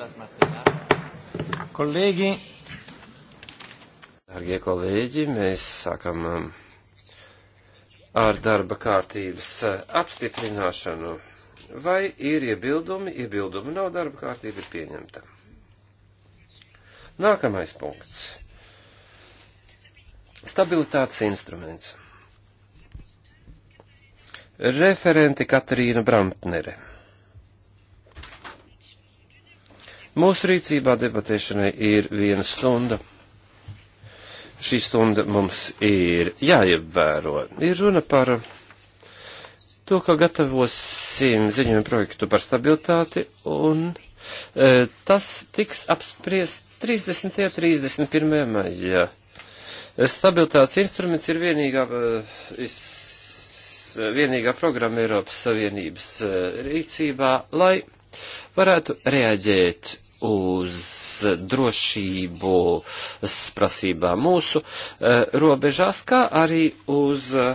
la smattina. Kolēģi. Dargie kolēģi, mēs sākam um, ar darba kārtības uh, apstiprināšanu. Vai ir iebildumi? Iebildumi nav, darba kārtība ir pieņemta. Nākamais punkts. Stabilitātes instruments. Referenti Katrīna Brantnere. Mūsu rīcībā debatēšanai ir viena stunda. Šī stunda mums ir jāievēro. Ir runa par to, ka gatavosim ziņojumu projektu par stabilitāti un e, tas tiks apspriests 30. un 31. maijā. Stabilitātes instruments ir vienīgā, e, vienīgā programma Eiropas Savienības e, rīcībā, lai varētu reaģēt uz drošību prasībām mūsu e, robežās, kā arī uz e,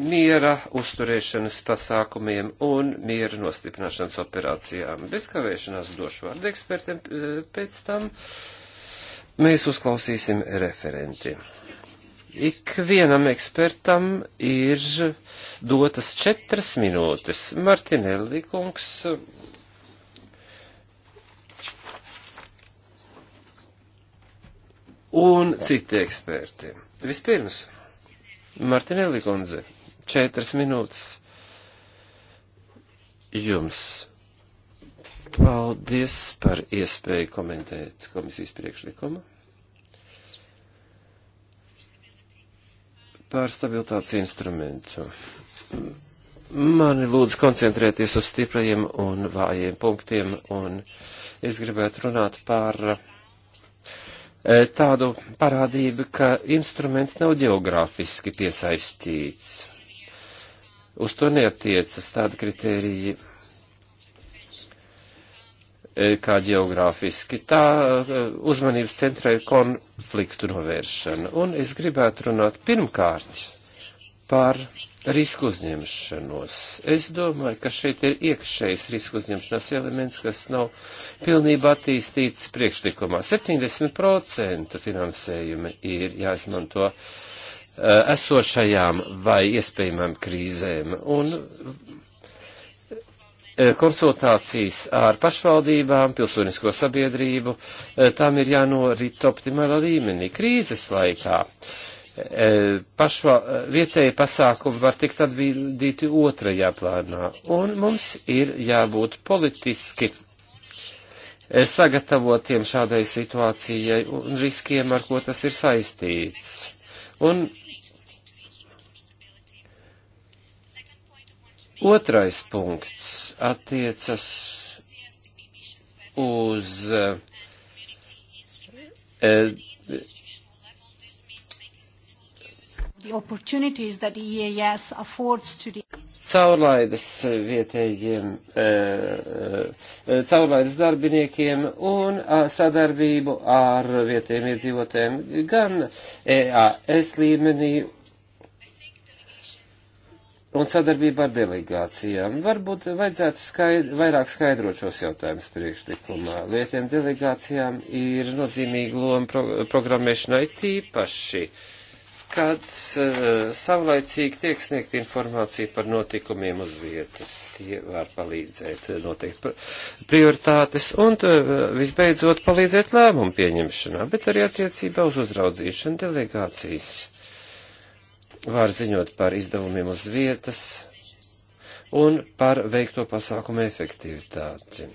miera uzturēšanas pasākumiem un miera nostiprināšanas operācijām. Bez kavēšanās došu vārdu ekspertiem pēc tam. Mēs uzklausīsim referenti. Ikvienam ekspertam ir dotas četras minūtes. Martinelli kungs un citi eksperti. Vispirms, Martinelli kundze, četras minūtes jums. Paldies par iespēju komentēt komisijas priekšlikumu. Par stabilitātes instrumentu. Mani lūdzu koncentrēties uz stiprajiem un vājiem punktiem, un es gribētu runāt par uh, Eh, tādu parādību, ka instruments nav geogrāfiski piesaistīts. Uz to neatiecas tāda kritērija eh, kā geogrāfiski. Tā eh, uzmanības centrā ir konfliktu novēršana. Un es gribētu runāt pirmkārt par risku uzņemšanos. Es domāju, ka šeit ir iekšējs risku uzņemšanas elements, kas nav pilnībā attīstīts priekšlikumā. 70% finansējumi ir jāizmanto uh, esošajām vai iespējamām krīzēm. Un uh, konsultācijas ar pašvaldībām, pilsonisko sabiedrību, uh, tām ir jānorit optimālā līmenī krīzes laikā. Uh, E, pašvā, e, vietēji pasākumi var tikt atbildīti otrajā plānā. Un mums ir jābūt politiski e, sagatavotiem šādai situācijai un riskiem, ar ko tas ir saistīts. Un otrais punkts attiecas uz uh, E caurlaidas vietējiem, eh, eh, caurlaidas darbiniekiem un sadarbību ar vietējiem iedzīvotēm gan EAS līmenī un sadarbība ar delegācijām. Varbūt vajadzētu skaidr, vairāk skaidrot šos jautājumus priekšlikumā. Lietiem delegācijām ir nozīmīga loma pro, programmēšanai tīpaši. Uh, kad uh, savlaicīgi tiek sniegt informācija par notikumiem uz vietas. Tie var palīdzēt eh, noteikt prioritātes un uh, visbeidzot palīdzēt lēmumu pieņemšanā, bet arī attiecībā uz uzraudzīšanu delegācijas. Var ziņot par izdevumiem uz vietas un par veikto pasākumu efektivitāti.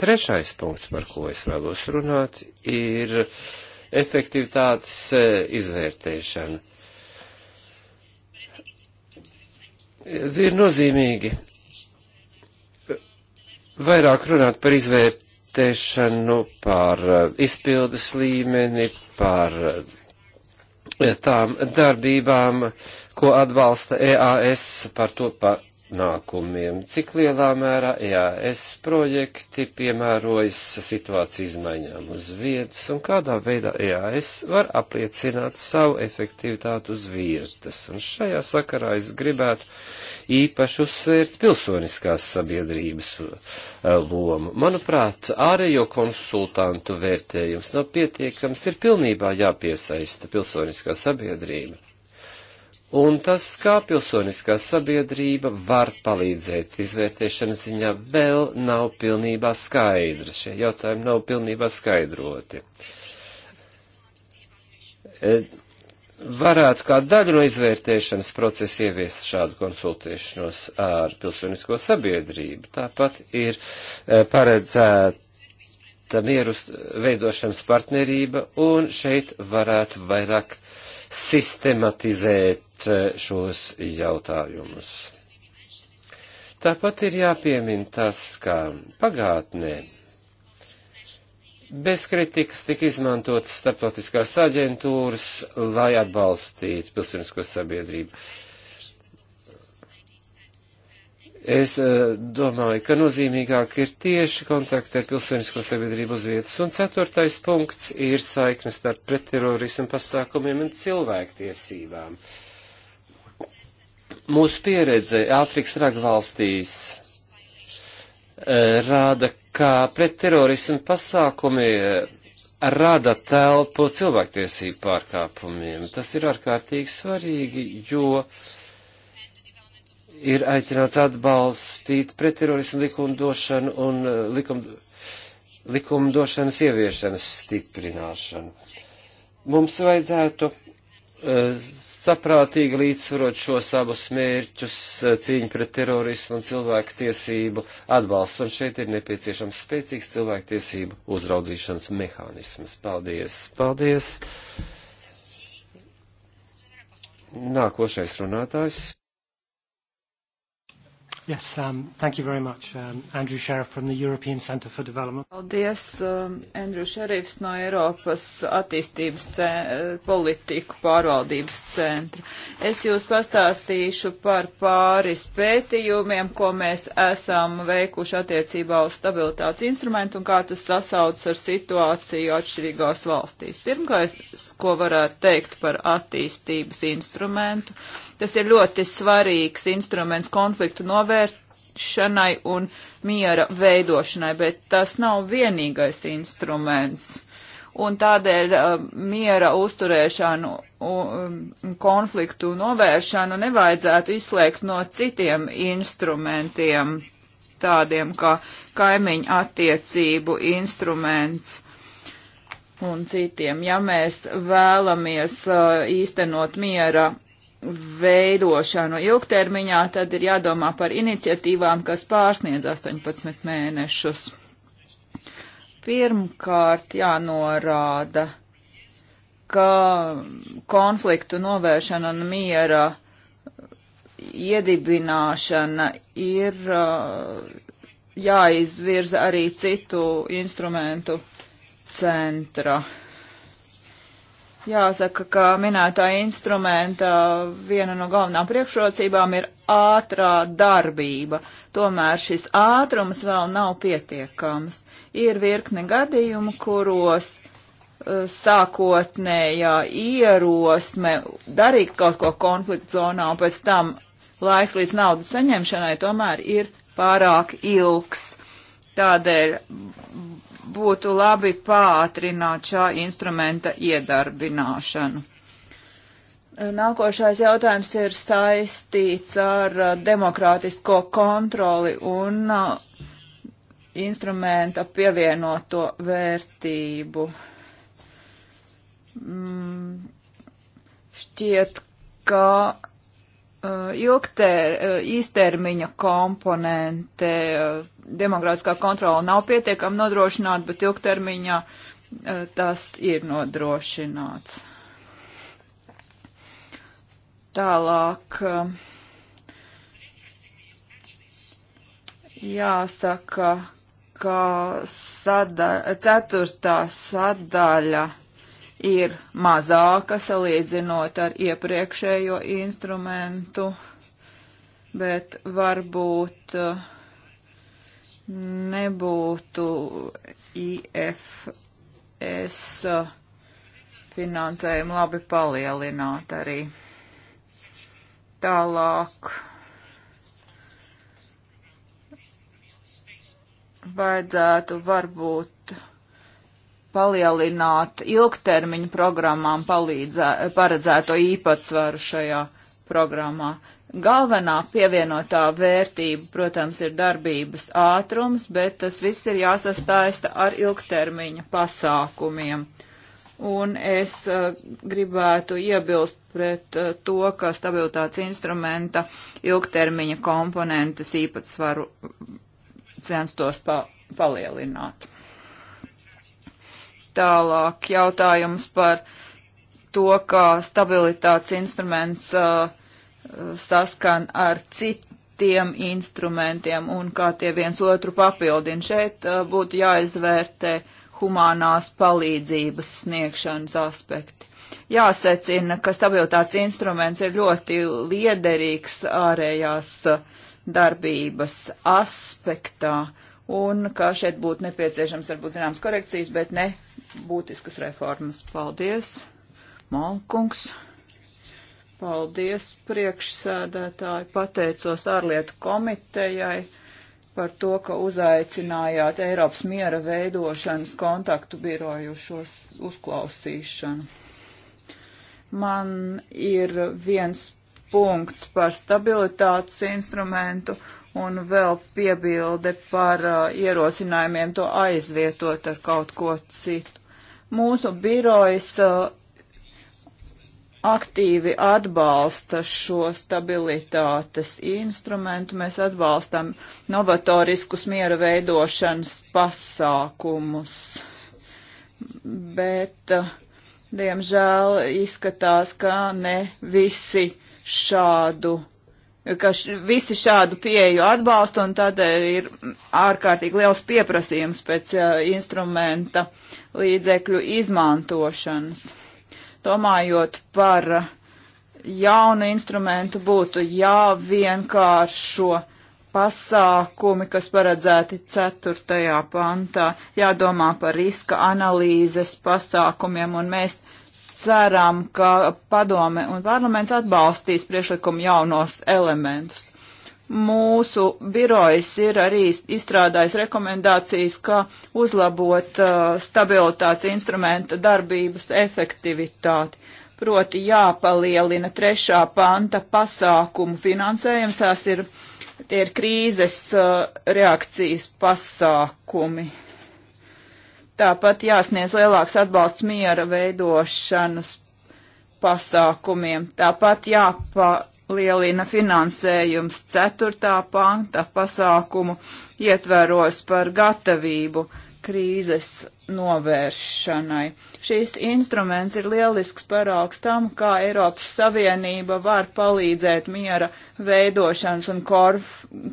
Trešais punkts, par ko es vēlos runāt, ir uh, efektivitātes e, izvērtēšana. Ir nozīmīgi vairāk runāt par izvērtēšanu, par e, izpildes līmeni, par e, tām darbībām, ko atbalsta EAS, par to, par ienākumiem, cik lielā mērā EAS projekti piemērojas situācijas izmaiņām uz vietas un kādā veidā EAS var apliecināt savu efektivitātu uz vietas. Un šajā sakarā es gribētu īpaši uzsvērt pilsoniskās sabiedrības eh, lomu. Manuprāt, ārējo konsultantu vērtējums nav pietiekams, ir pilnībā jāpiesaista pilsoniskā sabiedrība Un tas, kā pilsoniskā sabiedrība var palīdzēt izvērtēšanas ziņā, vēl nav pilnībā skaidrs. Šie jautājumi nav pilnībā skaidroti. E, varētu kā daļu no izvērtēšanas procesa ieviest šādu konsultēšanos ar pilsonisko sabiedrību. Tāpat ir e, paredzēta mieru veidošanas partnerība, un šeit varētu vairāk sistematizēt Eh, šos jautājumus. Tāpat ir jāpiemina tas, ka pagātnē bez kritikas tika izmantotas starptautiskās aģentūras, lai atbalstītu pilsonisko sabiedrību. Es eh, domāju, ka nozīmīgāk ir tieši kontakti ar pilsonisko sabiedrību uz vietas. Un ceturtais punkts ir saiknes starp pretterorismu pasākumiem un cilvēktiesībām. Uh, Mūsu pieredze Āfrikas raga valstīs eh, rāda, ka pretterorismu pasākumi eh, rada telpu cilvēktiesību pārkāpumiem. Tas ir ārkārtīgi svarīgi, jo ir aicināts atbalstīt pretterorismu likumdošanu un eh, likum, likumdošanas ieviešanas stiprināšanu. Mums vajadzētu Eh, saprātīgi līdzsvarot šos abus mērķus eh, - cīņu pret terorismu un cilvēku tiesību atbalstu. Un šeit ir nepieciešams spēcīgs cilvēku tiesību uzraudzīšanas mehānisms. Paldies! Paldies! Nākošais runātājs. Yes, um, thank you very much. Um, Andrew Sheriff from the European Centre for Development. Paldies, um, Andrew Sheriffs no Eiropas attīstības cen eh, politiku pārvaldības centra. Es jūs pastāstīšu par pāris pētījumiem, ko mēs esam veikuši attiecībā uz stabilitātes instrumentu un kā tas sasauc ar situāciju atšķirīgās valstīs. Pirmkārt, ko varētu teikt par attīstības instrumentu. Tas ir ļoti svarīgs instruments konfliktu novēršanai novēršanai un miera veidošanai, bet tas nav vienīgais instruments. Un tādēļ uh, miera uzturēšanu un um, konfliktu novēršanu nevajadzētu izslēgt no citiem instrumentiem, tādiem kā kaimiņu attiecību instruments un citiem. Ja mēs vēlamies uh, īstenot miera veidošanu ilgtermiņā, tad ir jādomā par iniciatīvām, kas pārsniedz 18 mēnešus. Pirmkārt, jānorāda, ka konfliktu novēršana un miera iedibināšana ir uh, jāizvirza arī citu instrumentu centra. Uh, Jāsaka, ka minētā instrumenta viena no galvenām priekšrocībām ir ātrā darbība. Tomēr šis ātrums vēl nav pietiekams. Ir virkne gadījumu, kuros uh, sākotnējā ierosme darīt kaut ko konflikta zonā un pēc tam laiks līdz naudas saņemšanai tomēr ir pārāk ilgs. Tādēļ būtu labi pātrināt šā instrumenta iedarbināšanu. Nākošais jautājums ir saistīts ar uh, demokrātisko kontroli un uh, instrumenta pievienoto vērtību. Mm, šķiet, ka uh, ilgter, īstermiņa komponente demokrātiskā kontrola nav pietiekami nodrošināta, bet ilgtermiņā eh, tas ir nodrošināts. Tālāk eh, jāsaka, ka sadaļa, ceturtā sadaļa ir mazāka salīdzinot ar iepriekšējo instrumentu, bet varbūt uh, nebūtu IFS uh, finansējumu labi palielināt arī. Tālāk vajadzētu varbūt palielināt ilgtermiņu programmām palīdzē, paredzēto īpatsvaru šajā programmā. Galvenā pievienotā vērtība, protams, ir darbības ātrums, bet tas viss ir jāsastāista ar ilgtermiņa pasākumiem. Un es uh, gribētu iebilst pret uh, to, ka stabilitātes instrumenta ilgtermiņa komponentes īpatsvaru censtos pa palielināt. Tālāk jautājums par to, kā stabilitātes instruments uh, saskan ar citiem instrumentiem un kā tie viens otru papildina. Šeit uh, būtu jāizvērtē humānās palīdzības sniegšanas aspekti. Jāsecina, ka stabilitātes instruments ir ļoti liederīgs ārējās uh, darbības aspektā un ka šeit būtu nepieciešams varbūt zināmas korekcijas, bet ne būtiskas reformas. Paldies, Malkungs. Paldies, priekšsēdētāji. Pateicos ārlietu komitejai par to, ka uzaicinājāt Eiropas miera veidošanas kontaktu birojušos uzklausīšanu. Man ir viens punkts par stabilitātes instrumentu un vēl piebilde par uh, ierosinājumiem to aizvietot ar kaut ko citu. Mūsu birojas uh, aktīvi atbalsta šo stabilitātes instrumentu. Mēs atbalstam novatoriskus miera veidošanas pasākumus. Bet, eh, diemžēl, izskatās, ka ne visi šādu ka š, visi šādu pieeju atbalsta un tādēļ ir ārkārtīgi liels pieprasījums pēc uh, instrumenta līdzekļu izmantošanas domājot par jaunu instrumentu, būtu jāvienkāršo pasākumi, kas paredzēti 4. pantā, jādomā par riska analīzes pasākumiem, un mēs ceram, ka padome un parlaments atbalstīs priešlikumu jaunos elementus. Mūsu birojs ir arī izstrādājis rekomendācijas, kā uzlabot uh, stabilitātes instrumenta darbības efektivitāti. Proti jāpalielina trešā panta pasākumu finansējums, tās ir, tie ir krīzes uh, reakcijas pasākumi. Tāpat jāsniedz lielāks atbalsts miera veidošanas pasākumiem. Tāpat jāpa, lielina finansējums ceturtā panta pasākumu ietveros par gatavību krīzes novēršanai. Šīs instruments ir lielisks paraugs tam, kā Eiropas Savienība var palīdzēt miera veidošanas un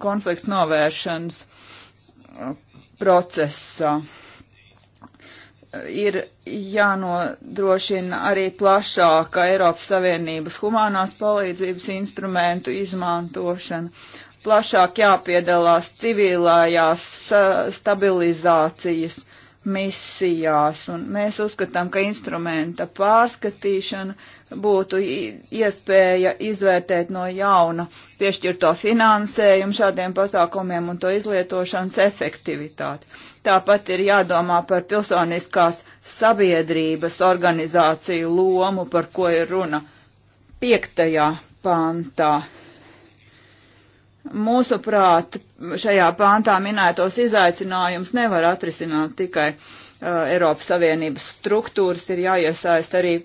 konfliktu novēršanas uh, procesā ir jānodrošina arī plašāka Eiropas Savienības humanās palīdzības instrumentu izmantošana, plašāk jāpiedalās civilājās stabilizācijas misijās, un mēs uzskatām, ka instrumenta pārskatīšana būtu iespēja izvērtēt no jauna piešķirto finansējumu šādiem pasākumiem un to izlietošanas efektivitāti. Tāpat ir jādomā par pilsoniskās sabiedrības organizāciju lomu, par ko ir runa piektajā pantā. Mūsuprāt, šajā pāntā minētos izaicinājums nevar atrisināt tikai uh, Eiropas Savienības struktūras, ir jāiesaist arī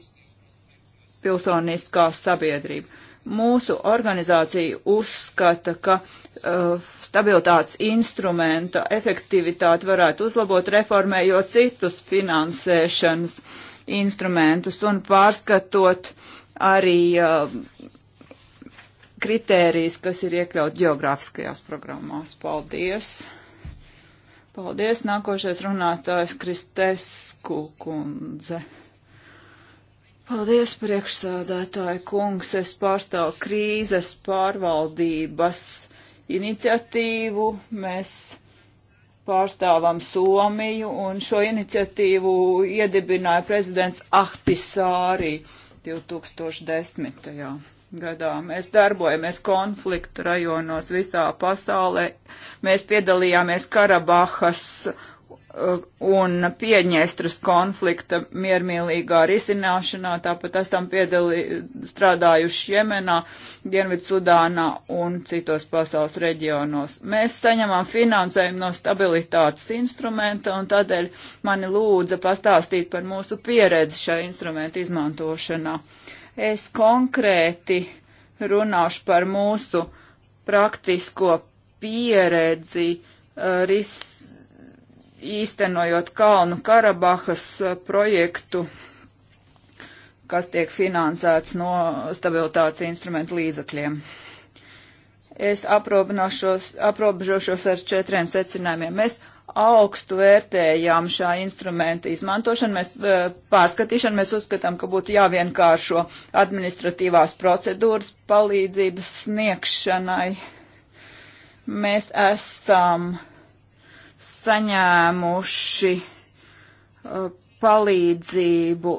pilsoniskā sabiedrība. Mūsu organizācija uzskata, ka uh, stabilitātes instrumenta efektivitāti varētu uzlabot reformējot citus finansēšanas instrumentus un pārskatot arī uh, kritērijas, kas ir iekļaut geogrāfiskajās programmās. Paldies! Paldies! Nākošais runātājs Kristesku kundze. Paldies, priekšsādātāji kungs. Es pārstāvu krīzes pārvaldības iniciatīvu. Mēs pārstāvam Somiju, un šo iniciatīvu iedibināja prezidents Ahtisārī 2010. gadā. Mēs darbojamies konfliktu rajonos visā pasaulē. Mēs piedalījāmies Karabahas un Piedņestras konflikta miermīlīgā risināšanā, tāpat esam piedalī, strādājuši Jemenā, Dienvidsudānā un citos pasaules reģionos. Mēs saņemam finansējumu no stabilitātes instrumenta un tādēļ mani lūdza pastāstīt par mūsu pieredzi šā instrumenta izmantošanā. Es konkrēti runāšu par mūsu praktisko pieredzi uh, ris īstenojot Kalnu Karabahas eh, projektu, kas tiek finansēts no stabilitātes instrumentu līdzakļiem. Es aprobežošos ar četriem secinājumiem. Mēs augstu vērtējām šā instrumenta izmantošanu, mēs eh, pārskatīšanu, mēs uzskatām, ka būtu jāvienkāršo administratīvās procedūras palīdzības sniegšanai. Mēs esam uh, saņēmuši uh, palīdzību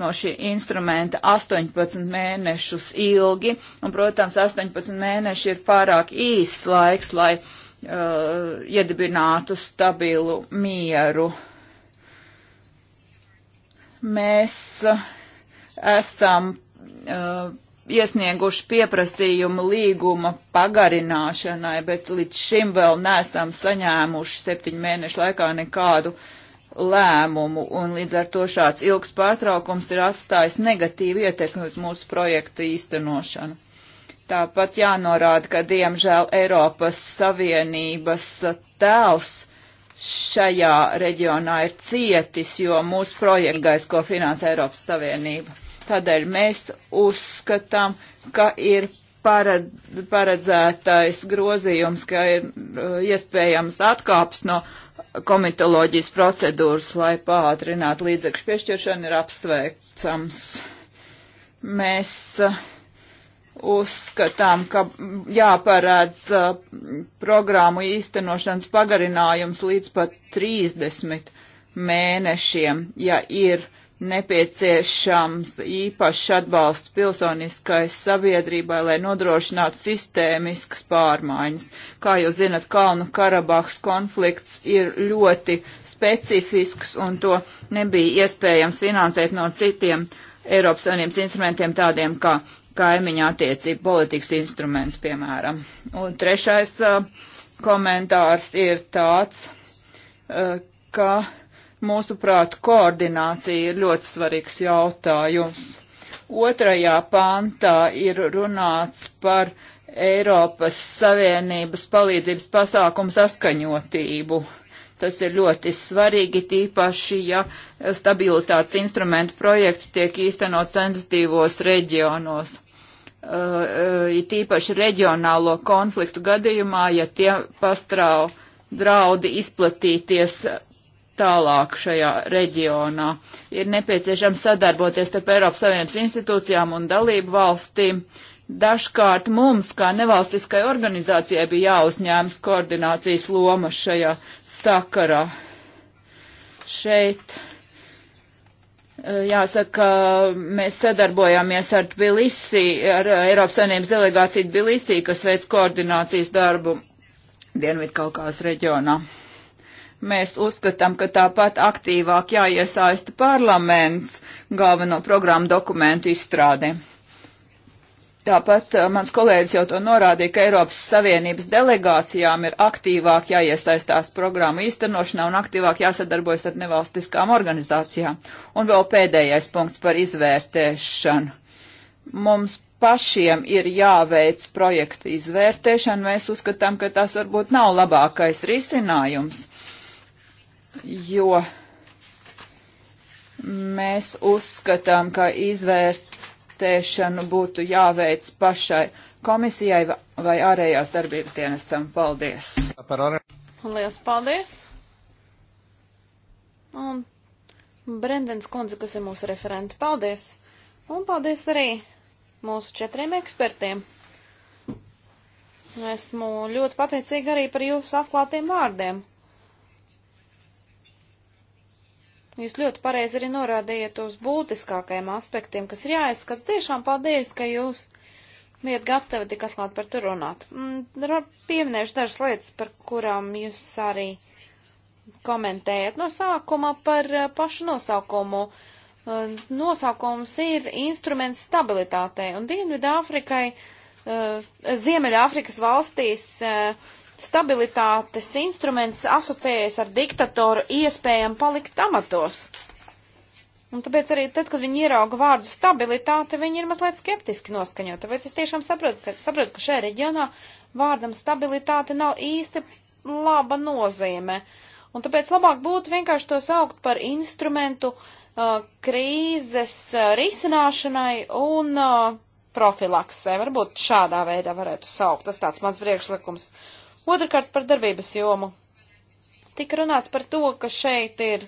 no šī instrumenta 18 mēnešus ilgi, un, protams, 18 mēneši ir pārāk īsts laiks, lai uh, iedibinātu stabilu mieru. Mēs uh, esam uh, iesnieguši pieprasījumu līguma pagarināšanai, bet līdz šim vēl nesam saņēmuši septiņu mēnešu laikā nekādu lēmumu, un līdz ar to šāds ilgs pārtraukums ir atstājis negatīvu ietekmi uz mūsu projektu īstenošanu. Tāpat jānorāda, ka diemžēl Eiropas Savienības tēls šajā reģionā ir cietis, jo mūsu projekts, ko finansē Eiropas Savienība. Tādēļ mēs uzskatām, ka ir paredzētais grozījums, ka ir uh, iespējams atkāps no komitoloģijas procedūras, lai pātrinātu līdzekšu piešķiršanu, ir apsveicams. Mēs uh, uzskatām, ka jāparādz uh, programmu īstenošanas pagarinājums līdz pat 30 mēnešiem, ja ir nepieciešams īpašs atbalsts pilsoniskai sabiedrībai, lai nodrošinātu sistēmiskas pārmaiņas. Kā jūs zinat, Kalnu Karabahas konflikts ir ļoti specifisks un to nebija iespējams finansēt no citiem Eiropas Savienības instrumentiem tādiem kā kaimiņa attiecība politikas instruments, piemēram. Un trešais uh, komentārs ir tāds, uh, ka Mūsuprāt, koordinācija ir ļoti svarīgs jautājums. Otrajā pantā ir runāts par Eiropas Savienības palīdzības pasākumu saskaņotību. Tas ir ļoti svarīgi, tīpaši, ja stabilitātes instrumentu projekts tiek īstenot sensitīvos reģionos. Uh, uh ir tīpaši reģionālo konfliktu gadījumā, ja tie pastrāv draudi izplatīties tālāk šajā reģionā. Ir nepieciešams sadarboties starp Eiropas Savienības institūcijām un dalību valstīm. Dažkārt mums, kā nevalstiskai organizācijai, bija jāuzņēmas koordinācijas loma šajā sakarā. Šeit e, jāsaka, mēs sadarbojāmies ar Tbilisi, ar Eiropas Savienības delegāciju Tbilisi, kas veic koordinācijas darbu Dienvidkaukās reģionā. Mēs uzskatām, ka tāpat aktīvāk jāiesaista parlaments galveno programmu dokumentu izstrādē. Tāpat eh, mans kolēģis jau to norādīja, ka Eiropas Savienības delegācijām ir aktīvāk jāiesaistās programmu īstenošanā un aktīvāk jāsadarbojas ar nevalstiskām organizācijām. Un vēl pēdējais punkts par izvērtēšanu. Mums pašiem ir jāveic projekta izvērtēšana, mēs uzskatām, ka tas varbūt nav labākais risinājums jo mēs uzskatām, ka izvērtēšanu būtu jāveic pašai komisijai vai ārējās darbības dienestam. Paldies! Lielas paldies! Un Brendens kundze, kas ir mūsu referenti, paldies! Un paldies arī mūsu četriem ekspertiem. Esmu ļoti pateicīga arī par jūsu atklātiem vārdiem. Jūs ļoti pareizi arī norādījāt uz būtiskākajiem aspektiem, kas ir jāizskata. Tiešām paldies, ka jūs bijat gatavi tik atklāt par to runāt. Mm, pieminēšu dažas lietas, par kurām jūs arī komentējat no sākuma par eh, pašu nosaukumu. Eh, nosaukums ir instruments stabilitātei, un Dienvidāfrikai, eh, Ziemeļāfrikas valstīs uh, stabilitātes instruments asociējies ar diktatoru iespējam palikt amatos. Un tāpēc arī tad, kad viņi ierauga vārdu stabilitāte, viņi ir mazliet skeptiski noskaņot. Tāpēc es tiešām saprotu, ka, saprotu, ka šajā reģionā vārdam stabilitāte nav īsti laba nozīme. Un tāpēc labāk būtu vienkārši to saukt par instrumentu uh, krīzes uh, risināšanai un uh, profilaksē. Varbūt šādā veidā varētu saukt. Tas tāds mans priekšlikums. Uh, Otrakārt par darbības jomu. Tik runāts par to, ka šeit ir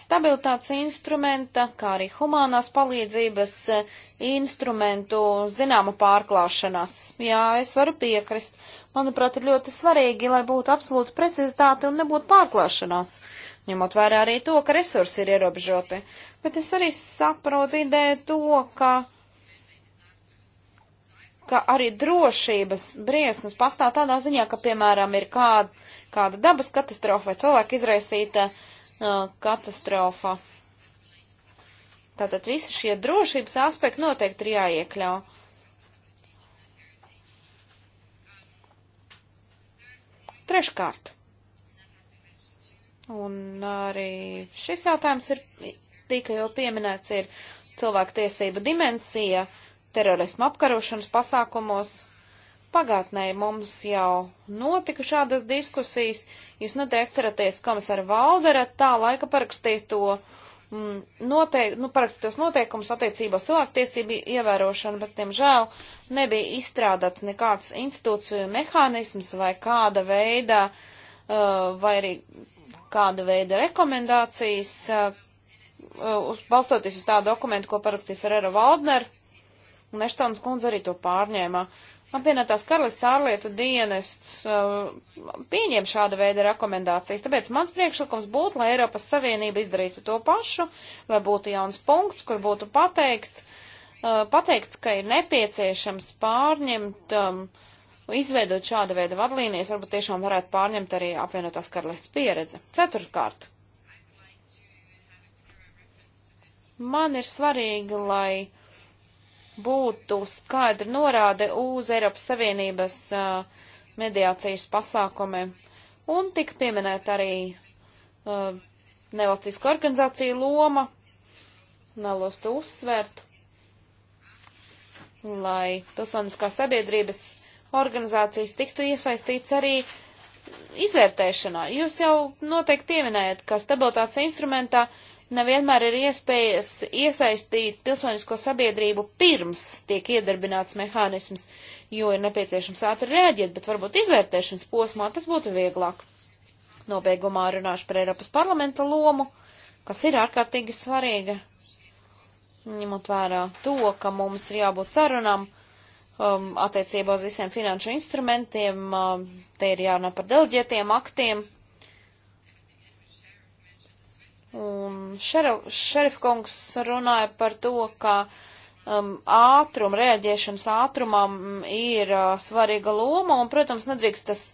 stabilitātes instrumenta, kā arī humanās palīdzības eh, instrumentu zināma pārklāšanās. Jā, es varu piekrist. Manuprāt, ir ļoti svarīgi, lai būtu absolūta precizitāte un nebūtu pārklāšanās, ņemot vērā arī to, ka resursi ir ierobežoti. Bet es arī saprotu ideju to, ka ka arī drošības briesmas pastāv tādā ziņā, ka, piemēram, ir kāda, kāda dabas katastrofa vai cilvēka izraisīta uh, katastrofa. Tātad visi šie drošības aspekti noteikti ir jāiekļau. Treškārt. Un arī šis jautājums ir tika jau pieminēts, ir cilvēku tiesība dimensija. Uh, terorismu apkarošanas pasākumos. Pagātnē mums jau notika šādas diskusijas. Jūs noteikti atceraties, komisāra Valdera tā laika parakstīto mm, noteik, nu, parakstītos noteikumus attiecībā uz cilvēktiesību ievērošanu, bet, diemžēl, nebija izstrādāts nekāds institūciju mehānisms vai kāda veida, uh, vai arī kāda veida rekomendācijas, uh, uh uz, balstoties uz tādu dokumentu, ko parakstīja Ferrero Valdner un Eštons kundze arī to pārņēma. Apvienotās karalists ārlietu dienests uh, pieņem šāda veida rekomendācijas, tāpēc mans priekšlikums būtu, lai Eiropas Savienība izdarītu to pašu, lai būtu jauns punkts, kur būtu pateikt, uh, pateikts, ka ir nepieciešams pārņemt, um, izveidot šāda veida vadlīnijas, varbūt tiešām varētu pārņemt arī apvienotās karalists pieredze. Ceturkārt. Man ir svarīgi, lai būtu skaidra norāde uz Eiropas Savienības uh, mediācijas pasākumiem. Un tika pieminēta arī uh, nevalstisko organizāciju loma, nelos to uzsvērt, lai pilsoniskās sabiedrības organizācijas tiktu iesaistīts arī izvērtēšanā. Jūs jau noteikti pieminējat, ka stabilitātes instrumentā uh, nevienmēr ir iespējas iesaistīt pilsonisko sabiedrību pirms tiek iedarbināts mehānisms, jo ir nepieciešams ātri rēģēt, bet varbūt izvērtēšanas posmā tas būtu vieglāk. Nobeigumā runāšu par Eiropas parlamenta lomu, kas ir ārkārtīgi svarīga, ņemot vērā to, ka mums ir jābūt sarunām um, attiecībā uz visiem finanšu instrumentiem, um, te ir jārunā par delģētiem aktiem, Un um, šerif kungs runāja par to, ka um, ātrum, reaģēšanas ātrumam mm, ir uh, svarīga loma, un, protams, nedrīkst tas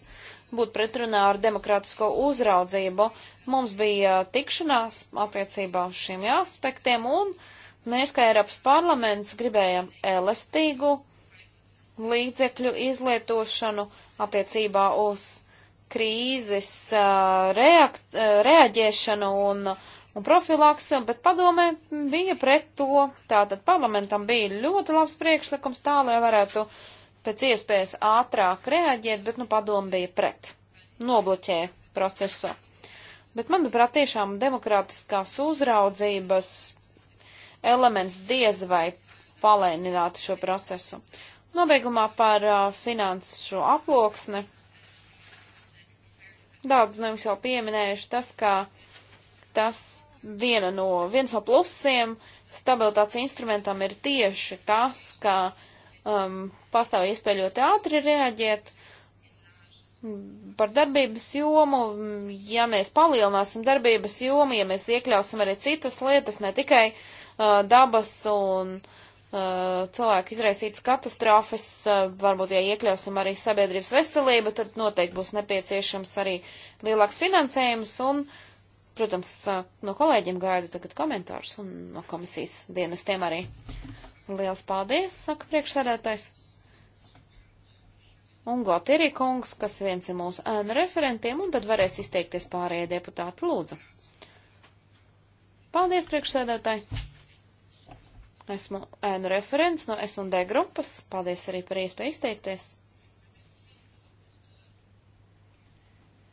būt pretrunā ar demokrātisko uzraudzību. Mums bija tikšanās attiecībā uz šiem aspektiem, un mēs, kā Eiropas parlaments, gribējam elastīgu līdzekļu izlietošanu attiecībā uz krīzes uh, reakt, uh, reaģēšanu un uh, un profilakse, bet padomē bija pret to. Tātad parlamentam bija ļoti labs priekšlikums tā, lai varētu pēc iespējas ātrāk reaģēt, bet nu padomu bija pret. Nobloķē procesu. Bet manuprāt, tiešām demokrātiskās uzraudzības elements diez vai palēninātu šo procesu. Nobeigumā par uh, finansu aploksni. Daudz no jums jau pieminējuši tas, kā tas viena no, viens no plusiem stabilitātes instrumentam ir tieši tas, ka um, pastāv iespēja ļoti ātri reaģēt par darbības jomu. Ja mēs palielināsim darbības jomu, ja mēs iekļausim arī citas lietas, ne tikai uh, dabas un uh, cilvēku izraisītas katastrofas, uh, varbūt, ja iekļausim arī sabiedrības veselību, tad noteikti būs nepieciešams arī lielāks finansējums un uh, Protams, no kolēģiem gaidu tagad komentārus un no komisijas dienestiem arī. Liels paldies, saka priekšsēdētājs. Un Gotīri kungs, kas viens ir mūsu ēnu referentiem, un tad varēs izteikties pārējie deputāti lūdzu. Paldies, priekšsēdētāji! Esmu ēnu referents no S&D grupas. Paldies arī par iespēju izteikties.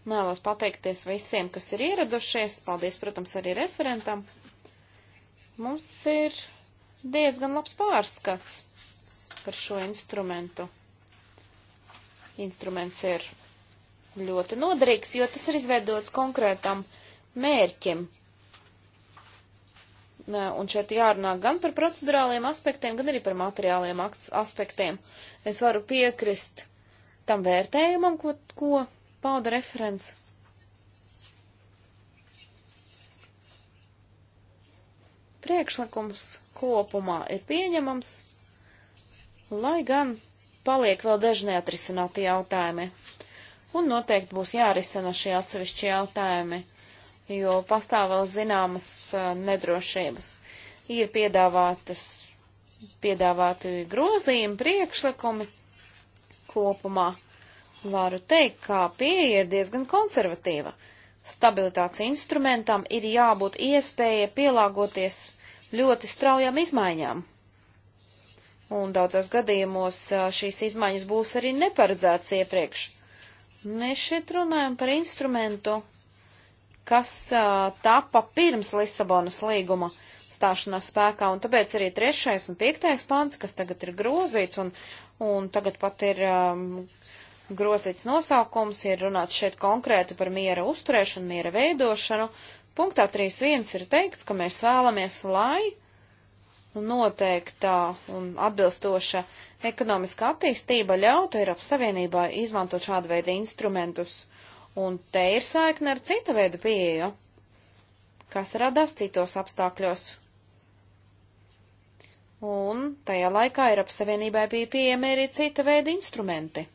Nēlos pateikties visiem, kas ir ieradušies. Paldies, protams, arī referentam. Mums ir diezgan labs pārskats par šo instrumentu. Instruments ir ļoti noderīgs, jo tas ir izveidots konkrētam mērķim. Un šeit jārunā gan par procedurāliem aspektiem, gan arī par materiāliem aspektiem. Es varu piekrist tam vērtējumam, ko, ko pauda referents. Priekšlikums kopumā ir pieņemams, lai gan paliek vēl daži neatrisināti jautājumi. Un noteikti būs jārisina šie atsevišķi jautājumi, jo pastāv vēl zināmas uh, nedrošības. Ir piedāvātas, piedāvāti grozījumi, priekšlikumi kopumā varu teikt, ka pieeja ir diezgan konservatīva. Stabilitātes instrumentam ir jābūt iespēja pielāgoties ļoti straujām izmaiņām. Un daudzos gadījumos šīs izmaiņas būs arī neparedzētas iepriekš. Mēs šeit runājam par instrumentu, kas uh, tapa pirms Lisabonas līguma stāšanās spēkā, un tāpēc arī trešais un piektais pants, kas tagad ir grozīts un, un tagad pat ir um, grozīts nosaukums, ir runāts šeit konkrēti par miera uzturēšanu, miera veidošanu. Punktā 3.1 ir teikts, ka mēs vēlamies, lai noteiktā un atbilstoša ekonomiska attīstība ļautu Eiropas Savienībā izmantot šādu veidu instrumentus. Un te ir saikne ar cita veida pieeju, kas radās citos apstākļos. Un tajā laikā Eiropas Savienībai bija pieejami arī cita veida instrumenti.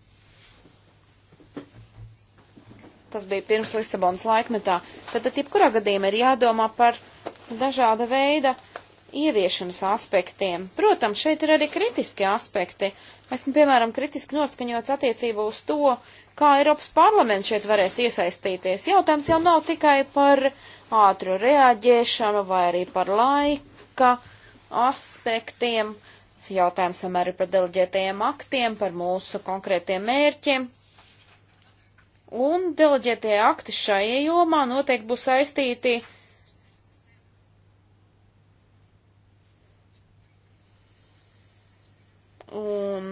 Tas bija pirms Lisabonas laikmetā. Tad, tad jebkurā gadījumā ir jādomā par dažāda veida ieviešanas aspektiem. Protams, šeit ir arī kritiski aspekti. Esmu, piemēram, kritiski noskaņots attiecībā uz to, kā Eiropas parlaments šeit varēs iesaistīties. Jautājums jau nav tikai par ātru reaģēšanu vai arī par laika aspektiem. Jautājums samērā par deleģētajiem aktiem, par mūsu konkrētiem mērķiem un deleģētie akti šajā jomā noteikti būs saistīti un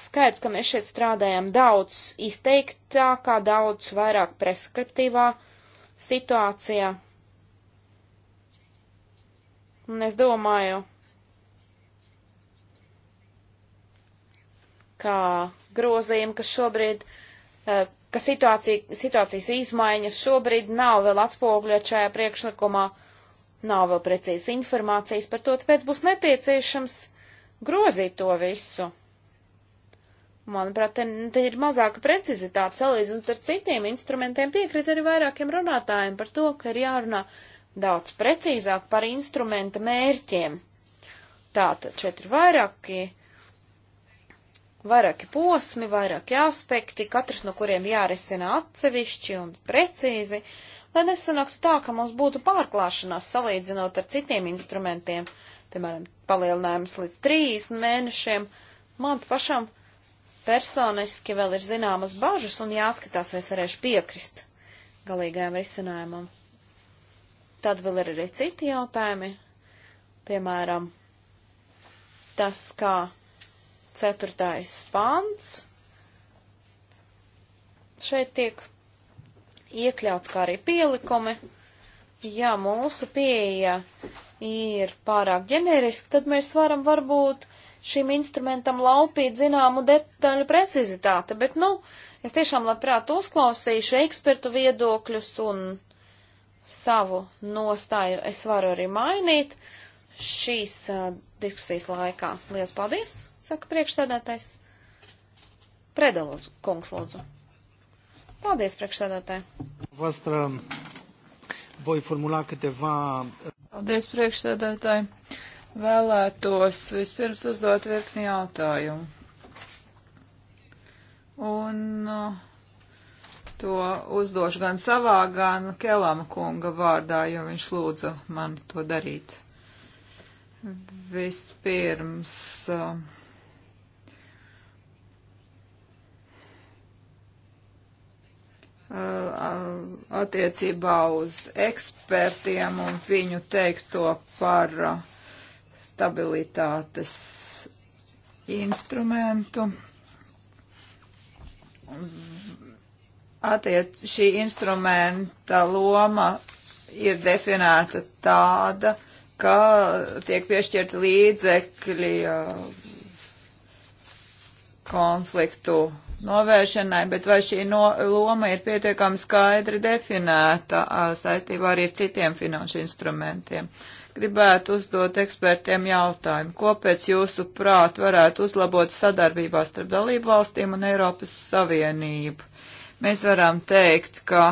skaidrs, ka mēs šeit strādājam daudz izteiktākā, daudz vairāk preskriptīvā situācijā. Un es domāju, kā grozījumi, kas šobrīd Eh, ka situācija, situācijas izmaiņas šobrīd nav vēl atspogļot šajā priekšlikumā, nav vēl precīzi informācijas par to, tāpēc būs nepieciešams grozīt to visu. Manuprāt, te, te ir mazāka precizitāte salīdzinot ar citiem instrumentiem. Piekrīt arī vairākiem runātājiem par to, ka ir jārunā daudz precīzāk par instrumenta mērķiem. Tātad šeit ir vairāki vairāki posmi, vairāki aspekti, katrs no kuriem jārisina atsevišķi un precīzi, lai nesanāktu tā, ka mums būtu pārklāšanās salīdzinot ar citiem instrumentiem, piemēram, palielinājums līdz 30 mēnešiem. Man pašam personiski vēl ir zināmas bažas un jāskatās, vai es varēšu piekrist galīgajam risinājumam. Tad vēl ir arī citi jautājumi, piemēram, tas, kā ceturtais pants. Šeit tiek iekļauts kā arī pielikumi. Ja mūsu pieeja ir pārāk ģeneriska, tad mēs varam varbūt šim instrumentam laupīt zināmu detaļu precizitāti, bet, nu, es tiešām labprāt uzklausīšu ekspertu viedokļus un savu nostāju es varu arī mainīt šīs uh, diskusijas laikā. Lielas paldies! saka priekšstādātais. Predalūdzu, kungs lūdzu. Paldies, priekšstādātāji. Vastra, voi formulā câteva... Paldies, priekšstādātāji. Vēlētos vispirms uzdot virkni jautājumu. Un uh, to uzdošu gan savā, gan Kelama kunga vārdā, jo viņš lūdza man to darīt. Vispirms. Uh, Uh, uh, attiecībā uz ekspertiem un viņu teikto par uh, stabilitātes instrumentu. Attiec, šī instrumenta loma ir definēta tāda, ka tiek piešķirti līdzekļi konfliktu novēršanai, bet vai šī no, loma ir pietiekami skaidri definēta saistībā arī ar citiem finanšu instrumentiem? Gribētu uzdot ekspertiem jautājumu, ko pēc jūsu prāt varētu uzlabot sadarbībā starp dalību valstīm un Eiropas Savienību. Mēs varam teikt, ka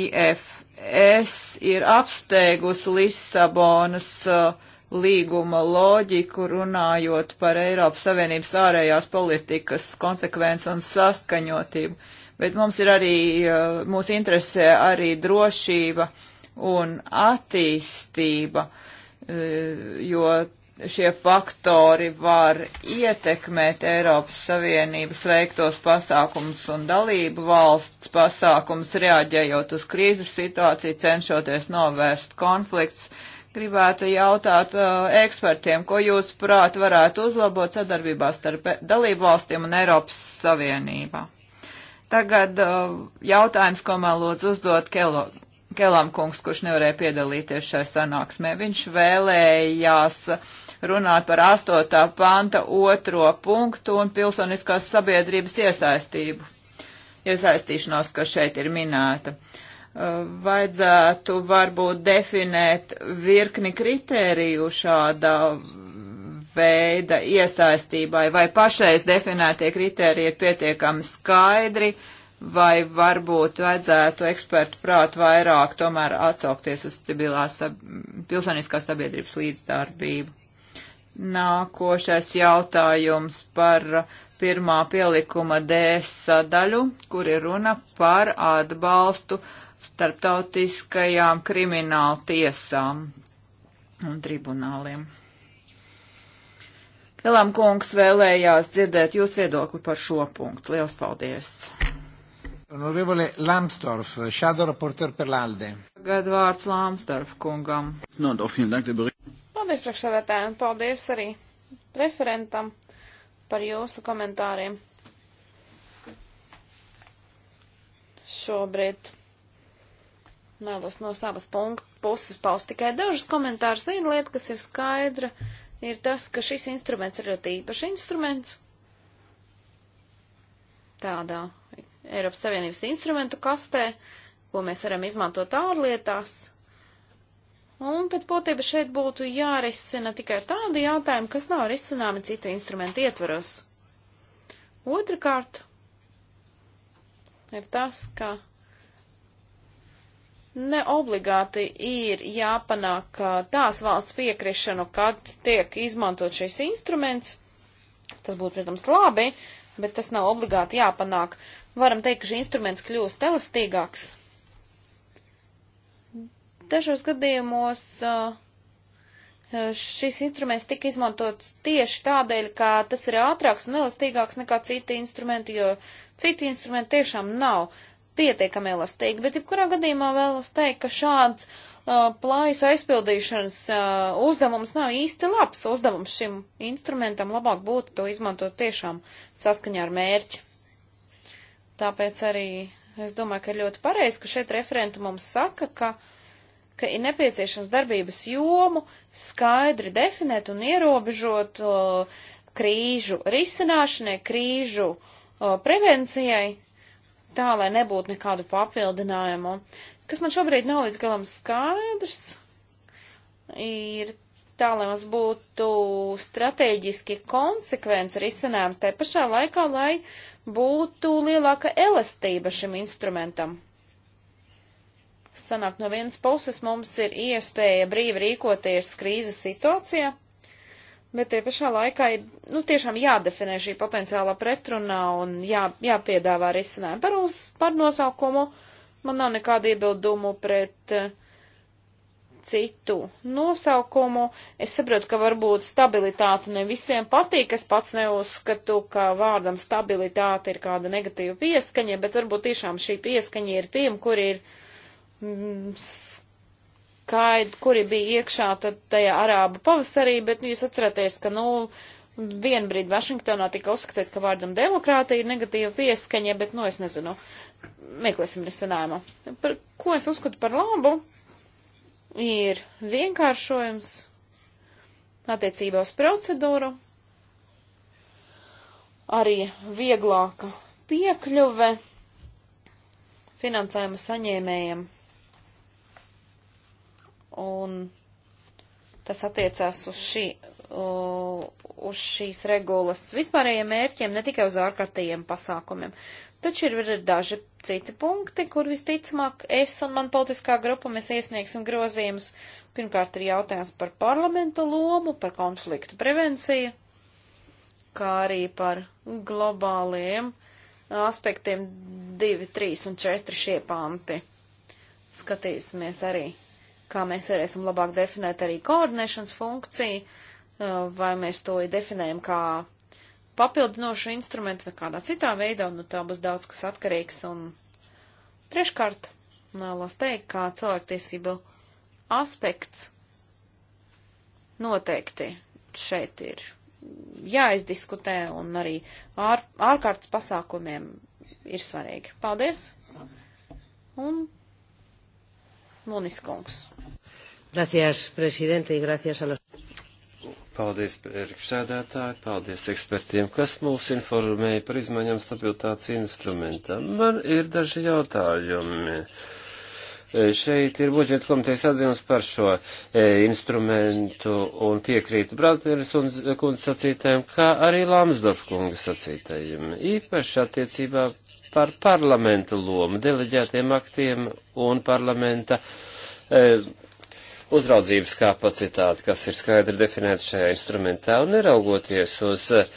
IFS ir apsteigusi Lisabonas uh, līguma loģiku runājot par Eiropas Savienības ārējās politikas konsekvenci un saskaņotību. Bet mums ir arī, eh, mūs interesē arī drošība un attīstība, eh, jo šie faktori var ietekmēt Eiropas Savienības veiktos pasākums un dalību valsts pasākums, reaģējot uz krīzes situāciju, cenšoties novērst konflikts Gribētu jautāt uh, ekspertiem, ko jūs prāt varētu uzlabot sadarbībā starp dalību valstīm un Eiropas Savienībā. Tagad uh, jautājums, ko man lūdzu uzdot Kelo, Kelam kungs, kurš nevarēja piedalīties šai sanāksmē. Viņš vēlējās runāt par 8. panta otro punktu un pilsoniskās sabiedrības iesaistību. Iesaistīšanos, kas šeit ir minēta. Uh, vajadzētu varbūt definēt virkni kritēriju šādā veida iesaistībai, vai pašreiz definētie kritēriji ir pietiekami skaidri, vai varbūt vajadzētu ekspertu prāt vairāk tomēr atsaukties uz civilās pilsoniskās sabiedrības līdzdarbību. Nākošais jautājums par pirmā pielikuma D sadaļu, kur ir runa par atbalstu uh, starptautiskajām krimināla tiesām un tribunāliem. Ilam kungs vēlējās dzirdēt jūs viedokli par šo punktu. Liels paldies! Honorevole Lamsdorf, šādo raporteru par Lalde. Tagad vārds Lamsdorf kungam. Oh, paldies priekšsēdētājiem, paldies arī referentam par jūsu komentāriem. Šobrīd Vēlos no savas puses paust tikai dažus komentārus. Viena lieta, kas ir skaidra, ir tas, ka šis instruments ir ļoti īpašs instruments. Tādā Eiropas Savienības instrumentu kastē, ko mēs varam izmantot ārlietās. Un pēc būtības šeit būtu jārisina tikai tādi jautājumi, kas nav risināmi citu instrumentu ietvaros. Otrakārt ir tas, ka Ne obligāti ir jāpanāk tās valsts piekrišanu, kad tiek izmantot šis instruments. Tas būtu, protams, labi, bet tas nav obligāti jāpanāk. Varam teikt, ka šis instruments kļūst elastīgāks. Dažos gadījumos uh, šis instruments tika izmantots tieši tādēļ, ka tas ir ātrāks un elastīgāks nekā citi instrumenti, jo citi instrumenti tiešām nav pietiekami elastīgi, bet jebkurā gadījumā vēlos teikt, ka šāds uh, plājas aizpildīšanas uh, uzdevums nav īsti labs uzdevums šim instrumentam, labāk būtu to izmantot tiešām saskaņā ar mērķi. Tāpēc arī es domāju, ka ir ļoti pareizi, ka šeit referenta mums saka, ka, ka ir nepieciešams darbības jomu skaidri definēt un ierobežot uh, krīžu risināšanai, krīžu uh, prevencijai, tā, lai nebūtu nekādu papildinājumu. Kas man šobrīd nav līdz galam skaidrs, ir tā, lai mums būtu strateģiski konsekvents risinājums, te pašā laikā, lai būtu lielāka elastība šim instrumentam. Sanāk, no vienas puses mums ir iespēja brīvi rīkoties krīzes situācijā, Bet tie pašā laikā ir, nu, tiešām jādefinē šī potenciālā pretrunā un jā, jāpiedāvā risinājumi. Par, uz, par nosaukumu man nav nekāda iebildumu pret uh, citu nosaukumu. Es saprotu, ka varbūt stabilitāte ne visiem patīk. Es pats neuzskatu, ka vārdam stabilitāte ir kāda negatīva pieskaņa, bet varbūt tiešām šī pieskaņa ir tiem, kur ir mm, kādi, kuri bija iekšā tad tajā arābu pavasarī, bet nu, jūs atceraties, ka, nu, vienbrīd Vašingtonā tika uzskatīts, ka vārdam demokrātija ir negatīva pieskaņa, bet, nu, es nezinu, meklēsim risinājumu. Par, ko es uzskatu par labu, ir vienkāršojums attiecībā uz procedūru, arī vieglāka piekļuve finansējuma saņēmējiem un tas attiecās uz, šī, uz šīs regulas vispārējiem mērķiem, ne tikai uz ārkārtējiem pasākumiem. Taču ir arī daži citi punkti, kur visticamāk es un man politiskā grupa mēs iesniegsim grozījumus. Pirmkārt ir jautājums par parlamentu lomu, par konfliktu prevenciju, kā arī par globāliem aspektiem 2, 3 un 4 šie panti. Skatīsimies arī kā mēs varēsim labāk definēt arī koordinēšanas funkciju, vai mēs to definējam kā papildinošu instrumentu vai kādā citā veidā, nu tā būs daudz kas atkarīgs. Un treškārt, vēlos teikt, kā cilvēktiesību aspekts noteikti šeit ir jāizdiskutē un arī ār, ārkārtas pasākumiem ir svarīgi. Paldies! Un Lunis Kungs. Gracias, presidente, y gracias a los. Paldies priekšsēdētāji, paldies ekspertiem, kas mūs informēja par izmaiņām stabilitātes instrumentam. Man ir daži jautājumi. Šeit ir budžeta komitejas atzīmes par šo e, instrumentu un piekrītu Bratmieris un kundze sacītājiem, kā arī Lamsdorf kunga sacītājiem. Īpaši attiecībā par parlamenta lomu, deleģētiem aktiem un parlamenta e, uzraudzības kapacitāti, kas ir skaidri definēta šajā instrumentā, un neraugoties uz uh,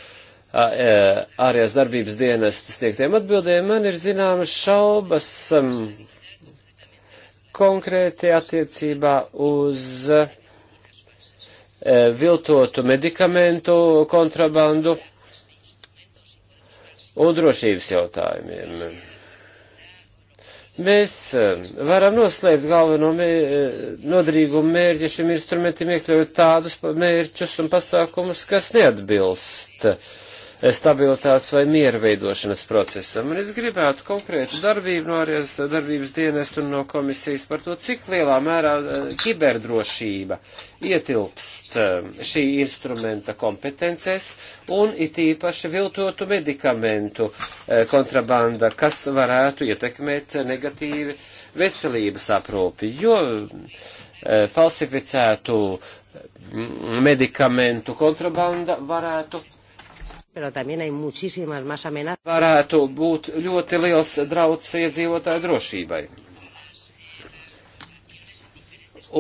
uh, ārējās darbības dienestas sniegtiem atbildēm, man ir zināmas šaubas um, konkrēti attiecībā uz uh, viltotu medikamentu kontrabandu un drošības jautājumiem Mēs eh, varam noslēpt galveno mēr eh, nodrīgumu mērķi šim instrumentam, iekļaujot tādus mērķus un pasākumus, kas neatbilst uh, stabilitātes vai miera veidošanas procesam. Un es gribētu konkrētu darbību no ārējās darbības dienestu un no komisijas par to, cik lielā mērā eh, kiberdrošība ietilpst eh, šī instrumenta kompetencēs un it īpaši viltotu medikamentu eh, kontrabanda, kas varētu ietekmēt negatīvi veselības aprūpi, jo falsificētu mm, medikamentu kontrabanda varētu varētu būt ļoti liels drauds iedzīvotāju drošībai.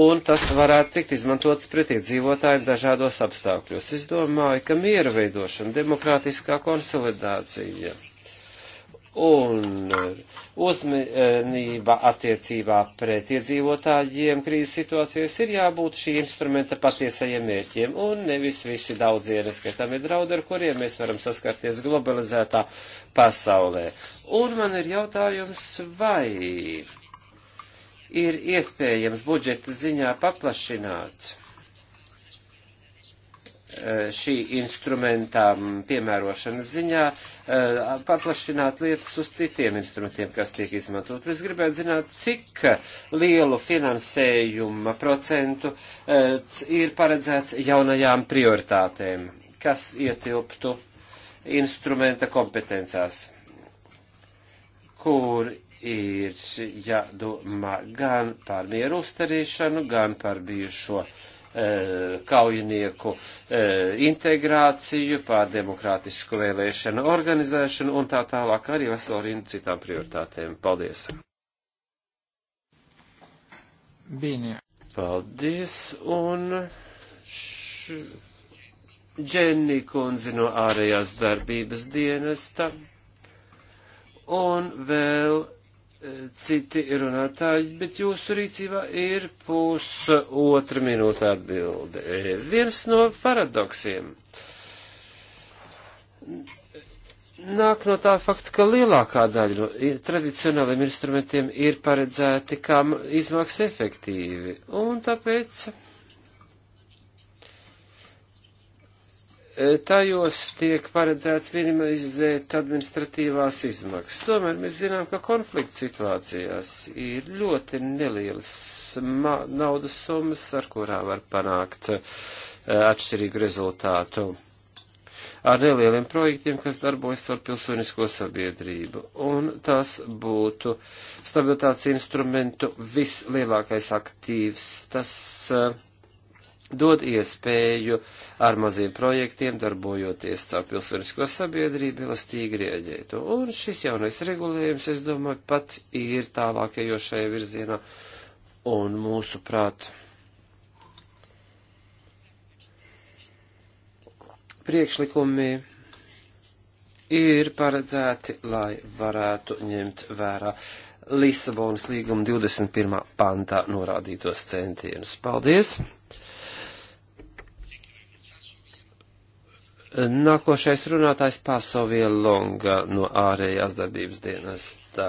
Un tas varētu tikt izmantots pret iedzīvotājiem dažādos apstākļos. Es domāju, ka miera veidošana, demokrātiskā konsolidācija, un uzmanība attiecībā pret iedzīvotājiem krīzes situācijas ir jābūt šī instrumenta patiesajiem mērķiem, un nevis visi daudzienes, ka tam ir draudi, ar kuriem mēs varam saskarties globalizētā pasaulē. Un man ir jautājums, vai ir iespējams budžeta ziņā paplašināt Eh, šī instrumentā mm, piemērošanas ziņā eh, paplašināt lietas uz citiem instrumentiem, kas tiek izmantot. Es gribētu zināt, cik lielu finansējuma procentu eh, ir paredzēts jaunajām prioritātēm, kas ietilptu instrumenta kompetencās, kur ir jādomā gan par mieru uztarīšanu, gan par bijušo uh, Eh, kaujinieku eh, integrāciju, pār demokrātisku vēlēšanu organizēšanu un tā tālāk arī veselu rindu citām prioritātēm. Paldies! Bīnie. Paldies, un š... Dženni kundzi no ārējās darbības dienesta, un vēl citi runātāji, bet jūsu rīcībā ir pusotra minūte atbilde. Viens no paradoksiem nāk no tā fakta, ka lielākā daļa no tradicionāliem instrumentiem ir paredzēti kā izmaksa efektīvi, un tāpēc E, tajos tiek paredzēts minimalizēt administratīvās izmaksas. Tomēr mēs zinām, ka konflikts situācijās ir ļoti nelielas naudas summas, ar kurām var panākt e, atšķirīgu rezultātu. Ar nelieliem projektiem, kas darbojas ar pilsonisko sabiedrību. Un tas būtu stabilitātes instrumentu vislielākais aktīvs. Tas uh, dod iespēju ar maziem projektiem, darbojoties caur pilsonisko sabiedrību, elastīgi rieģēt. Un šis jaunais regulējums, es domāju, pat ir tālākajošajā virzienā un mūsu prāt. Priekšlikumi ir paredzēti, lai varētu ņemt vērā Lisabonas līguma 21. pantā norādītos centienus. Paldies! Nākošais runātājs Pasovie Longa no ārējās darbības dienas. Tā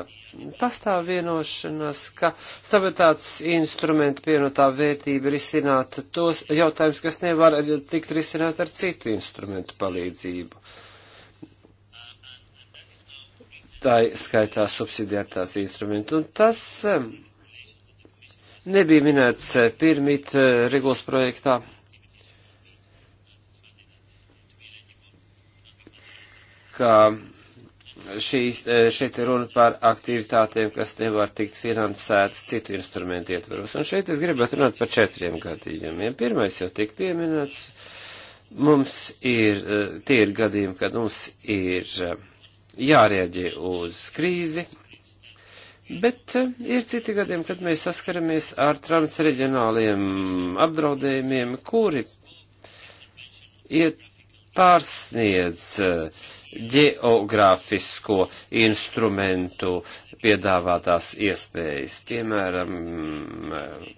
pastāv vienošanās, ka stabilitātes instrumenta pienotā vērtība ir izsināt tos jautājumus, kas nevar tikt risināt ar citu instrumentu palīdzību. Tā skaitā subsidiartās instrumentu. Un tas eh, nebija minēts eh, pirmīt eh, regulas projektā. ka šīs, e, šeit ir runa par aktivitātēm, kas nevar tikt finansētas citu instrumentu ietvaros. Un šeit es gribētu runāt par četriem gadījumiem. Pirmais jau tika pieminēts. Mums ir, e, tie ir gadījumi, kad mums ir e, jārēģē uz krīzi, bet ir citi gadījumi, kad mēs saskaramies ar transreģionāliem apdraudējumiem, kuri iet pārsniedz eh, geogrāfisko instrumentu piedāvātās iespējas, piemēram, eh,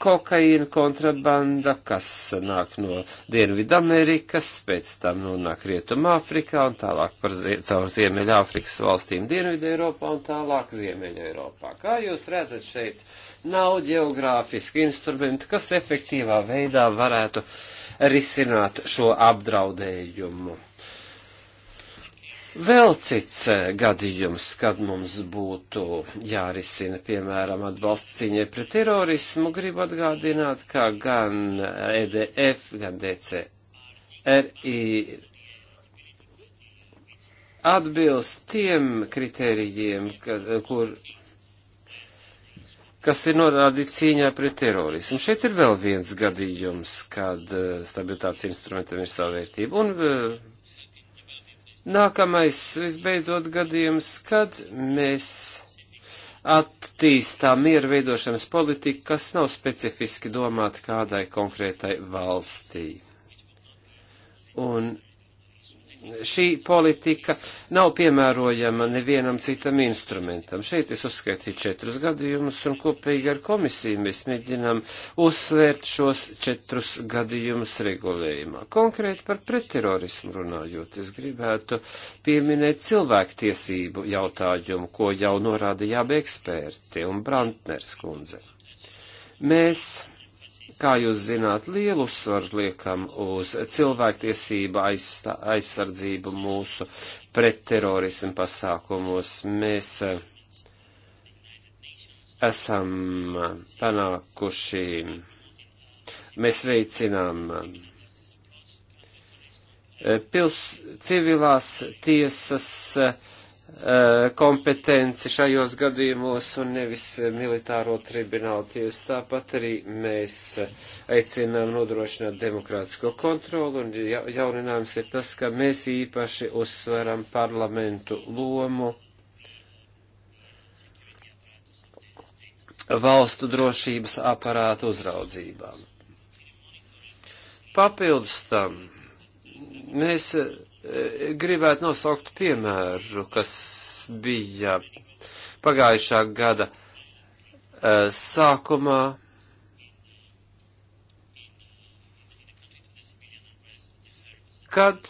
kokaīna kontrabanda, kas nāk no Dienvidamerikas, pēc tam nonāk Rietumāfrikā un tālāk par, caur Ziemeļāfrikas valstīm Dienvidu Eiropā un tālāk Ziemeļa Eiropā. Kā jūs redzat šeit, nav geogrāfiski instrumenti, kas efektīvā veidā varētu uh, risināt šo apdraudējumu. Vēl cits eh, gadījums, kad mums būtu jārisina, piemēram, atbalsts cīņai pret terorismu, gribu atgādināt, ka gan EDF, gan DCR ir atbilst tiem kritērijiem, kad, kur kas ir norādīti cīņā pret terorismu. Šeit ir vēl viens gadījums, kad eh, stabilitātes instrumentam ir sava vērtība. Un eh, nākamais, visbeidzot, gadījums, kad mēs attīstām mieru veidošanas politiku, kas nav specifiski domāta kādai konkrētai valstī. Un šī politika nav piemērojama nevienam citam instrumentam. Šeit es uzskaitīju četrus gadījumus, un kopīgi ar komisiju mēs mēģinām uzsvērt šos četrus gadījumus regulējumā. Konkrēti par pretterorismu runājot, es gribētu pieminēt cilvēktiesību jautājumu, ko jau norādīja abi eksperti un Brantners kundze. Mēs kā jūs zināt, lielu uzsvaru liekam uz cilvēktiesību aizstā, aizsardzību mūsu pretterorismu pasākumos. Mēs eh, esam panākuši, mēs veicinām eh, pils, civilās tiesas, eh, Eh, kompetenci šajos gadījumos un nevis militāro tribunālu tiesu. Tāpat arī mēs aicinām nodrošināt demokrātisko kontroli un jauninājums ir tas, ka mēs īpaši uzsveram parlamentu lomu valstu drošības aparātu uzraudzībām. Papildus tam mēs gribētu nosaukt piemēru, kas bija pagājušā gada e, sākumā. Kad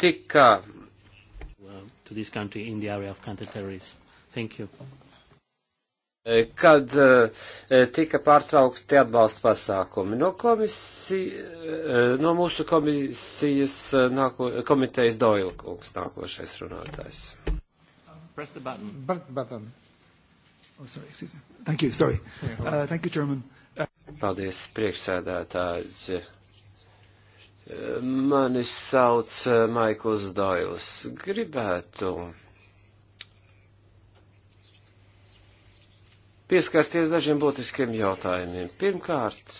tika to this country in the area of counterterrorism. Thank you. E, kad e, e, tika pārtraukti atbalsta pasākumi. No, komisija, no mūsu komisijas nāko, komitejas Doila kungs nākošais runātājs. Press the button. But, button. Oh, sorry, excuse me. Thank you, sorry. Uh, thank you, Chairman. Uh... Paldies, priekšsēdētāji. Mani sauc Maikls Doils. Gribētu pieskarties dažiem būtiskiem jautājumiem. Pirmkārt,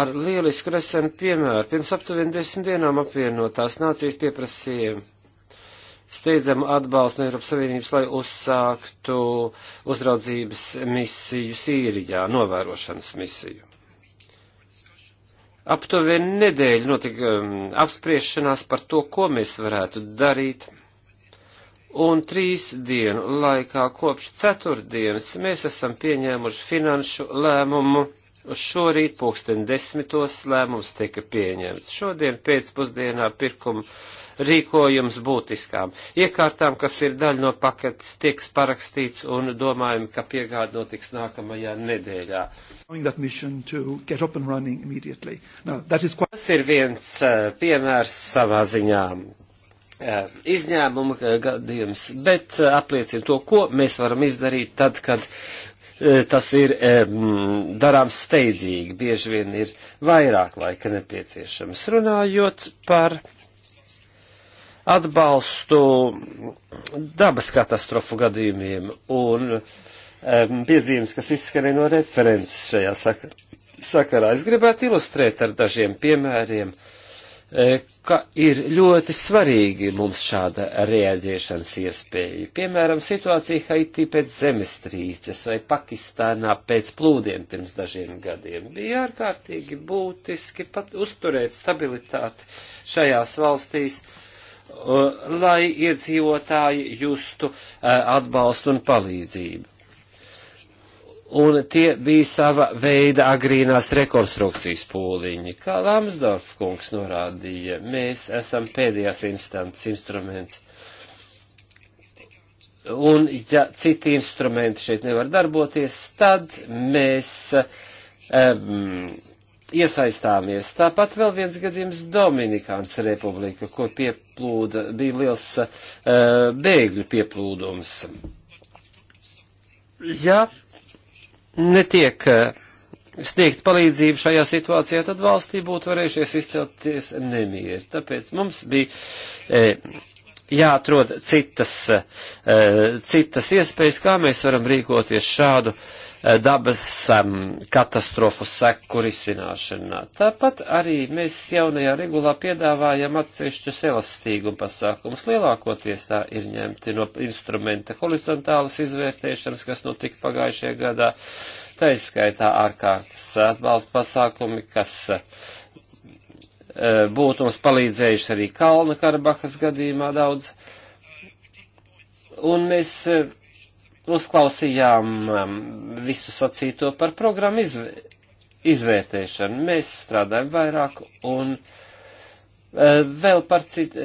ar lielisku nesenu piemēru, pirms aptuveni desmit dienām apvienotās nācijas pieprasīja steidzamu atbalstu no Eiropas Savienības, lai uzsāktu uzraudzības misiju Sīrijā, novērošanas misiju. Aptuveni nedēļa notika um, apspriešanās par to, ko mēs varētu darīt un trīs dienu laikā kopš ceturtdienas mēs esam pieņēmuši finanšu lēmumu. Šorīt pulksten desmitos lēmums tika pieņemts. Šodien pēcpusdienā pirkuma rīkojums būtiskām iekārtām, kas ir daļa no paketes, tiks parakstīts un domājam, ka piegāda notiks nākamajā nedēļā. Now, quite... Tas ir viens eh, piemērs savā ziņā Eh, izņēmuma eh, gadījums, bet eh, apliecina to, ko mēs varam izdarīt tad, kad tas ir darāms steidzīgi, bieži vien ir vairāk laika nepieciešams. Runājot par atbalstu dabas katastrofu gadījumiem un piezīmes, kas izskanēja no references šajā sakarā. Es gribētu ilustrēt ar dažiem piemēriem. Uh, E, ka ir ļoti svarīgi mums šāda reaģēšanas iespēja. Piemēram, situācija Haitī pēc zemestrīces vai Pakistānā pēc plūdiem pirms dažiem gadiem bija ārkārtīgi būtiski pat uzturēt stabilitāti šajās valstīs, e, lai iedzīvotāji justu e, atbalstu un palīdzību un tie bija sava veida agrīnās rekonstrukcijas pūliņi. Kā Lamsdorf kungs norādīja, mēs esam pēdējās instants instruments. Un ja citi instrumenti šeit nevar darboties, tad mēs um, iesaistāmies. Tāpat vēl viens gadījums Dominikānas republika, kur pieplūda, bija liels uh, bēgļu pieplūdums. Ja netiek eh, sniegt palīdzību šajā situācijā, tad valstī būtu varējušies izcelties nemieri. Tāpēc mums bija e, jāatrod citas, eh, citas iespējas, kā mēs varam rīkoties šādu eh, dabas katastrofu seku risināšanā. Tāpat arī mēs jaunajā regulā piedāvājam atsevišķus elastīgumu pasākumus. Lielākoties tā ir ņemti no instrumenta horizontālas izvērtēšanas, kas notiks pagājušajā gadā. Tā izskaitā ārkārtas atbalsta pasākumi, kas uh, Eh, būtu mums palīdzējuši arī Kalnu Karabahas gadījumā daudz. Un mēs eh, uzklausījām um, visu sacīto par programmu izv izvērtēšanu. Mēs strādājam vairāk un eh, vēl par cit,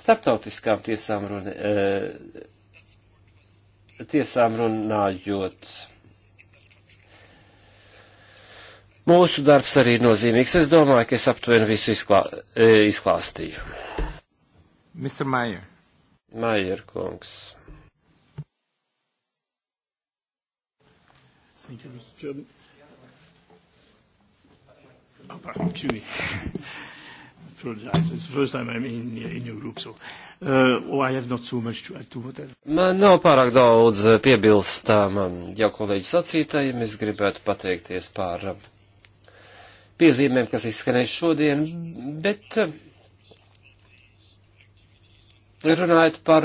starptautiskām tiesām, runa, tiesām runājot. Mūsu darbs arī ir nozīmīgs. Es domāju, ka es aptuveni visu izklā, e, izklāstīju. Mr. Maier. Maier kungs. Thank you, Mr. Chairman. Oh, pardon, excuse me. Apologize. It's the first time I'm in, in your group, so uh, oh, I have not so much to add to what I've... Man nav pārāk daudz uh, piebilstām uh, jau kolēģi sacītajiem. Es gribētu pateikties par uh, piezīmēm, kas izskanēs šodien, bet eh, runājot par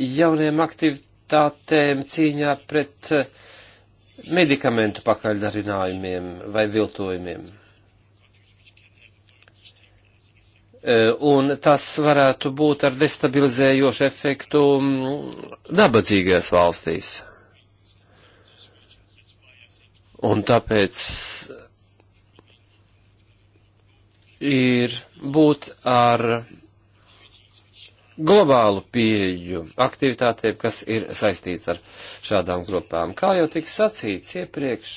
jauniem aktivitātēm cīņā pret eh, medikamentu pakaļdarinājumiem vai viltojumiem. Eh, un tas varētu būt ar destabilizējošu efektu mm, nabadzīgajās valstīs. Un tāpēc ir būt ar globālu pieju aktivitātēm, kas ir saistīts ar šādām grupām. Kā jau tika sacīts iepriekš,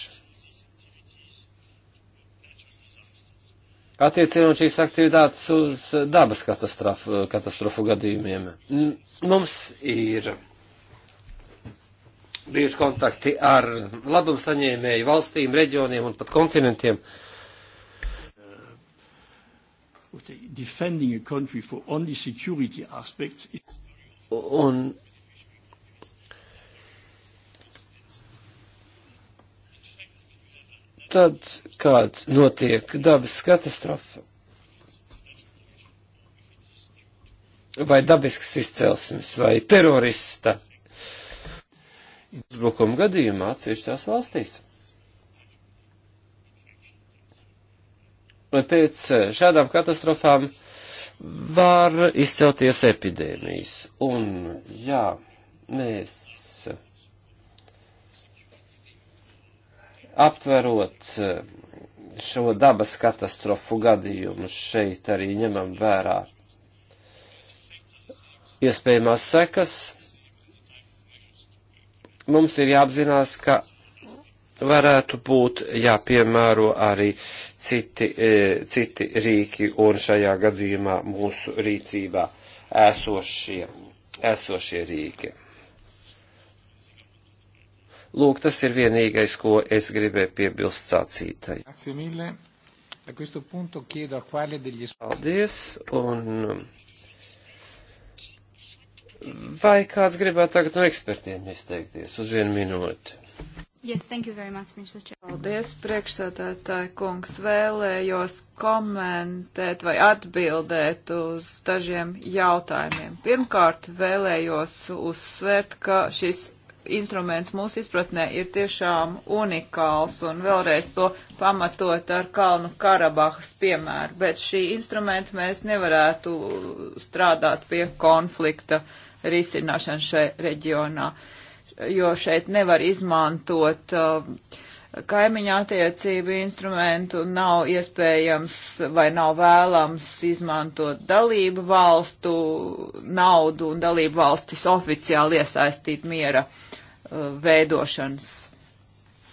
attiecinot šīs aktivitātes uz dabas katastrofu, katastrofu gadījumiem, mums ir bieži kontakti ar labumsaņēmēju valstīm, reģioniem un pat kontinentiem. Un tad, kad notiek dabas katastrofa vai dabisks izcelsmes vai terorista uzbrukuma gadījumā atsevišķās valstīs. Un pēc eh, šādām katastrofām var izcelties epidēmijas. Un, jā, mēs aptverot eh, šo dabas katastrofu gadījumu šeit arī ņemam vērā iespējamās sekas, mums ir jāapzinās, ka varētu būt jāpiemēro arī citi, e, citi rīki un šajā gadījumā mūsu rīcībā esošie, esošie rīki. Lūk, tas ir vienīgais, ko es gribēju piebilst sacītai. Paldies, un Vai kāds gribētu tagad no ekspertiem izteikties uz vienu minūti? Yes, thank you very much, Mr. Chair. Paldies, priekšsēdētāji kungs. Vēlējos komentēt vai atbildēt uz dažiem jautājumiem. Pirmkārt, vēlējos uzsvērt, ka šis instruments mūsu izpratnē ir tiešām unikāls un vēlreiz to pamatot ar Kalnu Karabahas piemēru, bet šī instrumenta mēs nevarētu strādāt pie konflikta risināšanu šai reģionā, jo šeit nevar izmantot uh, kaimiņa attiecību instrumentu, nav iespējams vai nav vēlams izmantot dalību valstu naudu un dalību valstis oficiāli iesaistīt miera uh, veidošanas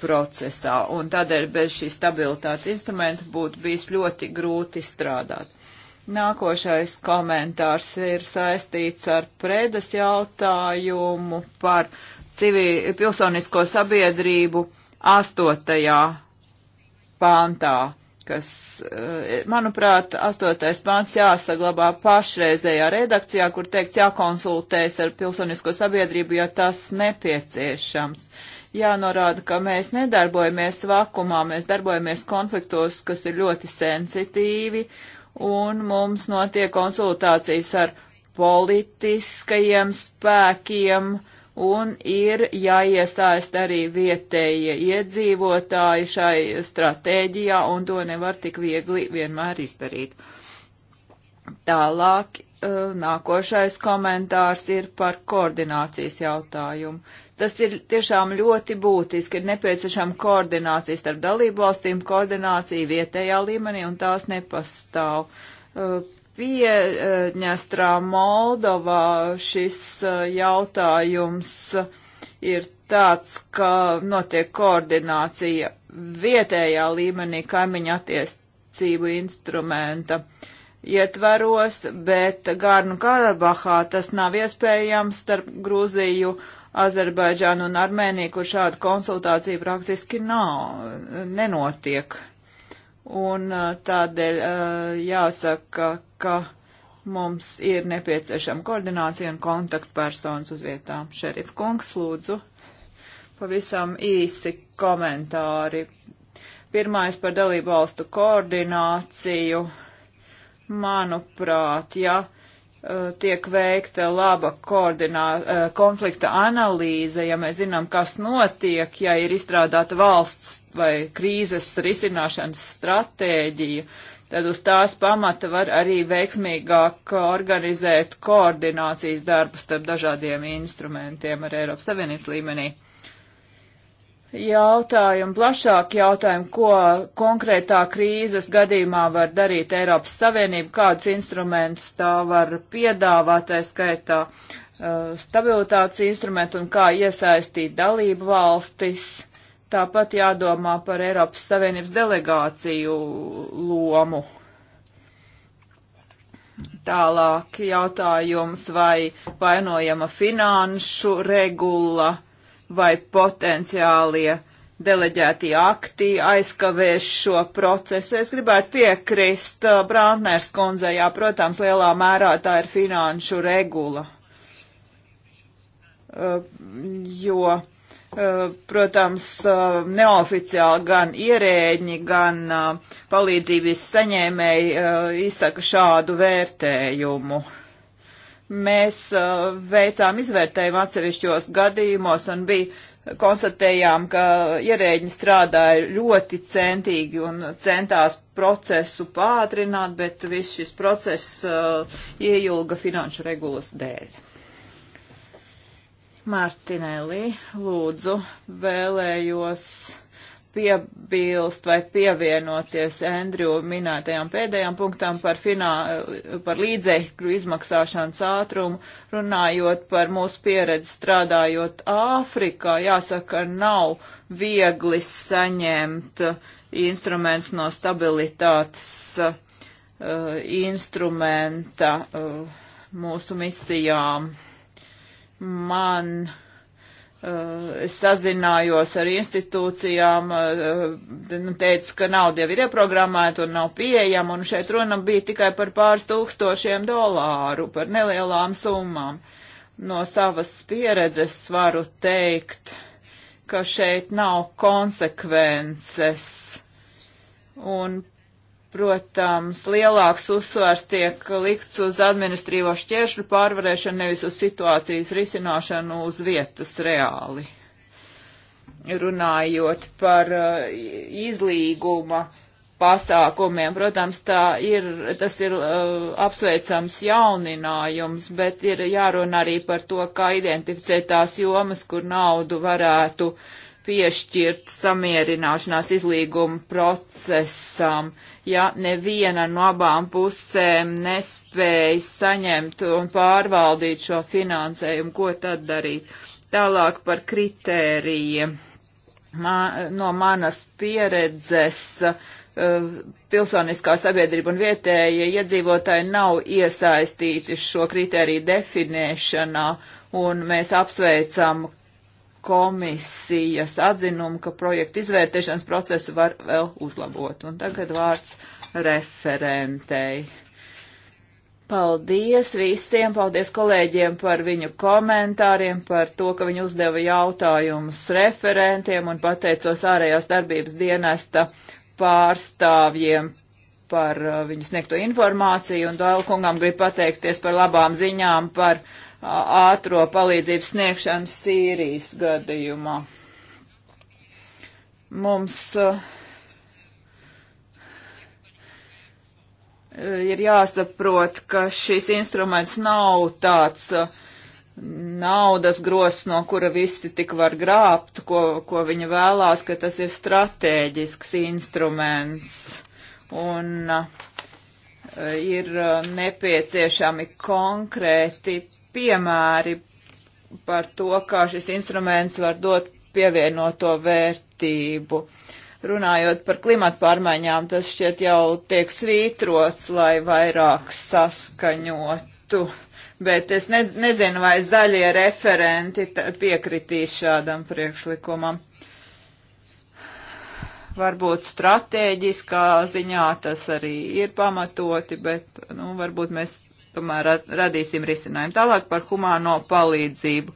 procesā. Un tādēļ bez šī stabilitātes instrumenta būtu bijis ļoti grūti strādāt. Nākošais komentārs ir saistīts ar predas jautājumu par civil, pilsonisko sabiedrību 8. pāntā, kas, eh, manuprāt, 8. pāns jāsaglabā pašreizējā redakcijā, kur teikts jākonsultēs ar pilsonisko sabiedrību, ja tas nepieciešams jānorāda, ka mēs nedarbojamies vakumā, mēs darbojamies konfliktos, kas ir ļoti sensitīvi un mums notiek konsultācijas ar politiskajiem spēkiem, un ir jāiesaist arī vietējie iedzīvotāji šai stratēģijā, un to nevar tik viegli vienmēr izdarīt. Tālāk Uh, nākošais komentārs ir par koordinācijas jautājumu. Tas ir tiešām ļoti būtiski. Ir nepieciešama koordinācija starp dalību valstīm, koordinācija vietējā līmenī, un tās nepastāv. Uh, Pieņestrā Moldovā šis uh, jautājums ir tāds, ka notiek koordinācija vietējā līmenī kaimiņa attiecību instrumenta uh, ietvaros, bet Gārnu Karabahā tas nav iespējams starp Grūziju, Azerbaidžānu un Armēniju, kur šāda konsultācija praktiski nav, nenotiek. Un uh, tādēļ uh, jāsaka, ka mums ir nepieciešama koordinācija un kontaktpersonas uz vietām. Šerif Kungs, lūdzu, pavisam īsi komentāri. Pirmais par dalību valstu koordināciju Manuprāt, ja eh, tiek veikta laba koordinā, eh, konflikta analīze, ja mēs zinām, kas notiek, ja ir izstrādāta valsts vai krīzes risināšanas stratēģija, tad uz tās pamata var arī veiksmīgāk organizēt koordinācijas darbu starp dažādiem instrumentiem ar Eiropas Savienības līmenī jautājumu, plašāku jautājumu, ko konkrētā krīzes gadījumā var darīt Eiropas Savienība, kādus instrumentus tā var piedāvāt, tā skaitā uh, stabilitātes instrumentu un kā iesaistīt dalību valstis. Tāpat jādomā par Eiropas Savienības delegāciju lomu. Tālāk jautājums, vai vainojama finanšu regula vai potenciālie deleģētie akti aizkavēs šo procesu. Es gribētu piekrist uh, Brāntnērs kundzei, jā, protams, lielā mērā tā ir finanšu regula. Uh, jo, uh, protams, uh, neoficiāli gan ierēģi, gan uh, palīdzības saņēmēji uh, izsaka šādu vērtējumu. Mēs uh, veicām izvērtējumu atsevišķos gadījumos un bija konstatējām, ka ierēģi strādāja ļoti centīgi un centās procesu pātrināt, bet viss šis process uh, ieilga finanšu regulas dēļ. Martinelli, lūdzu, vēlējos piebilst vai pievienoties Andriju minētajām pēdējām punktām par, finā, par līdzekļu izmaksāšanas ātrumu, runājot par mūsu pieredzi strādājot Āfrikā, jāsaka, nav viegli saņemt instruments no stabilitātes uh, instrumenta uh, mūsu misijām. Man uh, Eh, es sazinājos ar institūcijām, eh, eh, teica, ka nauda jau ir ieprogrammēta un nav pieejama, un šeit runa bija tikai par pāris tūkstošiem dolāru, par nelielām summām. No savas pieredzes varu teikt, ka šeit nav konsekvences. Un Protams, lielāks uzsvars tiek likts uz administrīvo šķēršļu pārvarēšanu, nevis uz situācijas risināšanu uz vietas reāli. Runājot par uh, izlīguma pasākumiem, protams, tā ir, tas ir uh, apsveicams jauninājums, bet ir jārunā arī par to, kā identificēt tās jomas, kur naudu varētu uh, piešķirt samierināšanās izlīguma procesam, ja neviena no abām pusēm nespēja saņemt un pārvaldīt šo finansējumu, ko tad darīt? Tālāk par kritērijiem. Ma, no manas pieredzes eh, pilsoniskā sabiedrība un vietējie iedzīvotāji nav iesaistīti šo kritēriju definēšanā, un mēs apsveicam komisijas atzinumu, ka projektu izvērtēšanas procesu var vēl uzlabot. Un tagad vārds referentei. Paldies visiem, paldies kolēģiem par viņu komentāriem, par to, ka viņi uzdeva jautājumus referentiem un pateicos ārējās darbības dienesta pārstāvjiem par uh, viņu sniegto informāciju un Dēlkungam grib pateikties par labām ziņām par uh, ātro palīdzības sniegšanu Sīrijas gadījumā. Mums uh, ir jāsaprot, ka šis instruments nav tāds naudas grosts, no kura visi tik var grābt, ko, ko viņi vēlās, ka tas ir stratēģisks instruments. Un ir nepieciešami konkrēti piemēri par to, kā šis instruments var dot pievienoto vērtību. Runājot par klimatu pārmaiņām, tas šķiet jau tiek svītrots, lai vairāk saskaņotu, bet es ne, nezinu, vai zaļie referenti piekritīs šādam priekšlikumam. Varbūt stratēģiskā ziņā tas arī ir pamatoti, bet, nu, varbūt mēs tomēr radīsim risinājumu. Tālāk par humāno palīdzību.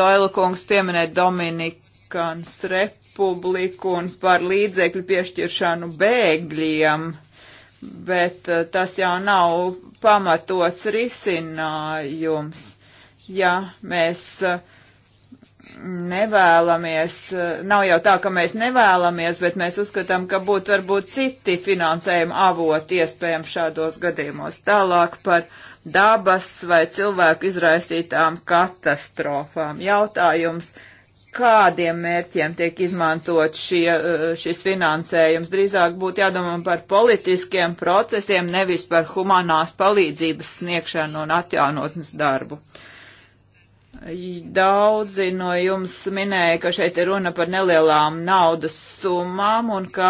Doila kungs pieminē Dominikānas republiku un par līdzekļu piešķiršanu bēgļiem, bet eh, tas jau nav pamatots risinājums. Ja mēs uh, nevēlamies, nav jau tā, ka mēs nevēlamies, bet mēs uzskatām, ka būtu varbūt citi finansējuma avoti iespējams šādos gadījumos. Tālāk par dabas vai cilvēku izraisītām katastrofām. Jautājums, kādiem mērķiem tiek izmantot šie, šis finansējums? Drīzāk būtu jādomā par politiskiem procesiem, nevis par humanās palīdzības sniegšanu un atjaunotnes darbu. Uh, Daudzi no jums minēja, ka šeit ir runa par nelielām naudas summām un ka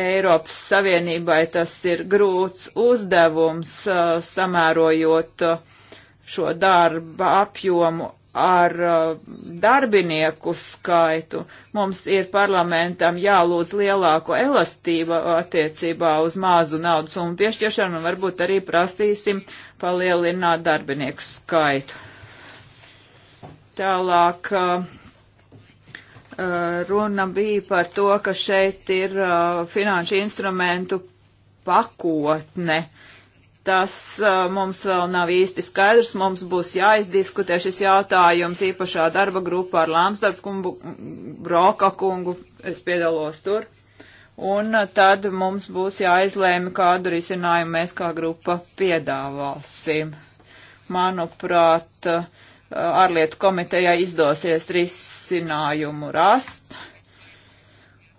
Eiropas Savienībai tas ir grūts uzdevums uh, samērojot uh, šo darba apjomu ar uh, darbinieku skaitu. Mums ir parlamentam jālūdz lielāko elastību attiecībā uz mazu naudas summu piešķiršanu un varbūt arī prasīsim palielināt darbinieku skaitu. Tālāk eh, runa bija par to, ka šeit ir eh, finanšu instrumentu pakotne. Tas eh, mums vēl nav īsti skaidrs, mums būs jāizdiskutē šis jautājums īpašā darba grupā ar Lāmsdorp kungu, Broka kungu, es piedalos tur. Un tad mums būs jāizlēma, kādu risinājumu mēs kā grupa piedāvāsim. Manuprāt, uh, Uh, ārlietu komitejai izdosies risinājumu rast.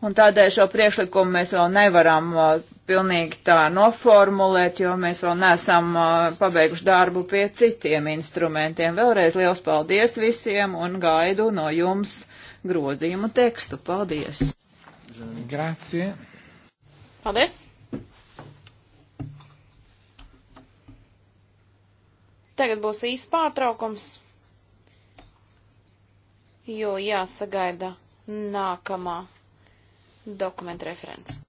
Un tādēļ šo priekšlikumu mēs vēl nevaram uh, pilnīgi tā noformulēt, jo mēs vēl neesam uh, pabeiguši darbu pie citiem instrumentiem. Vēlreiz liels paldies visiem un gaidu no jums grozījumu tekstu. Paldies! Grazie! Paldies! Tagad būs īsts pārtraukums jo jāsagaida nākamā dokumenta referents.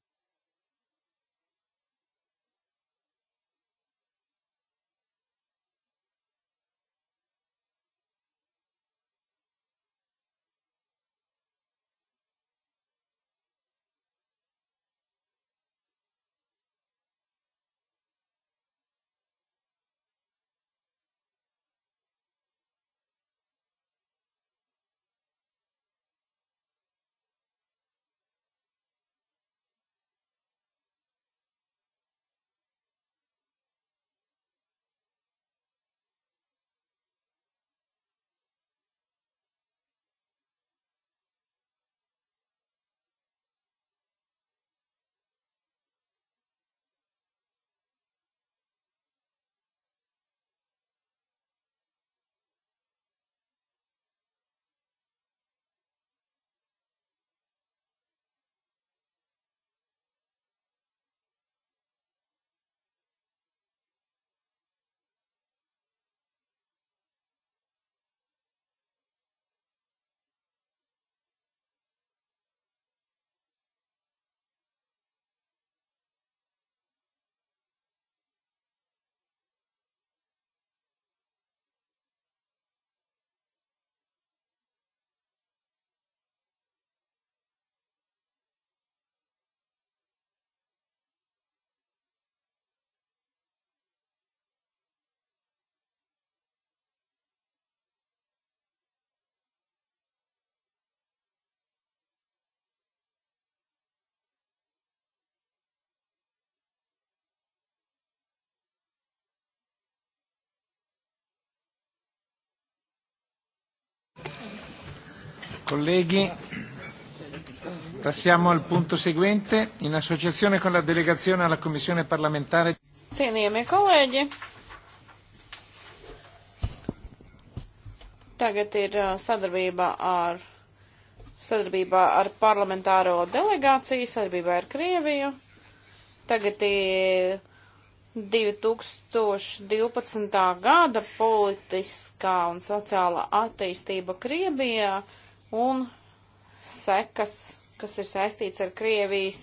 Colleghi, passiamo al punto seguente. In associazione con la delegazione alla Commissione parlamentare. Cienījamie kolēģi, tagad ir uh, sadarbība ar, sadarbībā ar parlamentāro delegāciju, sadarbībā ar Krieviju. Tagad ir 2012. gada politiskā un sociālā attīstība Krievijā un sekas, kas ir saistīts ar Krievijas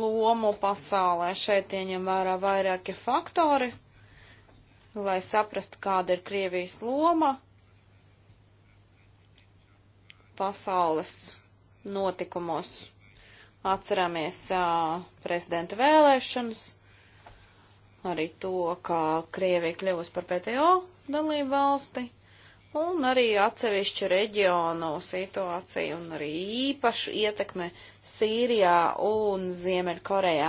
lomu pasaulē. Šeit ieņem vērā vairāki faktori, lai saprastu, kāda ir Krievijas loma pasaules notikumos. Atceramies uh, prezidenta vēlēšanas, arī to, ka Krievija kļuvusi par PTO dalību valsti un arī atsevišķu reģionu situāciju un arī īpašu ietekme Sīrijā un Ziemeļkorejā.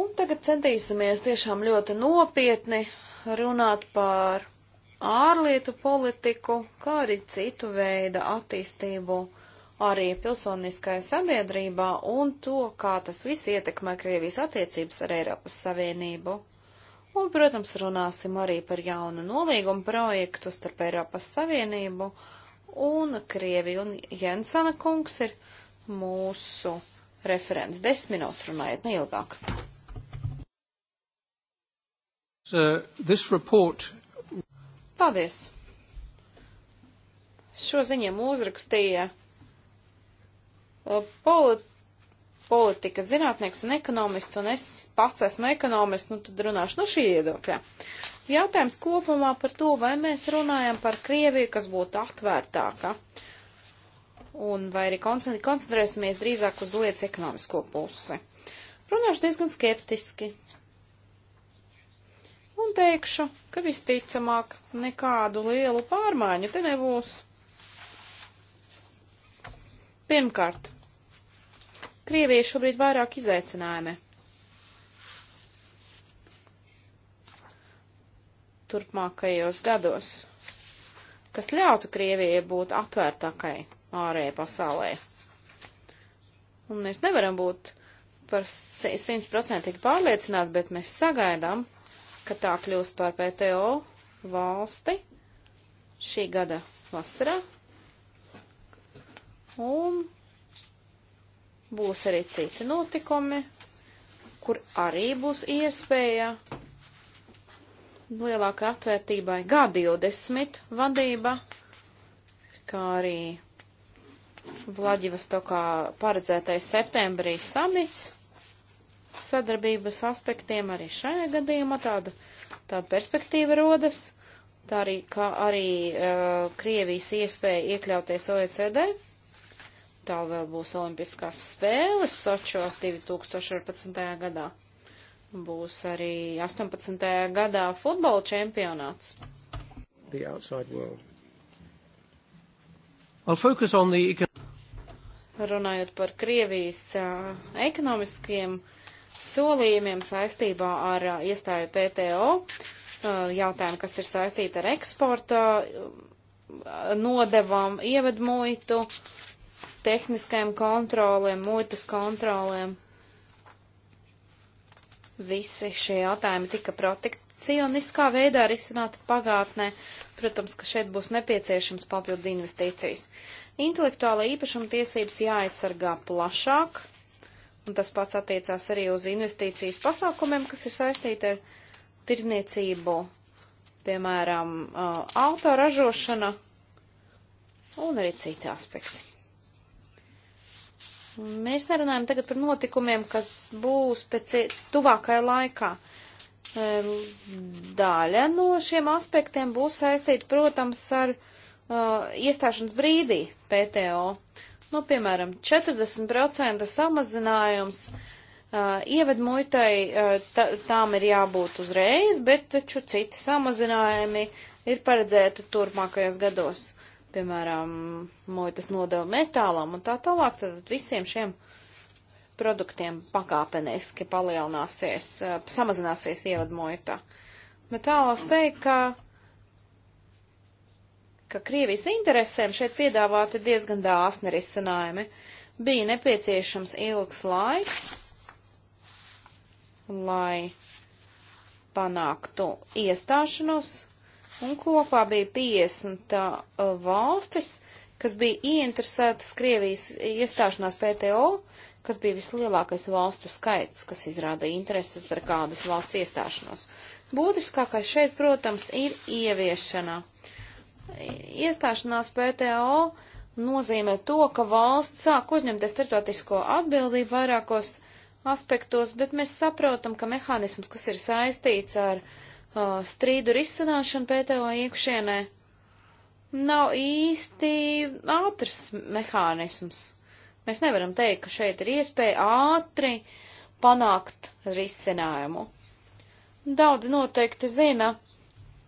Un tagad centīsimies tiešām ļoti nopietni runāt par ārlietu politiku, kā arī citu veidu attīstību arī pilsoniskai sabiedrībā un to, kā tas viss ietekmē Krievijas attiecības ar Eiropas Savienību. Un, protams, runāsim arī par jaunu nolīgumu projektu starp Eiropas Savienību un Krieviju. Un Jensana kungs ir mūsu referents. Desmit minūtes runājiet, neilgāk. So, report... Paldies! Šo ziņiem uzrakstīja uh, polit politikas zinātnieks un ekonomists, un es pats esmu ekonomists, nu tad runāšu no šī iedokļa. Jautājums kopumā par to, vai mēs runājam par Krieviju, kas būtu atvērtāka, un vai arī koncentrēsimies drīzāk uz lietas ekonomisko pusi. Runāšu diezgan skeptiski. Un teikšu, ka visticamāk nekādu lielu pārmaiņu te nebūs. Pirmkārt, Krievijai šobrīd vairāk izaicinājumi. Turpmākajos gados, kas ļautu Krievijai būt atvērtākai ārējai pasaulē. Un mēs nevaram būt par simtprocentīgi pārliecināti, bet mēs sagaidām, ka tā kļūs par PTO valsti šī gada vasarā. Un būs arī citi notikumi, kur arī būs iespēja lielākai atvērtībai G20 vadība, kā arī Vladivostokā paredzētais septembrī samits sadarbības aspektiem arī šajā gadījumā tāda, tāda perspektīva rodas, tā arī, kā arī uh, Krievijas iespēja iekļauties OECD Tā vēl būs Olimpiskās spēles Sočos 2014. gadā. Būs arī 18. gadā futbola čempionāts. The outside world. I'll focus on the runājot par Krievijas uh, ekonomiskiem solījumiem saistībā ar uh, iestāju PTO, uh, jautājumu, kas ir saistīti ar eksporta nodevām, ievedmuitu, tehniskajām kontrolēm, muitas kontrolēm. Visi šie jautājumi tika protekcioniskā veidā risināti pagātnē. Protams, ka šeit būs nepieciešams papildu investīcijas. Intelektuāla īpašuma tiesības jāaizsargā plašāk, un tas pats attiecās arī uz investīcijas pasākumiem, kas ir saistīti ar tirzniecību, piemēram, uh, autoražošana un arī citi aspekti. Mēs nerunājam tagad par notikumiem, kas būs pēc tuvākajā laikā. E, Daļa no šiem aspektiem būs saistīta, protams, ar uh, iestāšanas brīdī PTO. Nu, piemēram, 40% samazinājums uh, e, ievedmuitai, uh, tām ir jābūt uzreiz, bet taču citi samazinājumi ir paredzēti turpmākajos gados piemēram, muitas nodevu metālam un tā tālāk, tad visiem šiem produktiem pakāpeniski palielināsies, eh, samazināsies ievadmuita. Bet tālos teikt, ka, ka Krievijas interesēm šeit piedāvāti diezgan dāsni risinājumi. Bija nepieciešams ilgs laiks, lai panāktu iestāšanos Un kopā bija 50 uh, valstis, kas bija ieinteresētas Krievijas iestāšanās PTO, kas bija vislielākais valstu skaits, kas izrādīja interesi par kādas valsts iestāšanos. Būtiskākais šeit, protams, ir ieviešana. Iestāšanās PTO nozīmē to, ka valsts sāk uzņemties starptautisko atbildību vairākos aspektos, bet mēs saprotam, ka mehānisms, kas ir saistīts ar uh, strīdu risināšana PTO iekšienē nav īsti ātrs mehānisms. Mēs nevaram teikt, ka šeit ir iespēja ātri panākt risinājumu. Daudz noteikti zina,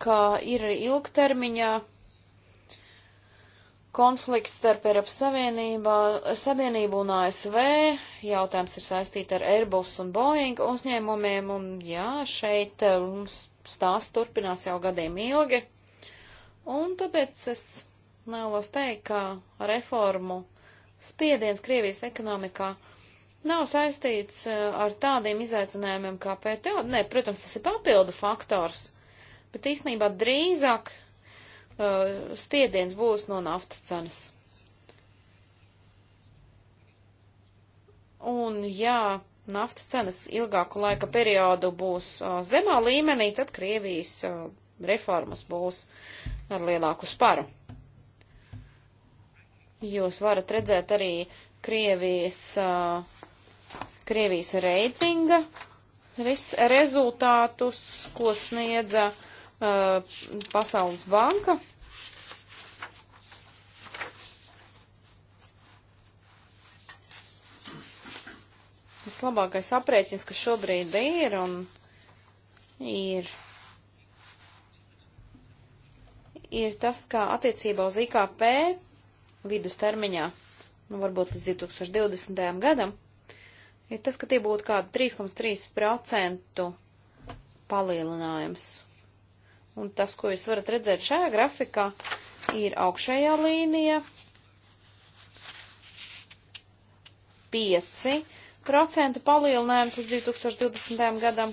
ka ir arī ilgtermiņā konflikts starp Eiropas Savienību un ASV. Jautājums ir saistīts ar Airbus un Boeing uzņēmumiem, un jā, šeit mums stāsts turpinās jau gadiem ilgi, un tāpēc es vēlos teikt, ka reformu spiediens Krievijas ekonomikā nav saistīts eh, ar tādiem izaicinājumiem kā PTO. Nē, protams, tas ir papildu faktors, bet īsnībā drīzāk uh, spiediens būs no naftas cenas. Un jā, ja naftas cenas ilgāku laika periodu būs uh, zemā līmenī, tad Krievijas uh, reformas būs ar lielāku sparu. Jūs varat redzēt arī Krievijas, uh, Krievijas reitinga rezultātus, ko sniedza Pasaules banka vislabākais aprēķins, kas šobrīd ir un ir, ir tas, kā attiecībā uz IKP vidustermiņā, nu varbūt līdz 2020. gadam, ir tas, ka tie būtu kādi 3,3% palielinājums. Un tas, ko jūs varat redzēt šajā grafikā, ir augšējā līnija 5 5% palielinājums līdz 2020. gadam.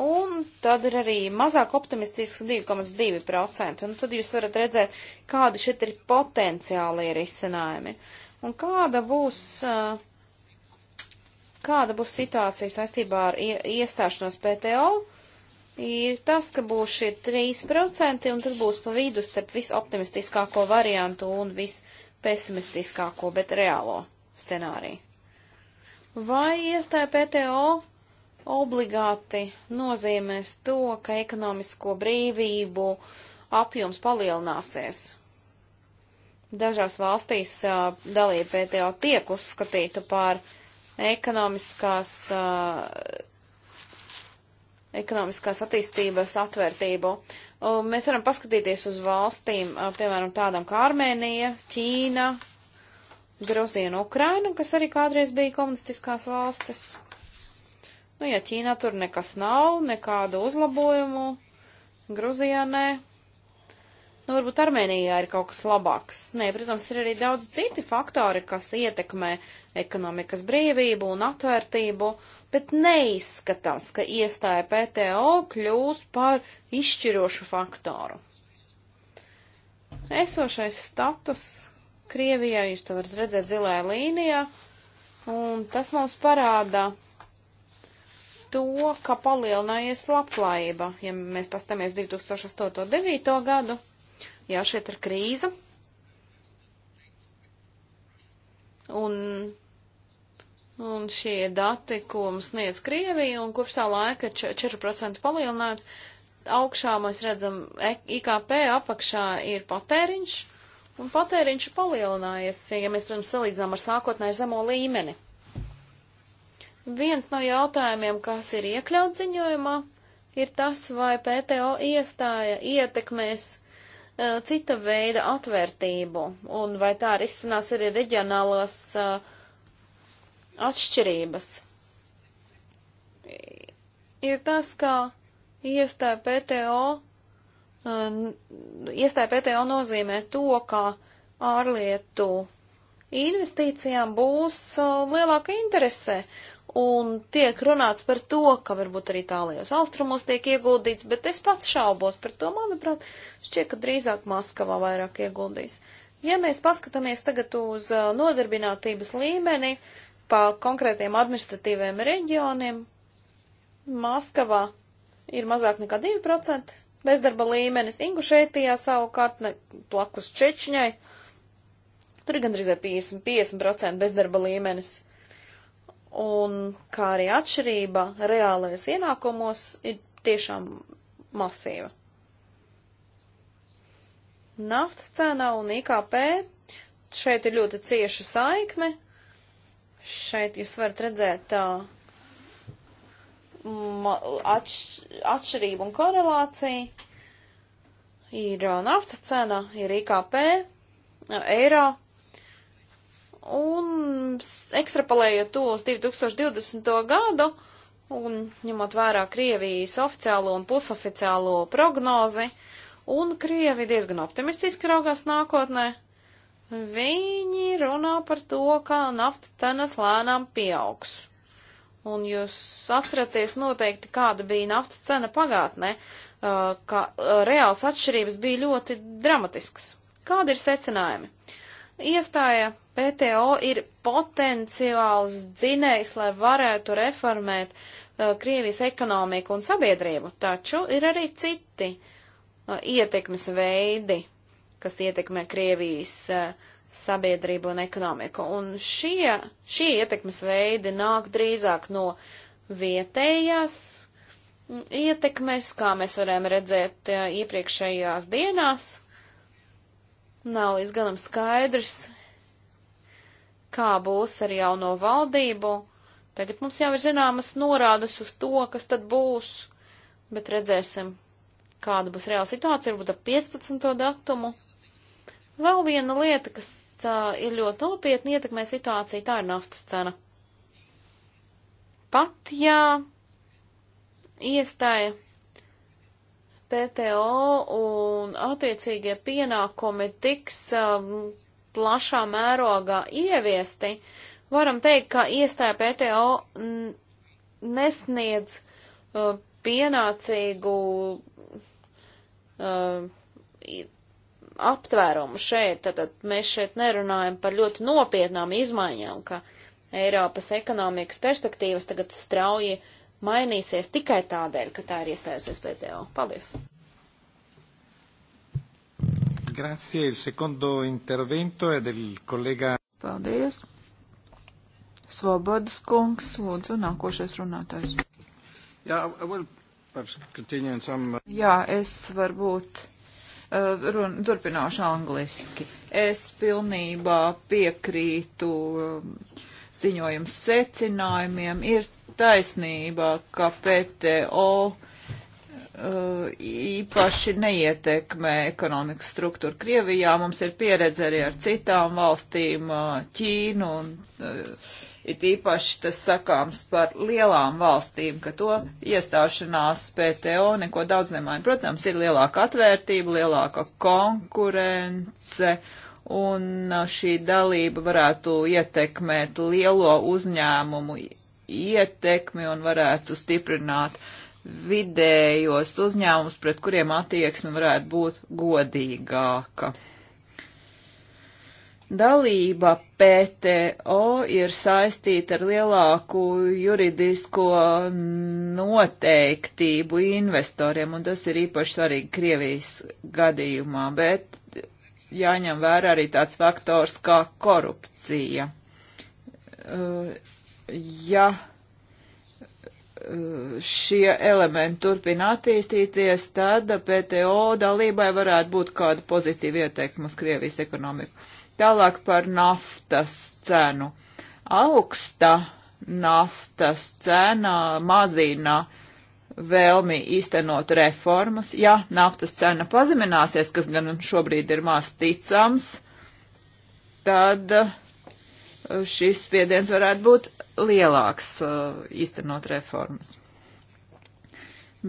Un tad ir arī mazāk optimistiski 2,2%. Un tad jūs varat redzēt, kādi šeit ir potenciālie risinājumi. Un kāda būs, kāda būs situācija saistībā ar iestāšanos PTO? ir tas, ka būs šie 3%, un tas būs pa vidu starp visoptimistiskāko variantu un vispesimistiskāko, bet reālo scenāriju. Vai iestāja PTO obligāti nozīmēs to, ka ekonomisko brīvību apjoms palielināsies? Dažās valstīs uh, dalība PTO tiek uzskatīta par ekonomiskās, uh, ekonomiskās attīstības atvērtību. Uh, mēs varam paskatīties uz valstīm, piemēram, tādām kā Armēnija, Ķīna, Gruzija un Ukraina, kas arī kādreiz bija komunistiskās valstis. Nu, ja Ķīnā tur nekas nav, nekādu uzlabojumu, Gruzijā nē. Nu, varbūt Armēnijā ir kaut kas labāks. Nē, protams, ir arī daudz citi faktori, kas ietekmē ekonomikas brīvību un atvērtību, bet neizskatās, ka iestāja PTO kļūs par izšķirošu faktoru. Esošais status Krievijā, jūs to varat redzēt zilajā līnijā, un tas mums parāda to, ka palielinājies labklājība. Ja mēs pastāmies 2008.9. gadu, jā, šeit ir krīze, un, un šie ir dati, ko mums sniedz Krievija, un kopš tā laika 4% palielinājums augšā mēs redzam e- IKP, apakšā ir patēriņš, Un patēriņš ir palielinājies, ja mēs, protams, salīdzinām ar sākotnēju zemo līmeni. Viens no jautājumiem, kas ir iekļauts ziņojumā, ir tas, vai PTO iestāja ietekmēs uh, cita veida atvērtību, un vai tā arī izcinās arī reģionālās uh, atšķirības. Ir tas, ka iestāja PTO iestāja PTO nozīmē to, ka ārlietu investīcijām būs uh, lielāka interese. Un tiek runāts par to, ka varbūt arī tālajos austrumos tiek ieguldīts, bet es pats šaubos par to, manuprāt, šķiet, ka drīzāk Maskavā vairāk ieguldīs. Ja mēs paskatāmies tagad uz uh, nodarbinātības līmeni pa konkrētiem administratīviem reģioniem, Maskavā ir mazāk nekā 2%, bezdarba līmenis. Ingušētijā savukārt ne, plakus Čečņai tur ir gandrīz 50%, 50 bezdarba līmenis. Un kā arī atšķirība reālajos ienākumos ir tiešām masīva. Naftas cena un IKP šeit ir ļoti cieša saikne. Šeit jūs varat redzēt uh, atš, atšķirība un korelācija. Ir uh, nafta cena, ir IKP, uh, eiro. Un ekstrapolējot to uz 2020. gadu un ņemot vērā Krievijas oficiālo un pusoficiālo prognozi, un Krievi diezgan optimistiski raugās nākotnē, viņi runā par to, ka nafta cenas lēnām pieaugs. Un jūs atceraties noteikti, kāda bija naftas cena pagātnē, uh, ka uh, reāls atšķirības bija ļoti dramatiskas. Kādi ir secinājumi? Iestāja PTO ir potenciāls dzinējs, lai varētu reformēt uh, Krievijas ekonomiku un sabiedrību, taču ir arī citi ietekmes veidi, kas ietekmē Krievijas uh, sabiedrību un ekonomiku. Un šie, šie ietekmes veidi nāk drīzāk no vietējās ietekmes, kā mēs varējām redzēt eh, iepriekšējās dienās. Nav līdz galam skaidrs, kā būs ar jauno valdību. Tagad mums jau ir zināmas norādes uz to, kas tad būs, bet redzēsim, kāda būs reāla situācija, varbūt ap 15. datumu Vēl viena lieta, kas uh, ir ļoti nopietni ietekmē situāciju, tā ir naftas cena. Pat ja iestāja PTO un attiecīgie pienākumi tiks um, plašā mērogā ieviesti, varam teikt, ka iestāja PTO nesniedz uh, pienācīgu uh, aptvērumu šeit, tad mēs šeit nerunājam par ļoti nopietnām izmaiņām, ka Eiropas ekonomikas perspektīvas tagad strauji mainīsies tikai tādēļ, ka tā ir iestājusies PTO. Paldies! Grazie, il secondo intervento è del collega. Paldies. Svobodas kungs, lūdzu, nākošais runātājs. Yeah, I will perhaps continue in some... Uh, Jā, es varbūt Eh, run, turpināšu angliski. Es pilnībā piekrītu eh, ziņojums secinājumiem. Ir taisnība, ka PTO eh, īpaši neietekmē ekonomikas struktūru Krievijā. Mums ir pieredze arī ar citām valstīm, Ķīnu un It īpaši tas sakāms par lielām valstīm, ka to iestāšanās PTO neko daudz nemaina. Protams, ir lielāka atvērtība, lielāka konkurence, un šī dalība varētu ietekmēt lielo uzņēmumu ietekmi un varētu stiprināt vidējos uzņēmumus, pret kuriem attieksme varētu būt godīgāka. Dalība PTO ir saistīta ar lielāku juridisko noteiktību investoriem, un tas ir īpaši svarīgi Krievijas gadījumā, bet jāņem vērā arī tāds faktors kā korupcija. Uh, ja uh, šie elementi turpina attīstīties, tad PTO dalībai varētu būt kāda pozitīva ieteikuma uz Krievijas ekonomiku. Tālāk par naftas cenu. Augsta naftas cena mazina vēlmi īstenot reformas. Ja naftas cena pazemināsies, kas gan šobrīd ir maz ticams, tad uh, šis spiediens varētu būt lielāks uh, īstenot reformas.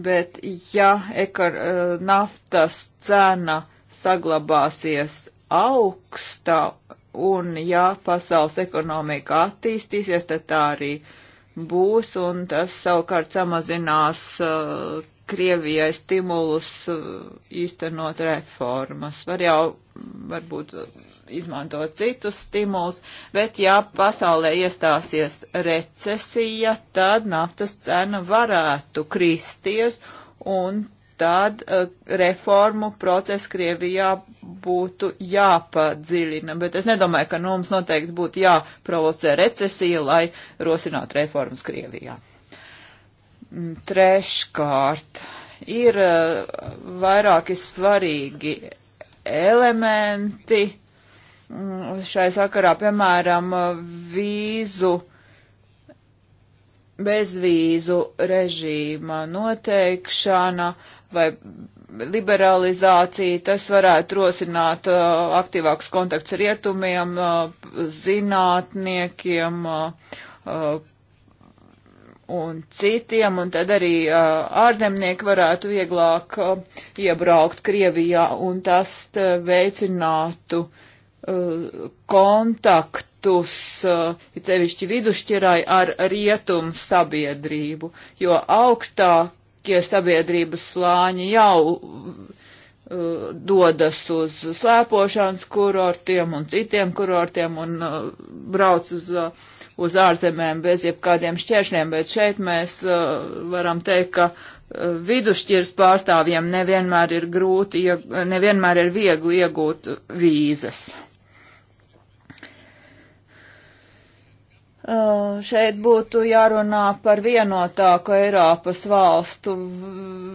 Bet ja ekar, uh, naftas cena saglabāsies augsta, un ja pasaules ekonomika attīstīsies, tad tā arī būs, un tas savukārt samazinās uh, Krievijai stimulus uh, īstenot reformas. Var jau varbūt uh, izmantot citus stimulus, bet ja pasaulē iestāsies recesija, tad naftas cena varētu kristies un tad uh, reformu procesu Krievijā būtu jāpadziļina. Bet es nedomāju, ka nu, mums noteikti būtu jāprovocē recesija, lai rosinātu reformas Krievijā. Mm, treškārt, ir uh, vairāki svarīgi elementi mm, šai sakarā, piemēram, vīzu bezvīzu režīma noteikšana vai liberalizācija, tas varētu rosināt uh, aktīvākus kontaktus ar rietumiem, uh, zinātniekiem uh, uh un citiem, un tad arī uh, ārzemnieki varētu vieglāk uh, iebraukt Krievijā, un tas veicinātu kontaktu kontaktus, eh, it sevišķi vidušķirai, ar rietumu sabiedrību, jo augstākie sabiedrības slāņi jau uh, dodas uz slēpošanas kurortiem un citiem kurortiem un uh, brauc uz, uh, uz ārzemēm bez jebkādiem šķēršļiem, bet šeit mēs varam teikt, ka vidušķiras pārstāvjiem nevienmēr ir grūti, nevienmēr ir viegli iegūt vīzas. Uh, šeit būtu jārunā par vienotāku Eiropas valstu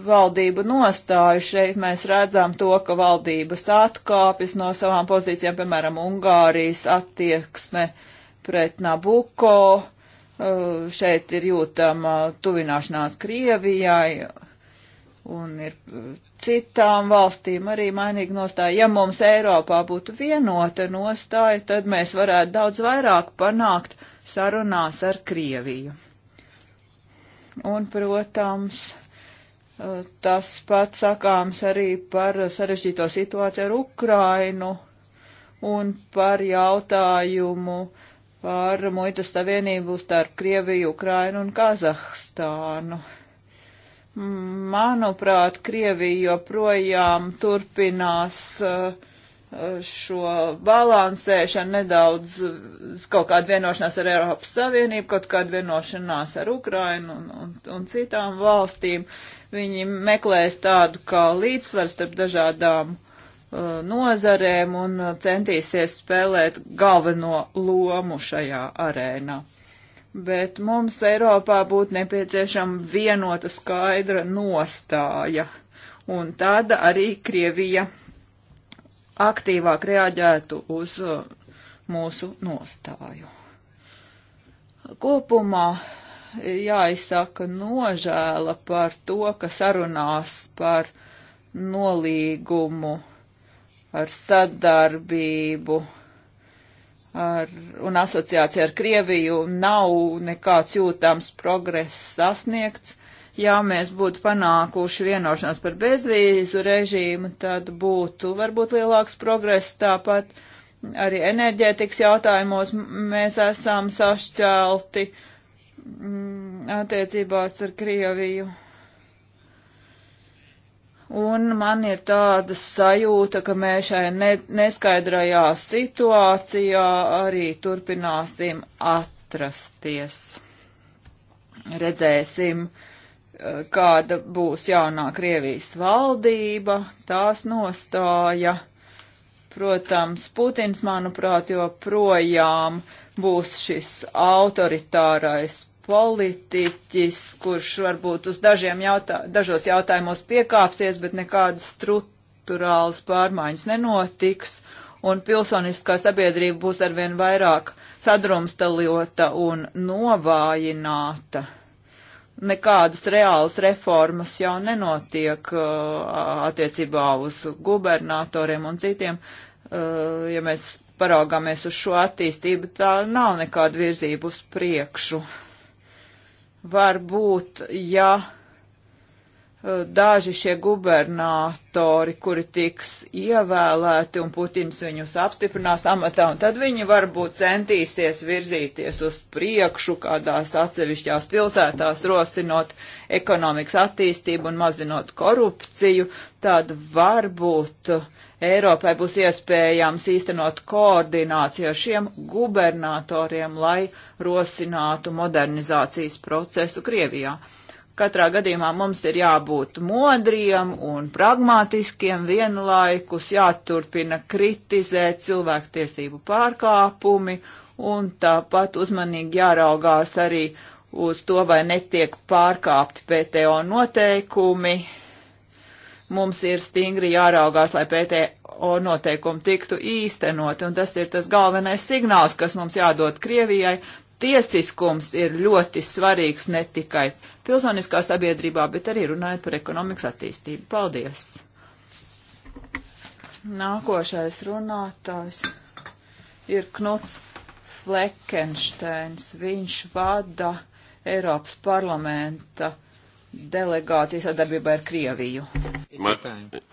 valdību nostāju. Šeit mēs redzam to, ka valdības atkāpjas no savām pozīcijām, piemēram, Ungārijas attieksme pret Nabuko. Uh, šeit ir jūtama tuvināšanās Krievijai un ir uh, citām valstīm arī mainīga nostāja. Ja mums Eiropā būtu vienota nostāja, tad mēs varētu daudz vairāk panākt sarunās ar Krieviju. Un, protams, eh, tas pats sakāms arī par sarežģīto situāciju ar Ukrainu un par jautājumu par muitas savienību starp Krieviju, Ukrainu un Kazahstānu. Manuprāt, Krievija joprojām turpinās uh, šo balansēšanu, nedaudz kaut kādu vienošanās ar Eiropas Savienību, kaut kādu vienošanās ar Ukrainu un, un, un citām valstīm. Viņi meklēs tādu kā līdzsvaru starp dažādām uh, nozarēm un uh, centīsies spēlēt galveno lomu šajā arēnā. Bet mums Eiropā būtu nepieciešama vienota skaidra nostāja, un tāda arī Krievija aktīvāk reaģētu uz uh, mūsu nostāju. Kopumā jāizsaka nožēla par to, ka sarunās par nolīgumu ar sadarbību ar, un asociācija ar Krieviju nav nekāds jūtams progress sasniegts ja mēs būtu panākuši vienošanos par bezvīzu režīmu, tad būtu varbūt lielāks progress tāpat. Arī enerģētikas jautājumos mēs esam sašķelti mm, attiecībās ar Krieviju. Un man ir tāda sajūta, ka mēs šai ne, neskaidrajā situācijā arī turpināsim atrasties. Redzēsim, uh, kāda būs jaunā Krievijas valdība, tās nostāja. Protams, Putins, manuprāt, joprojām būs šis autoritārais politiķis, kurš varbūt uz dažiem jautā, dažos jautājumos piekāpsies, bet nekādas struktūrālas pārmaiņas nenotiks, un pilsoniskā sabiedrība būs arvien vairāk sadrumstalota un novājināta nekādas reālas reformas jau nenotiek uh, attiecībā uz gubernatoriem un citiem. Uh, ja mēs paraugāmies uz šo attīstību, tā nav nekāda virzība uz priekšu. Varbūt, ja daži šie gubernatori, kuri tiks ievēlēti un Putins viņus apstiprinās amatā, un tad viņi varbūt centīsies virzīties uz priekšu kādās atsevišķās pilsētās, rosinot ekonomikas attīstību un mazinot korupciju, tad varbūt Eiropai būs iespējams īstenot koordināciju ar šiem gubernatoriem, lai rosinātu modernizācijas procesu Krievijā. Katrā gadījumā mums ir jābūt modriem un pragmātiskiem vienlaikus, jāturpina kritizēt cilvēktiesību pārkāpumi un tāpat uzmanīgi jāraugās arī uz to, vai netiek pārkāpti PTO noteikumi. Mums ir stingri jāraugās, lai PTO noteikumi tiktu īstenoti, un tas ir tas galvenais signāls, kas mums jādod Krievijai, tiesiskums ir ļoti svarīgs ne tikai pilsoniskā sabiedrībā, bet arī runājot par ekonomikas attīstību. Paldies! Nākošais runātājs ir Knuts Fleckensteins. Viņš vada Eiropas parlamenta delegāciju sadarbībā ar Krieviju. My,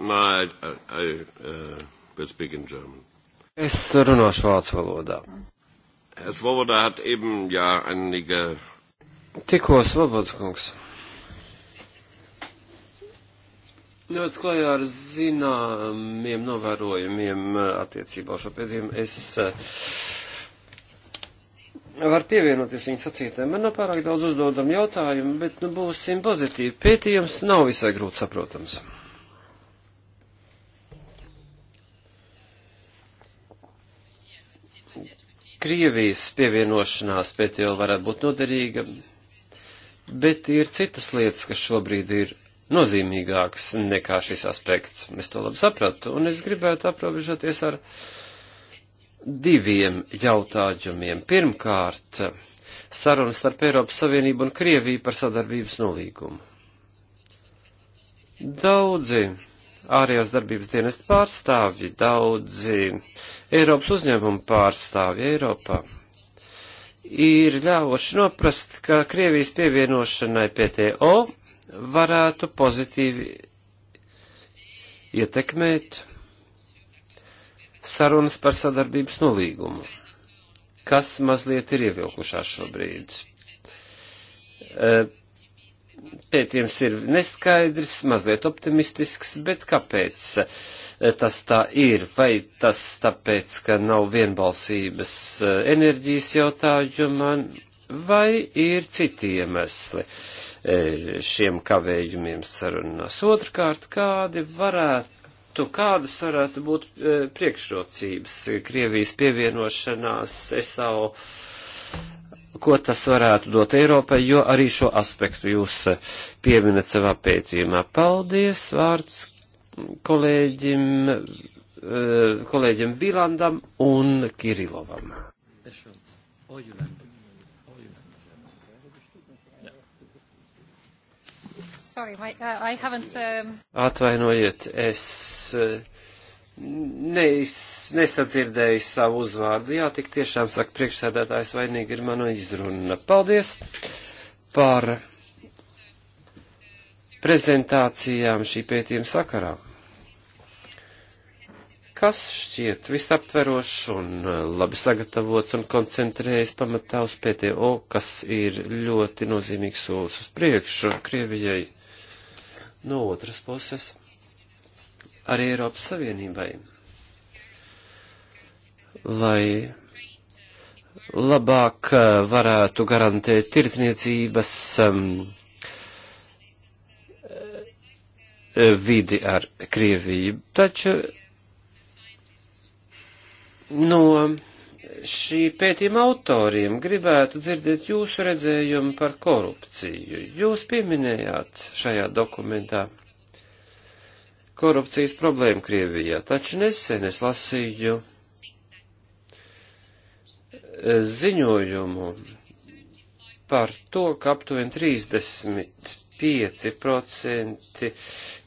my, I, I, uh, Es runāšu vācu valodā. Herr Svoboda hat eben ja einige. Tikko Svobodskungs. Ļoti klajā ar zināmiem novērojumiem uh, attiecībā šo pēdījumu. Es uh, varu pievienoties viņa sacītēm. Man nav pārāk daudz uzdodam jautājumu, bet nu būsim pozitīvi. Pētījums nav visai grūti saprotams. Krievijas pievienošanās PTO varētu būt noderīga, bet ir citas lietas, kas šobrīd ir nozīmīgākas nekā šis aspekts. Es to labi sapratu, un es gribētu aprobežoties ar diviem jautājumiem. Pirmkārt, sarunas starp Eiropas Savienību un Krieviju par sadarbības nolīgumu. Daudzi ārējās darbības dienas pārstāvji, daudzi Eiropas uzņēmumu pārstāvji Eiropā ir ļāvoši noprast, ka Krievijas pievienošanai PTO varētu pozitīvi ietekmēt sarunas par sadarbības nolīgumu, kas mazliet ir ievilkušās šobrīd. Eh, pētījums ir neskaidrs, mazliet optimistisks, bet kāpēc eh, tas tā ir? Vai tas tāpēc, ka nav vienbalsības eh, enerģijas jautājumā, vai ir citi iemesli eh, šiem kavējumiem sarunās? Otrkārt, kādi varētu tu kādas varētu būt priekšrocības Krievijas pievienošanās SAO ko tas varētu dot Eiropai, jo arī šo aspektu jūs eh, pieminat savā pētījumā. Paldies, vārds kolēģim, eh, kolēģim Vilandam un Kirilovam. Sorry, my, uh, I haven't, um... Atvainojiet, es uh, neiz, nesadzirdēju savu uzvārdu. Jā, tik tiešām saka priekšsēdētājs vainīgi ir mana izruna. Paldies par prezentācijām šī pētījuma sakarā. Kas šķiet visaptverošs un labi sagatavots un koncentrējas pamatā uz PTO, kas ir ļoti nozīmīgs solis uz priekšu Krievijai no otras puses? arī Eiropas Savienībai, lai labāk eh, varētu garantēt tirdzniecības um, vidi ar Krieviju. Taču no šī pētījuma autoriem gribētu dzirdēt jūsu redzējumu par korupciju. Jūs pieminējāt šajā dokumentā korupcijas problēmu Krievijā, taču nesen es lasīju e, ziņojumu par to, ka aptuveni 35%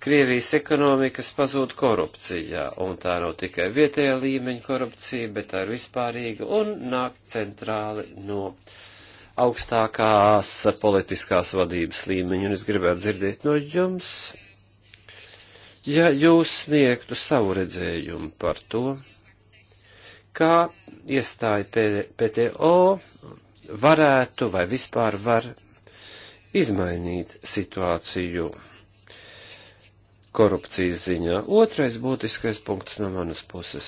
Krievijas ekonomikas pazūd korupcijā, un tā nav tikai vietējā līmeņa korupcija, bet tā ir vispārīga un nāk centrāli no augstākās politiskās vadības līmeņa, un es gribētu dzirdēt no jums Ja jūs sniegtu savu redzējumu par to, kā iestāja PTO varētu vai vispār var izmainīt situāciju korupcijas ziņā. Otrais būtiskais punkts no manas puses.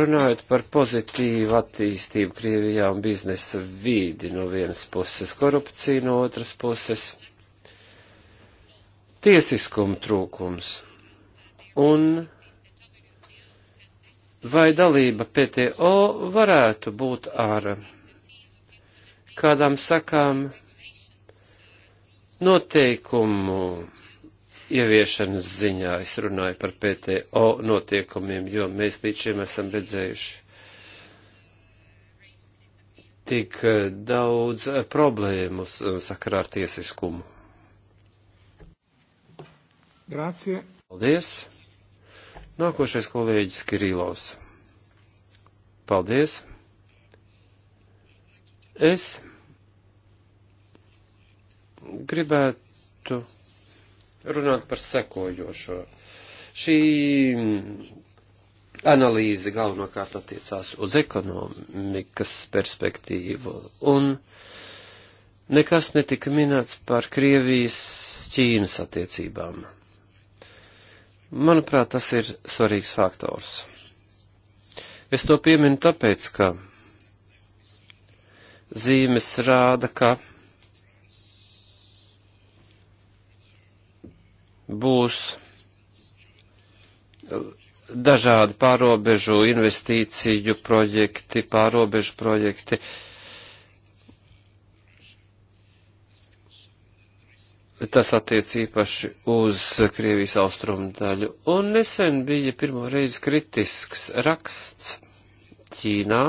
Runājot par pozitīvu attīstību Krievijā un biznesa vīdi no vienas puses, korupcija no otras puses tiesiskuma trūkums. Un vai dalība PTO varētu būt ar kādām sakām noteikumu ieviešanas ziņā. Es runāju par PTO notiekumiem, jo mēs līdz šim esam redzējuši tik eh, daudz eh, problēmu sakarā ar tiesiskumu. Grācie. Paldies. Nākošais kolēģis Kirillovs. Paldies. Es gribētu runāt par sekojošo. Šī analīze galvenokārt attiecās uz ekonomikas perspektīvu, un nekas netika minēts par Krievijas Ķīnas attiecībām. Manuprāt, tas ir svarīgs faktors. Es to pieminu tāpēc, ka zīmes rāda, ka būs dažādi pārobežu investīciju projekti, pārobežu projekti. Uh, Tas attiec īpaši uz Krievijas austrumu daļu. Un nesen bija pirmo reizi kritisks raksts Ķīnā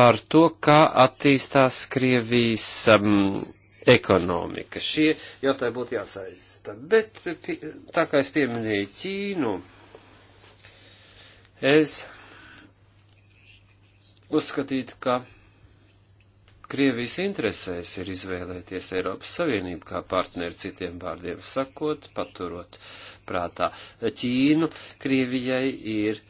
par to, kā attīstās Krievijas um, ekonomika. Šie jautājumi būtu jāsaista. Bet tā kā es pieminēju Ķīnu, es uzskatītu, ka. Kā Krievijas interesēs ir izvēlēties Eiropas Savienību kā partneri, citiem vārdiem sakot, paturot prātā Ķīnu, Krievijai ir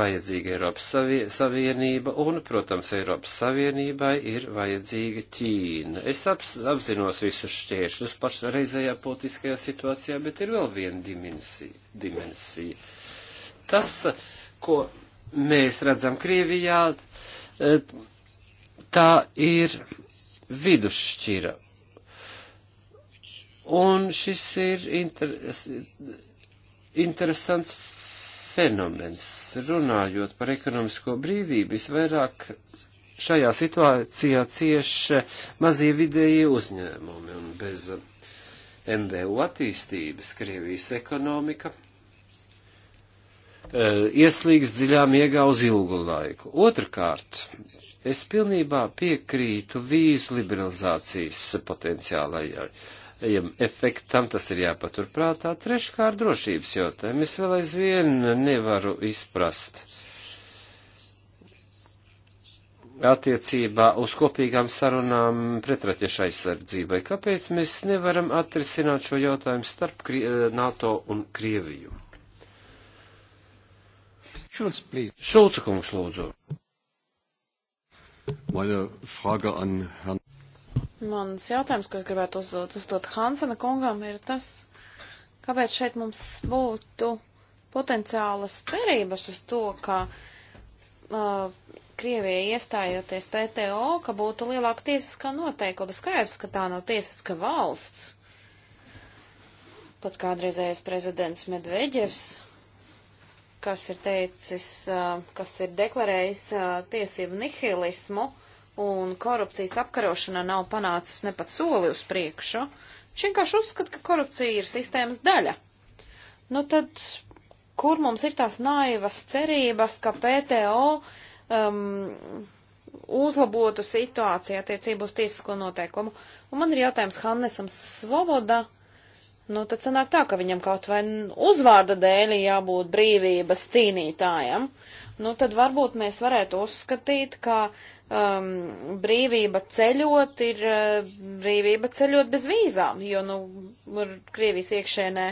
vajadzīga Eiropas Savienība un, protams, Eiropas Savienībai ir vajadzīga Ķīna. Es apzinos visus šķēršļus pašreizējā politiskajā situācijā, bet ir vēl viena dimensija. dimensija. Tas, ko mēs redzam Krievijā, eh, tā ir vidusšķira. Un šis ir interes, interesants fenomens. Runājot par ekonomisko brīvību, visvairāk šajā situācijā cieš mazie vidējie uzņēmumi un bez MVU attīstības Krievijas ekonomika e, ieslīgs dziļā miegā uz ilgu laiku. Otrakārt, Es pilnībā piekrītu vīzu liberalizācijas potenciālajiem efektam, tas ir jāpaturprātā. Treškārt, drošības jautājumu. Es vēl aizvien nevaru izprast attiecībā uz kopīgām sarunām pretraķešu aizsardzībai. Kāpēc mēs nevaram atrisināt šo jautājumu starp Krie eh, NATO un Krieviju? Šulc, Šulca kungs, lūdzu. Meine Frage an Herrn. Mans jautājums, ko es gribētu uzdot, uzdot Hansena kungam, ir tas, kāpēc šeit mums būtu potenciālas cerības uz to, ka uh, Krievijai iestājoties PTO, ka būtu lielāka tiesiskā noteikuma. Skaidrs, ka tā nav tiesiska valsts. Pat kādreizējais prezidents Medveģevs kas ir teicis, kas ir deklarējis tiesību nihilismu un korupcijas apkarošana nav panācis ne pat soli uz priekšu. Viņš vienkārši uzskata, ka korupcija ir sistēmas daļa. Nu tad, kur mums ir tās naivas cerības, ka PTO um, uzlabotu situāciju attiecību uz tiesisko noteikumu? Un man ir jautājums Hannesam Svoboda nu tad sanāk tā, ka viņam kaut vai uzvārda dēļ jābūt brīvības cīnītājam, nu tad varbūt mēs varētu uzskatīt, ka um, brīvība ceļot ir uh, brīvība ceļot bez vīzām, jo, nu, Krievijas iekšēnē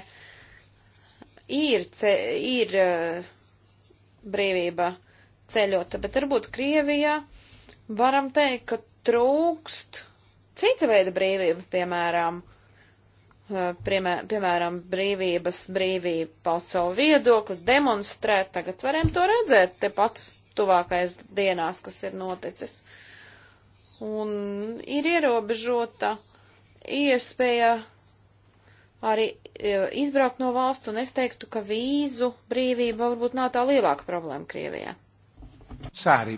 ir, ce, ir uh, brīvība ceļot, bet varbūt Krievijā varam teikt, ka trūkst cita veida brīvība, piemēram, uh, Eh, piemēram, brīvības brīvība paust savu viedokli, demonstrēt. Tagad varam to redzēt tepat tuvākais dienās, kas ir noticis. Un ir ierobežota iespēja arī eh, izbraukt no valsts, un es teiktu, ka vīzu brīvība varbūt nav tā lielāka problēma Krievijā. Sārī.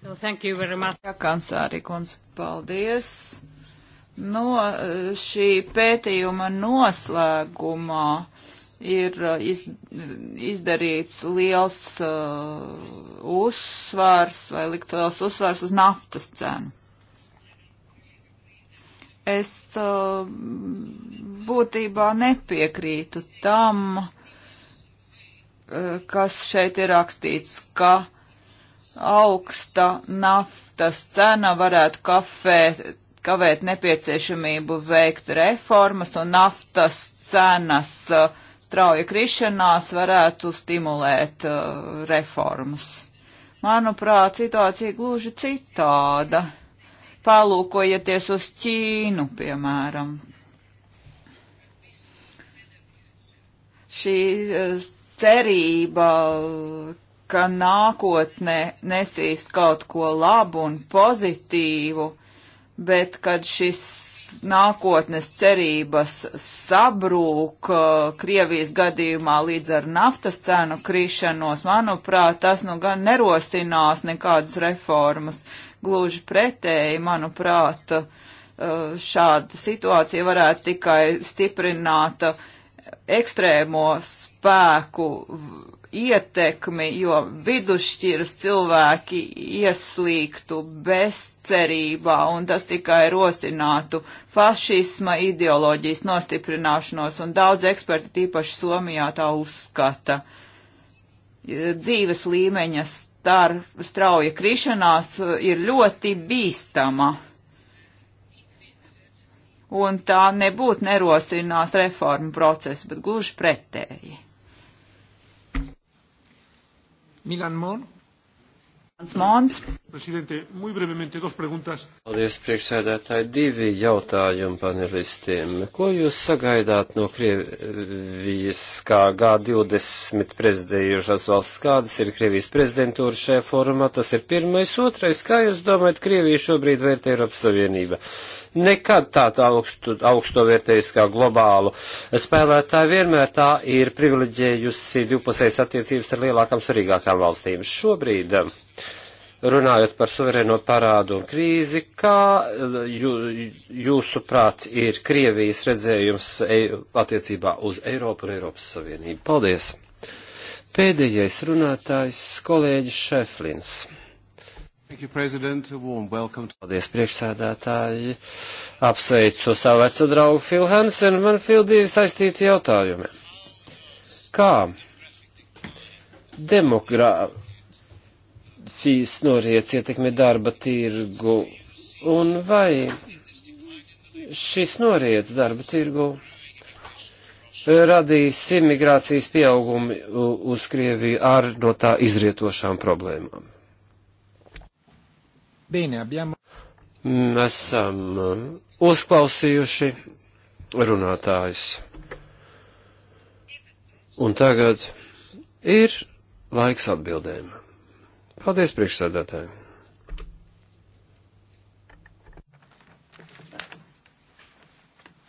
So thank you very much. Jā, Kansāri, kundze, paldies. No eh, šī pētījuma noslēgumā ir eh, iz, izdarīts liels uh, uzsvars vai likt liels uzsvars uz naftas cenu. Es uh, būtībā nepiekrītu tam, uh, kas šeit ir rakstīts, ka augsta naftas cena varētu kafēt kavēt nepieciešamību veikt reformas un naftas cenas uh, strauja krišanās varētu stimulēt uh, reformas. Manuprāt, situācija gluži citāda. Palūkojieties uz Ķīnu, piemēram. Šī uh, cerība, ka nākotnē nesīs kaut ko labu un pozitīvu, bet kad šis nākotnes cerības sabrūk uh, Krievijas gadījumā līdz ar naftas cenu krišanos, manuprāt, tas nu gan nerosinās nekādas reformas. Gluži pretēji, manuprāt, uh, šāda situācija varētu tikai stiprināt uh, ekstrēmo spēku ietekmi, jo vidusšķiras cilvēki ieslīgtu bezcerībā, un tas tikai rosinātu fašisma ideoloģijas nostiprināšanos, un daudz eksperti, tīpaši Somijā, tā uzskata. Dzīves līmeņa star, strauja krišanās ir ļoti bīstama. Un tā nebūtu nerosinās reformu procesu, bet gluži pretēji. Milan Mon. Mons. Presidente, muy brevemente dos preguntas. Paldies, priekšsēdētāji, divi jautājumi panelistiem. Ko jūs sagaidāt no Krievijas kā G20 prezidējušās valsts? Kādas ir Krievijas prezidentūra šajā formā? Tas ir pirmais. Otrais, kā jūs domājat, Krievija šobrīd vērtē Eiropas Savienība? nekad tādu augstu, augsto vērtējis kā globālu spēlētāju, vienmēr tā ir privileģējusi divpusējas attiecības ar lielākām svarīgākām valstīm. Šobrīd, um, runājot par suverēno parādu un krīzi, kā uh, jū, jūsu prāts ir Krievijas redzējums e, attiecībā uz Eiropu un Eiropas Savienību? Paldies! Pēdējais runātājs kolēģis Šeflins. You, Paldies, priekšsēdētāji. Apsveicu savu vecu draugu Filu Hansenu. Man Fil divi saistīti jautājumi. Kā demogrāfijas noriec ietekmi darba tirgu un vai šis noriec darba tirgu radīs imigrācijas pieaugumu uz Krieviju ar no tā izrietošām problēmām? Bene, abbiamo... Mm, esam uh, uzklausījuši runātājus. Un tagad ir laiks atbildēm. Paldies priekšsēdētājiem!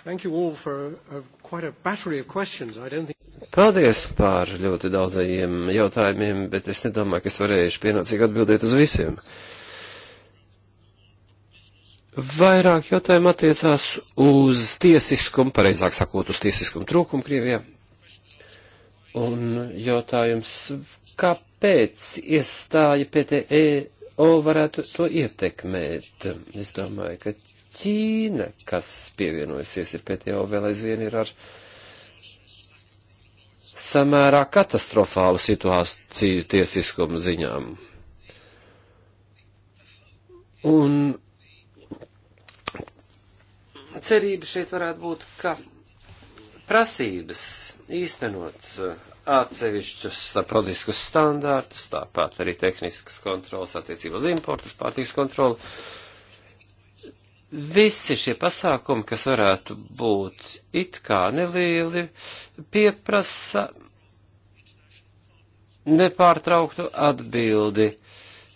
Thank you all for a, uh, quite a battery of questions. I don't think... Paldies par ļoti daudzajiem jautājumiem, bet es nedomāju, ka es varēšu pienācīgi atbildēt uz visiem. Uh, Vairāk jautājumu attiecās uz tiesiskumu, pareizāk sakot, uz tiesiskumu trūkumu Krievijā. Un jautājums, kāpēc iestāja PTEO varētu to ietekmēt? Es domāju, ka Ķīna, kas pievienojusies ir PTEO, vēl aizvien ir ar samērā katastrofālu situāciju tiesiskuma ziņām. Un cerība šeit varētu būt, ka prasības īstenot uh, atsevišķus starptautiskus standārtus, tāpat arī tehniskas kontrolas attiecībā uz importu, uz pārtīks kontroli. Visi šie pasākumi, kas varētu būt it kā nelieli, pieprasa nepārtrauktu atbildi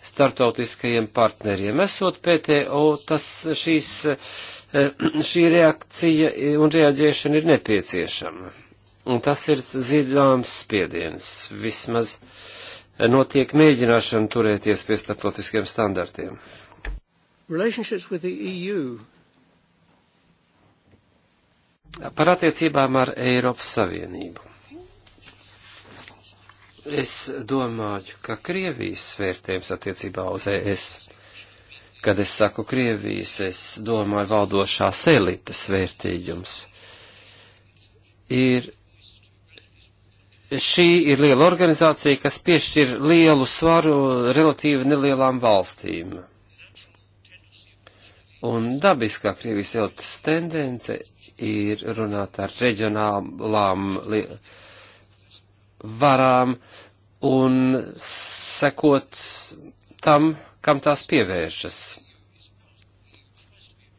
starptautiskajiem partneriem. Esot PTO, tas šīs Eh, šī reakcija un reaģēšana ir nepieciešama. Un tas ir zināms spiediens. Vismaz eh, notiek mēģināšana turēties pie starptautiskiem standartiem. E Par attiecībām ar Eiropas Savienību. Es domāju, ka Krievijas vērtējums attiecībā uz ES Kad es saku Krievijas, es domāju valdošās elites vērtīgums. Ir šī ir liela organizācija, kas piešķir lielu svaru relatīvi nelielām valstīm. Un dabiskā Krievijas elites tendence ir runāt ar reģionālām varām un sekot tam, kam tās pievēršas.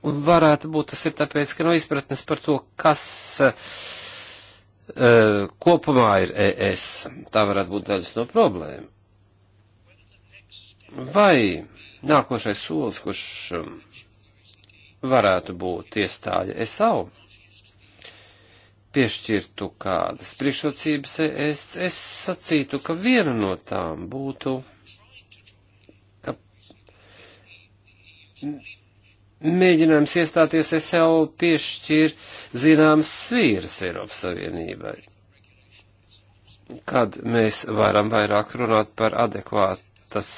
Un varētu būt tas ir tāpēc, ka nav no izpratnes par to, kas uh, kopumā ir ES. Tā varētu būt daļas no problēma. Vai nākošais solis, kurš um, varētu būt iestāja ESAU, piešķirtu kādas priekšrocības, es, es sacītu, ka viena no tām būtu mēģinājums iestāties SEO piešķir zināmas svīras Eiropas Savienībai. Kad mēs varam vairāk runāt par adekvātas,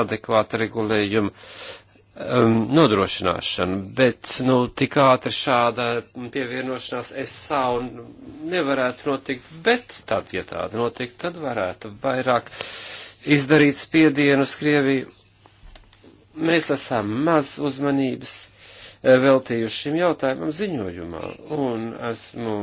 adekvāta regulējuma um, nodrošināšanu, bet, nu, tik ātri šāda pievienošanās SAU nevarētu notikt, bet tad, ja tāda notikt, tad varētu vairāk izdarīt spiedienu uz Krieviju Mēs esam maz uzmanības e, veltījuši šim jautājumam ziņojumā, un esmu,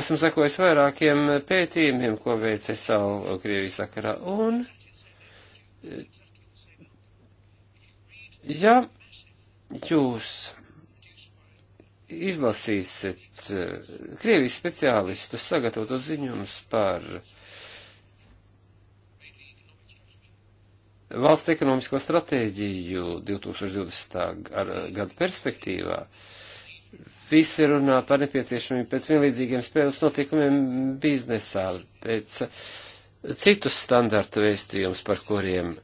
esmu sakojis vairākiem pētījumiem, ko veica savu Krievijas sakarā, un, ja jūs izlasīsiet e, Krievijas speciālistus sagatavotos ziņojumus par uh, valsts ekonomisko stratēģiju 2020. Eh, gada perspektīvā, visi runā par nepieciešamību pēc vienlīdzīgiem spēles notikumiem biznesā, pēc citus standarta vēstījums, par kuriem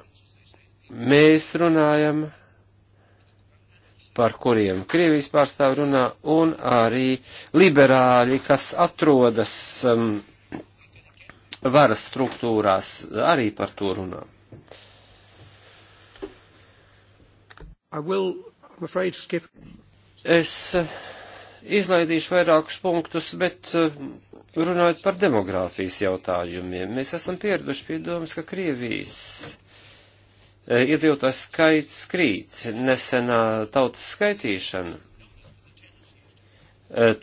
mēs runājam, par kuriem Krievijas pārstāv runā, un arī liberāļi, kas atrodas um, varas struktūrās, arī par to runā. I will, I'm afraid, skip. Es eh, izlaidīšu vairākus punktus, bet eh, runājot par demogrāfijas jautājumiem, mēs esam pieraduši pie domas, ka Krievijas eh, iedzīvotājs skaits krīts, nesenā tautas skaitīšana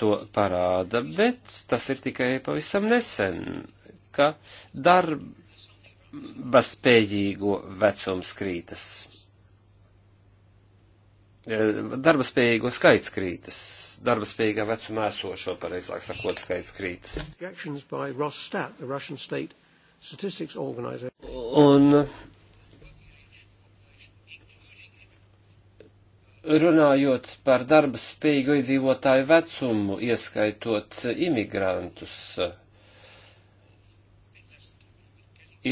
to parāda, bet tas ir tikai pavisam nesen, ka darba spējīgo vecums krītas. Eh, darba spējīgo skaits krītas, darba spējīgā vecumā esošo, pareizāk sakot, skaits krītas. Un runājot par darba spējīgo iedzīvotāju vecumu, ieskaitot imigrantus,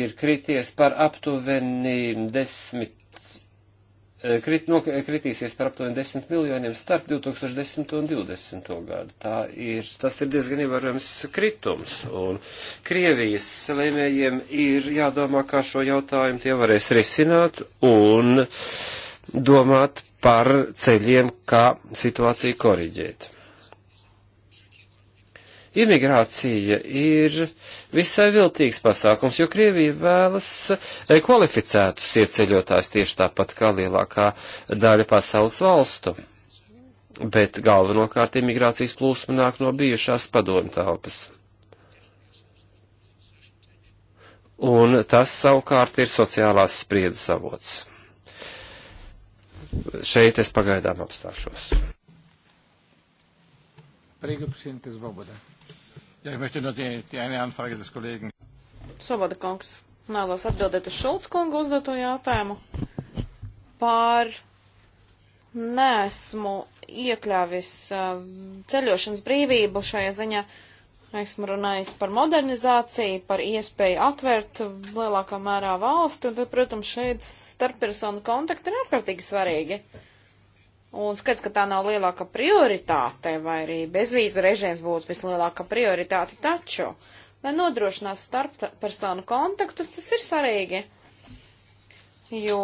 ir krities par aptuveni desmit krit, no, kritīsies par aptuveni 10 miljoniem starp 2010 un 2020 gadu. Tā ir, tas ir diezgan ievērojams kritums, un Krievijas lēmējiem ir jādomā, kā šo jautājumu tie varēs risināt, un domāt par ceļiem, kā situāciju koriģēt imigrācija ir visai viltīgs pasākums, jo Krievija vēlas eh, kvalificētus ieceļotājus tieši tāpat kā lielākā daļa pasaules valstu. Bet galvenokārt imigrācijas plūsma nāk no bijušās padomu telpas. Un tas savukārt ir sociālās spriedzes avots. Šeit es pagaidām apstāšos. Prego, Presidente Svoboda. Ja, ich möchte nur die, die eine Anfrage des Kollegen. Soboda kungs, vēlos atbildēt uz Šulc kungu uzdoto jautājumu par nesmu iekļāvis ceļošanas brīvību šajā ziņā. Esmu runājis par modernizāciju, par iespēju atvērt lielākā mērā valsti, un, tad, protams, šeit starppersonu kontakti ir ārkārtīgi svarīgi. Uh, Un skats, ka tā nav lielāka prioritāte, vai arī bezvīzu režīms būtu vislielākā prioritāte, taču, lai nodrošinātu starppersonu kontaktus, tas ir svarīgi. Jo,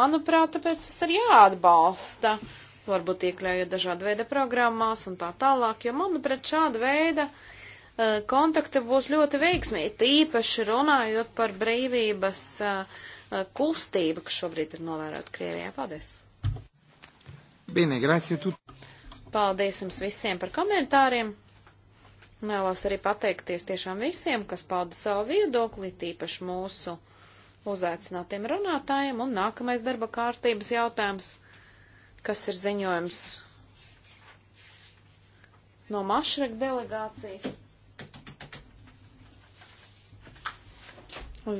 manuprāt, tāpēc tas ir jāatbalsta, varbūt iekļaujot dažādu veidu programmās un tā tālāk, jo, manuprāt, šāda veida e, kontakti būs ļoti veiksmīgi, tīpaši runājot par brīvības e, e, kustību, kas šobrīd ir novērota Krievijā. Paldies! Bene, grazie tu. Paldies jums visiem par komentāriem. Vēlos arī pateikties tiešām visiem, kas pauda savu viedokli, tīpaši mūsu uzaicinātiem runātājiem. Un nākamais darba kārtības jautājums, kas ir ziņojums no Mašrek delegācijas.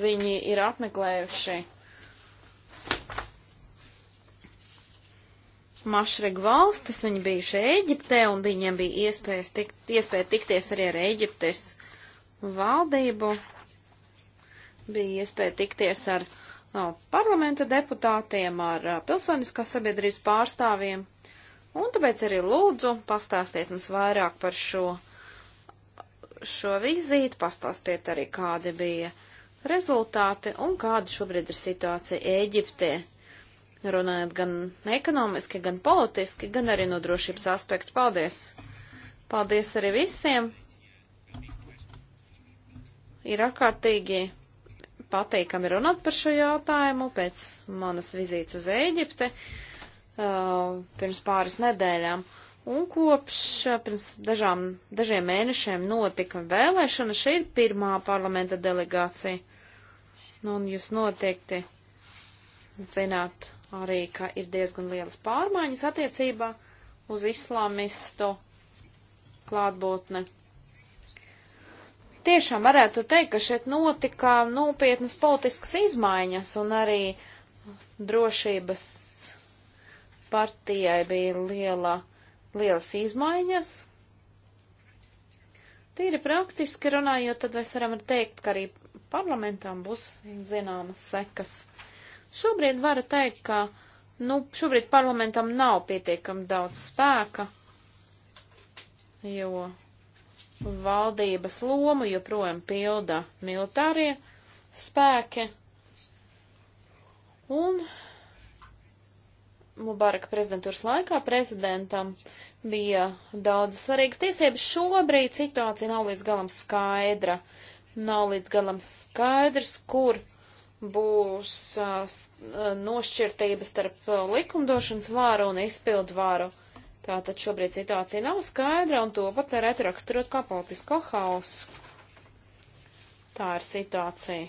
Viņi ir apmeklējuši mašreg valstis, viņi bijuši Ēģiptē un viņiem bija iespējas tikt, iespēja tikties arī ar Ēģiptes valdību, bija iespēja tikties ar no, parlamenta deputātiem, ar pilsoniskās sabiedrības pārstāvjiem, un tāpēc arī lūdzu pastāstiet mums vairāk par šo, šo vizīti, pastāstiet arī kādi bija rezultāti un kāda šobrīd ir situācija Ēģiptē runājot gan ekonomiski, gan politiski, gan arī no drošības aspektu. Paldies! Paldies arī visiem! Ir ārkārtīgi patīkami runāt par šo jautājumu pēc manas vizītes uz Ēģipte uh, pirms pāris nedēļām. Un kopš uh, pirms dažām, dažiem mēnešiem notika vēlēšana, šī ir pirmā parlamenta delegācija. Nu, un jūs noteikti zināt, arī, ka ir diezgan lielas pārmaiņas attiecībā uz islāmistu klātbūtne. Tiešām varētu teikt, ka šeit notika nopietnas politiskas izmaiņas un arī drošības partijai bija liela, lielas izmaiņas. Tīri praktiski runājot, tad mēs varam teikt, ka arī parlamentām būs zināmas sekas. Šobrīd varu teikt, ka nu, šobrīd parlamentam nav pietiekami daudz spēka, jo valdības lomu joprojām pilda militārie spēki. Un Mubaraka prezidentūras laikā prezidentam bija daudz svarīgas tiesības. Šobrīd situācija nav līdz galam skaidra. Nav līdz galam skaidrs, kur būs nošķirtība starp likumdošanas vāru un izpildu vāru. Tātad šobrīd situācija nav skaidra, un to pat varētu raksturot kā politisko hausu. Tā ir situācija.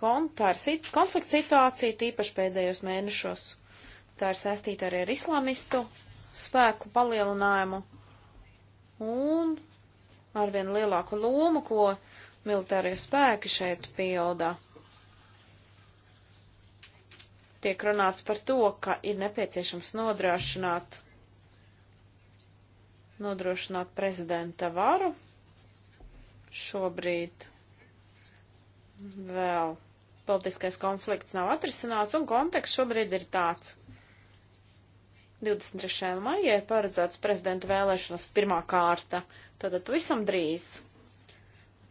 Kon, tā ir sit, konflikta situācija, tīpaši pēdējos mēnešos. Tā ir saistīta arī ar islamistu spēku palielinājumu un arvien lielāku lomu, ko uh, militārie spēki šeit pieauda. Tiek runāts par to, ka ir nepieciešams nodrošināt, nodrošināt prezidenta varu šobrīd vēl politiskais konflikts nav atrisināts, un konteksts šobrīd ir tāds. 23. maijā ir paredzēts prezidenta vēlēšanas pirmā kārta, tātad pavisam drīz.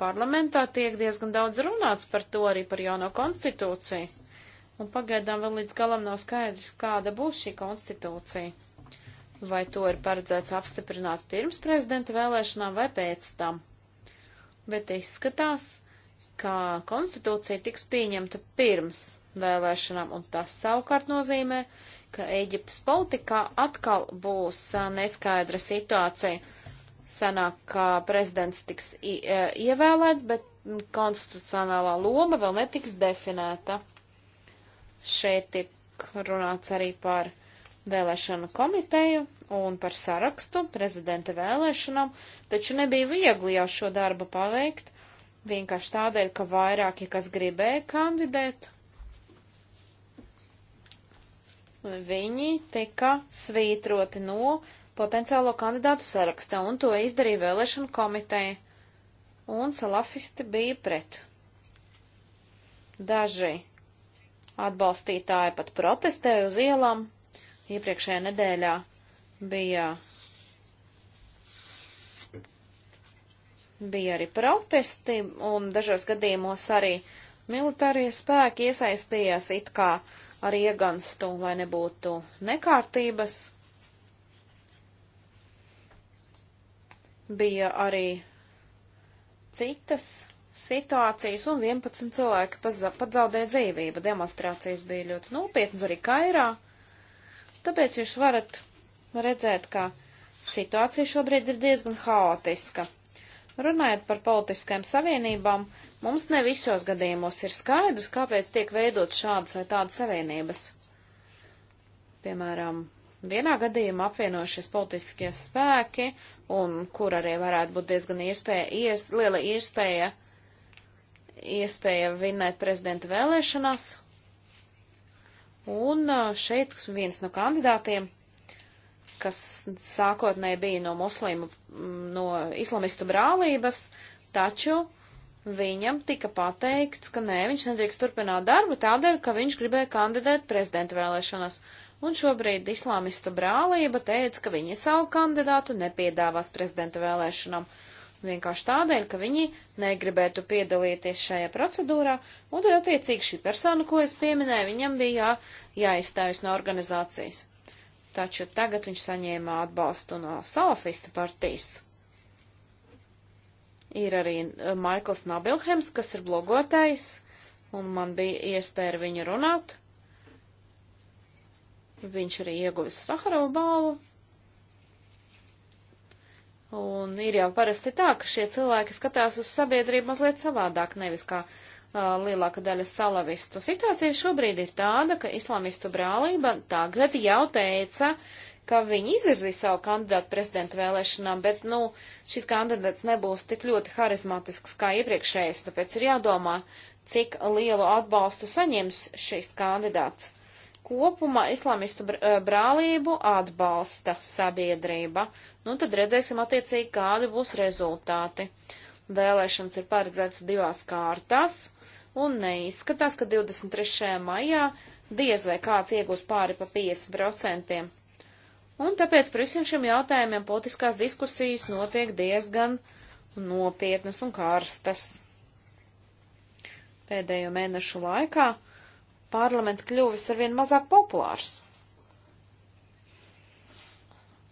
Parlamentā tiek diezgan daudz runāts par to, arī par jauno konstitūciju. Un pagaidām vēl līdz galam nav skaidrs, kāda būs šī konstitūcija. Vai to ir paredzēts apstiprināt pirms prezidenta vēlēšanām vai pēc tam. Bet izskatās, ka konstitūcija tiks pieņemta pirms vēlēšanām, un tas savukārt nozīmē, ka Eģiptes politikā atkal būs neskaidra situācija sanāk, ka prezidents tiks e, ievēlēts, bet konstitucionālā loma vēl netiks definēta. Šeit tiek runāts arī par vēlēšanu komiteju un par sarakstu prezidenta vēlēšanām, taču nebija viegli jau šo darbu paveikt, vienkārši tādēļ, ka vairāki, kas gribēja kandidēt, viņi tika svītroti no potenciālo kandidātu sarakstā, un to izdarīja vēlēšana komiteja, un salafisti bija pret. Daži atbalstītāji pat protestēja uz ielām. Iepriekšējā nedēļā bija, bija arī protesti, un dažos gadījumos arī militārie spēki iesaistījās it kā ar ieganstu, lai nebūtu nekārtības. bija arī citas situācijas, un 11 cilvēki pat zaudēja dzīvību. Demonstrācijas bija ļoti nopietnas arī Kairā. Tāpēc jūs varat redzēt, ka situācija šobrīd ir diezgan haotiska. Runājot par politiskajām savienībām, mums ne visos gadījumos ir skaidrs, kāpēc tiek veidot šādas vai tādas savienības. Piemēram, vienā gadījumā apvienojušies politiskie spēki un kur arī varētu būt diezgan iespēja, ies, liela iespēja, iespēja vinnēt prezidenta vēlēšanās. Un šeit viens no kandidātiem, kas sākotnēji bija no muslimu, no islamistu brālības, taču viņam tika pateikts, ka nē, viņš nedrīkst turpināt darbu tādēļ, ka viņš gribēja kandidēt prezidenta vēlēšanās. Uh, un šobrīd islāmistu brālība teica, ka viņi savu kandidātu nepiedāvās prezidenta vēlēšanām. Vienkārši tādēļ, ka viņi negribētu piedalīties šajā procedūrā, un tad attiecīgi šī persona, ko es pieminēju, viņam bija jā, jāizstājas no organizācijas. Taču tagad viņš saņēma atbalstu no salafistu partijas. Ir arī uh, Maikls Nabilhems, kas ir blogotājs, un man bija iespēja ar viņu runāt Viņš arī ieguvis Saharovu balvu. Un ir jau parasti tā, ka šie cilvēki skatās uz sabiedrību mazliet savādāk, nevis kā uh, lielāka daļa salavistu. Situācija šobrīd ir tāda, ka islamistu brālība tagad jau teica, ka viņi izvirzīja savu kandidātu prezidenta vēlēšanām, bet, nu, šis kandidāts nebūs tik ļoti harizmatisks kā iepriekšējais, tāpēc ir jādomā, cik lielu atbalstu saņems šis kandidāts kopumā islamistu eh, brālību atbalsta sabiedrība. Nu, tad redzēsim attiecīgi, kādi būs rezultāti. Vēlēšanas ir paredzētas divās kārtās, un neizskatās, ka 23. maijā diez vai kāds iegūs pāri pa 50%. Un tāpēc par visiem šiem jautājumiem politiskās diskusijas notiek diezgan nopietnas un karstas. Pēdējo mēnešu laikā parlaments kļuvis arvien mazāk populārs.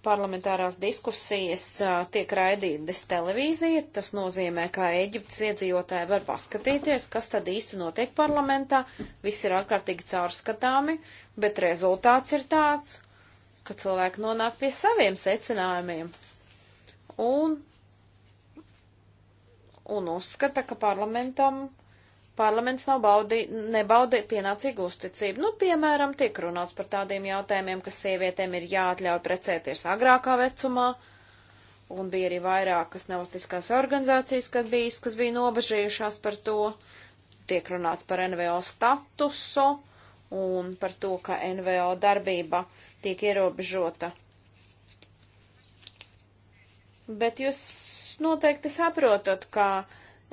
Parlamentārās diskusijas uh, tiek raidītas televīzija, tas nozīmē, ka Eģiptes iedzīvotāji var paskatīties, kas tad īsti notiek parlamentā, viss ir ārkārtīgi caurskatāmi, bet rezultāts ir tāds, ka cilvēki nonāk pie saviem secinājumiem un, un uzskata, ka parlamentam parlaments nav baudī, nebaudī pienācīgu uzticību. Nu, piemēram, tiek runāts par tādiem jautājumiem, ka sievietēm ir jāatļauj precēties agrākā vecumā, un bija arī vairākas nevalstiskās organizācijas, kad bijis, kas bija nobežījušās par to. Tiek runāts par NVO statusu un par to, ka NVO darbība tiek ierobežota. Bet jūs noteikti saprotat, ka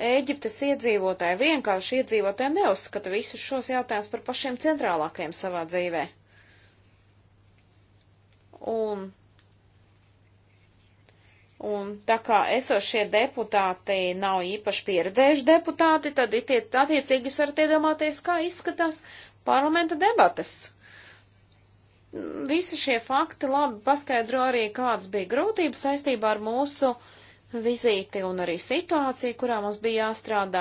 Ēģiptes iedzīvotāji, vienkārši iedzīvotāji neuzskata visus šos jautājumus par pašiem centrālākajiem savā dzīvē. Un, un tā kā esošie deputāti nav īpaši pieredzējuši deputāti, tad attiecīgi jūs varat iedomāties, kā izskatās parlamenta debatas visi šie fakti labi paskaidro arī, kādas bija grūtības saistībā ar mūsu vizīti un arī situāciju, kurā mums bija jāstrādā.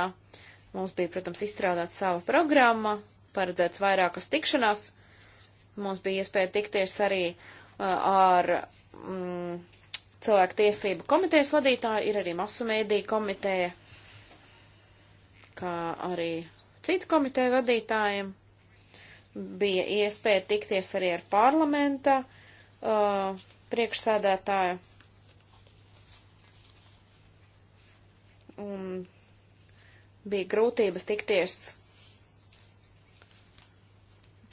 Mums bija, protams, izstrādāta sava programma, paredzēts vairākas tikšanās. Mums bija iespēja tikties arī uh, ar mm, cilvēku tiesību komitejas vadītāju, ir arī masu mēdīja komiteja, kā arī citu komiteju vadītājiem. Bija iespēja tikties arī ar parlamenta uh, priekšsēdētāju un bija grūtības tikties,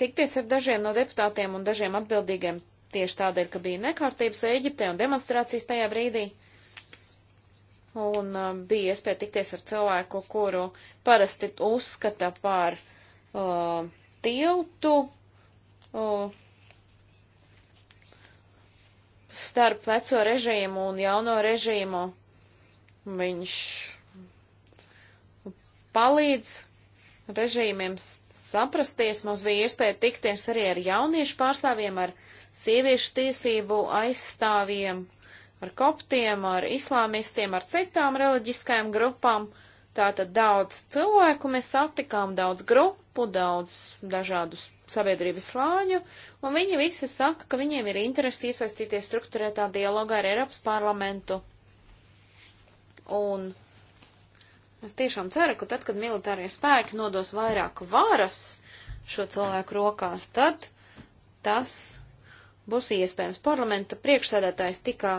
tikties ar dažiem no deputātiem un dažiem atbildīgiem tieši tādēļ, ka bija nekārtības Eģiptē un demonstrācijas tajā brīdī. Un uh, bija iespēja tikties ar cilvēku, kuru parasti uzskata par uh, tiltu uh, starp veco režīmu un jauno režīmu. Viņš palīdz režīmiem saprasties. Mums bija iespēja tikties arī ar jauniešu pārstāvjiem, ar sieviešu tiesību aizstāvjiem, ar koptiem, ar islāmistiem, ar citām reliģiskajām grupām. Tātad daudz cilvēku mēs satikām, daudz grupu, daudz dažādus sabiedrības slāņu, un viņi visi saka, ka viņiem ir interesi iesaistīties struktūrētā dialogā ar Eiropas parlamentu. Un Es tiešām ceru, ka tad, kad militārie spēki nodos vairāk varas šo cilvēku rokās, tad tas būs iespējams. Parlamenta priekšsēdētājs tika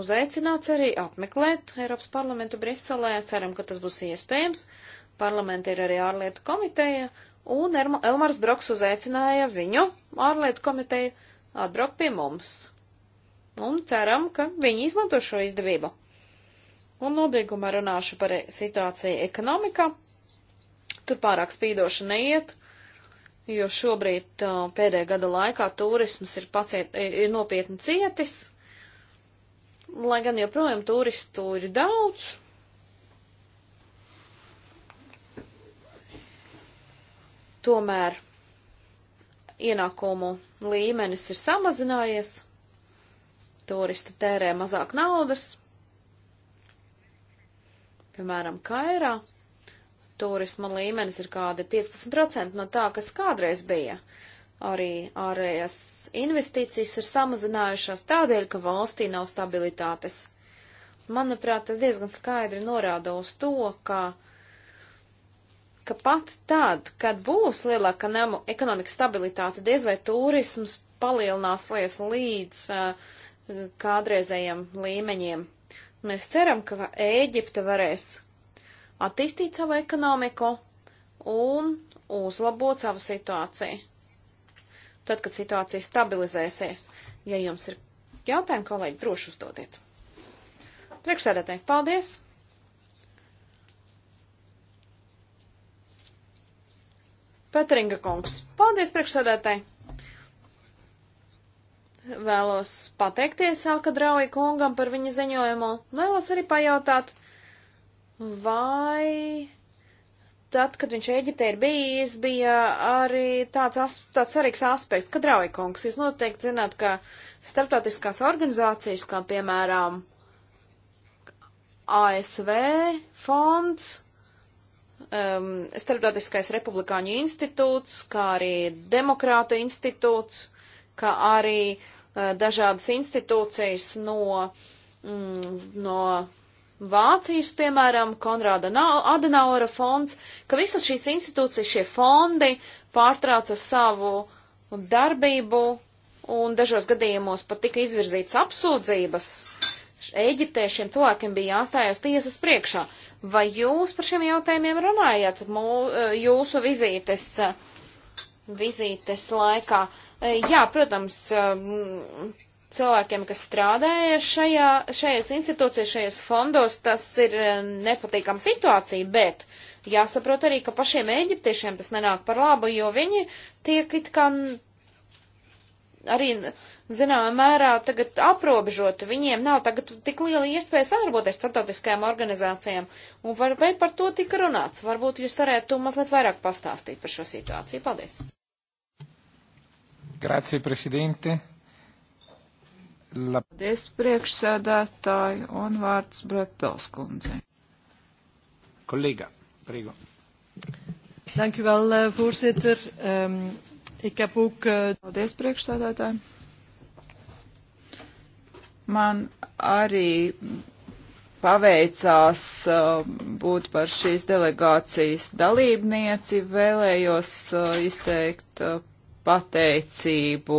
uzaicināts arī apmeklēt Eiropas parlamentu Briselē. Ceram, ka tas būs iespējams. Parlamenta ir arī ārlietu komiteja, un Elmars Broks uzaicināja viņu ārlietu komiteju atbraukt pie mums. Un ceram, ka viņi izmanto šo izdevību. Un nobeigumā runāšu par situāciju ekonomikā. Tur pārāk spīdoši neiet, jo šobrīd uh, pēdējā gada laikā turismas ir, paciet, ir, ir nopietni cietis. Lai gan joprojām turistu ir daudz. Tomēr ienākumu līmenis ir samazinājies, turisti tērē mazāk naudas, Piemēram, Kairā turisma līmenis ir kādi 15% no tā, kas kādreiz bija. Arī ārējās investīcijas ir samazinājušās tādēļ, ka valstī nav stabilitātes. Manuprāt, tas diezgan skaidri norāda uz to, ka, ka pat tad, kad būs lielāka nemu ekonomikas stabilitāte, diez vai turisms palielināsies līdz uh, kādreizējiem līmeņiem. Mēs ceram, ka Ēģipte varēs attīstīt savu ekonomiku un uzlabot savu situāciju. Tad, kad situācija stabilizēsies, ja jums ir jautājumi, kolēģi, droši uzdodiet. Priekšsēdētāji, paldies! Petringa kungs, paldies priekšsēdētāji! Vēlos pateikties Alka Drauja kungam par viņa ziņojumu. Vēlos arī pajautāt, vai tad, kad viņš Eģiptē ir bijis, bija arī tāds, as, tāds svarīgs aspekts, ka Drauja kungs, jūs noteikti zināt, ka starptautiskās organizācijas, kā piemēram ASV fonds, um, Starptautiskais republikāņu institūts, kā arī Demokrātu institūts, kā arī uh, dažādas institūcijas no, mm, no Vācijas, piemēram, Konrāda Adenaura fonds, ka visas šīs institūcijas, šie fondi pārtrauca savu darbību un dažos gadījumos pat tika izvirzīts apsūdzības. Eģiptē šiem cilvēkiem bija jāstājas tiesas priekšā. Vai jūs par šiem jautājumiem runājat mū, jūsu vizītes, vizītes laikā? Uh, Eh, jā, protams, eh, cilvēkiem, kas strādāja šajā, šajās institūcijās, šajos fondos, tas ir eh, nepatīkama situācija, bet jāsaprot arī, ka pašiem eģiptiešiem tas nenāk par labu, jo viņi tiek it kā arī, zināmā mērā, tagad aprobežoti. Viņiem nav tagad tik liela iespēja sadarboties starptautiskajām organizācijām. Un var, vai par to tika runāts? Varbūt jūs varētu mazliet vairāk pastāstīt par šo situāciju. Paldies! Grazie, prezidente. La... Paldies priekšsēdētāji un vārds Brepels kundze. Kolēga, priego. Dank u wel, eh, voorzitter. Um, ik heb ook... Uh... Paldies priekšsēdētāji. Man arī paveicās uh, būt par šīs delegācijas dalībnieci, vēlējos uh, izteikt uh, pateicību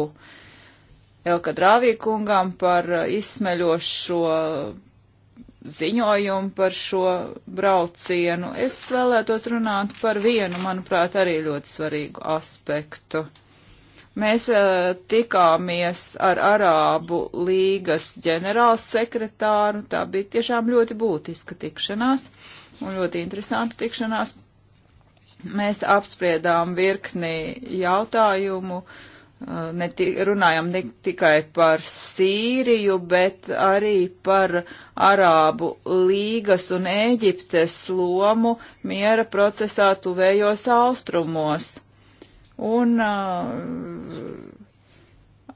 Elka Drāvīkungam par izsmeļošo ziņojumu par šo braucienu. Es vēlētos runāt par vienu, manuprāt, arī ļoti svarīgu aspektu. Mēs uh, tikāmies ar Arābu līgas ģenerālsekretāru. Tā bija tiešām ļoti būtiska tikšanās un ļoti interesanta tikšanās Mēs apspriedām virkni jautājumu, uh, ne runājam ne tikai par Sīriju, bet arī par Arābu līgas un Ēģiptes lomu miera procesā tuvējos austrumos. Un uh,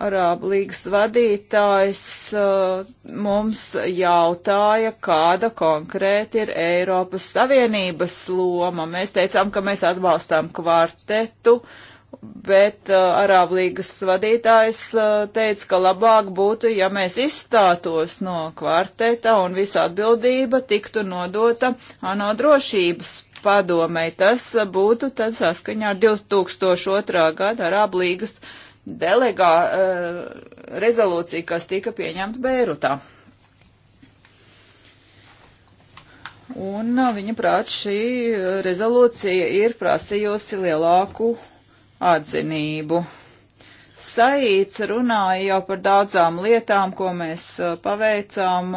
Arābu līgas vadītājs uh, mums jautāja, kāda konkrēti ir Eiropas Savienības loma. Mēs teicām, ka mēs atbalstām kvartetu, bet uh, Arābu līgas vadītājs uh, teica, ka labāk būtu, ja mēs izstātos no kvarteta un visa atbildība tiktu nodota ANO drošības padomei. Tas būtu tad saskaņā ar 2002. gada Arābu līgas vadītāju delegā eh, rezolūcija, kas tika pieņemta Beirutā. Un eh, viņa prāt šī rezolūcija ir prasījusi lielāku atzinību. Saīts runāja jau par daudzām lietām, ko mēs eh, paveicām,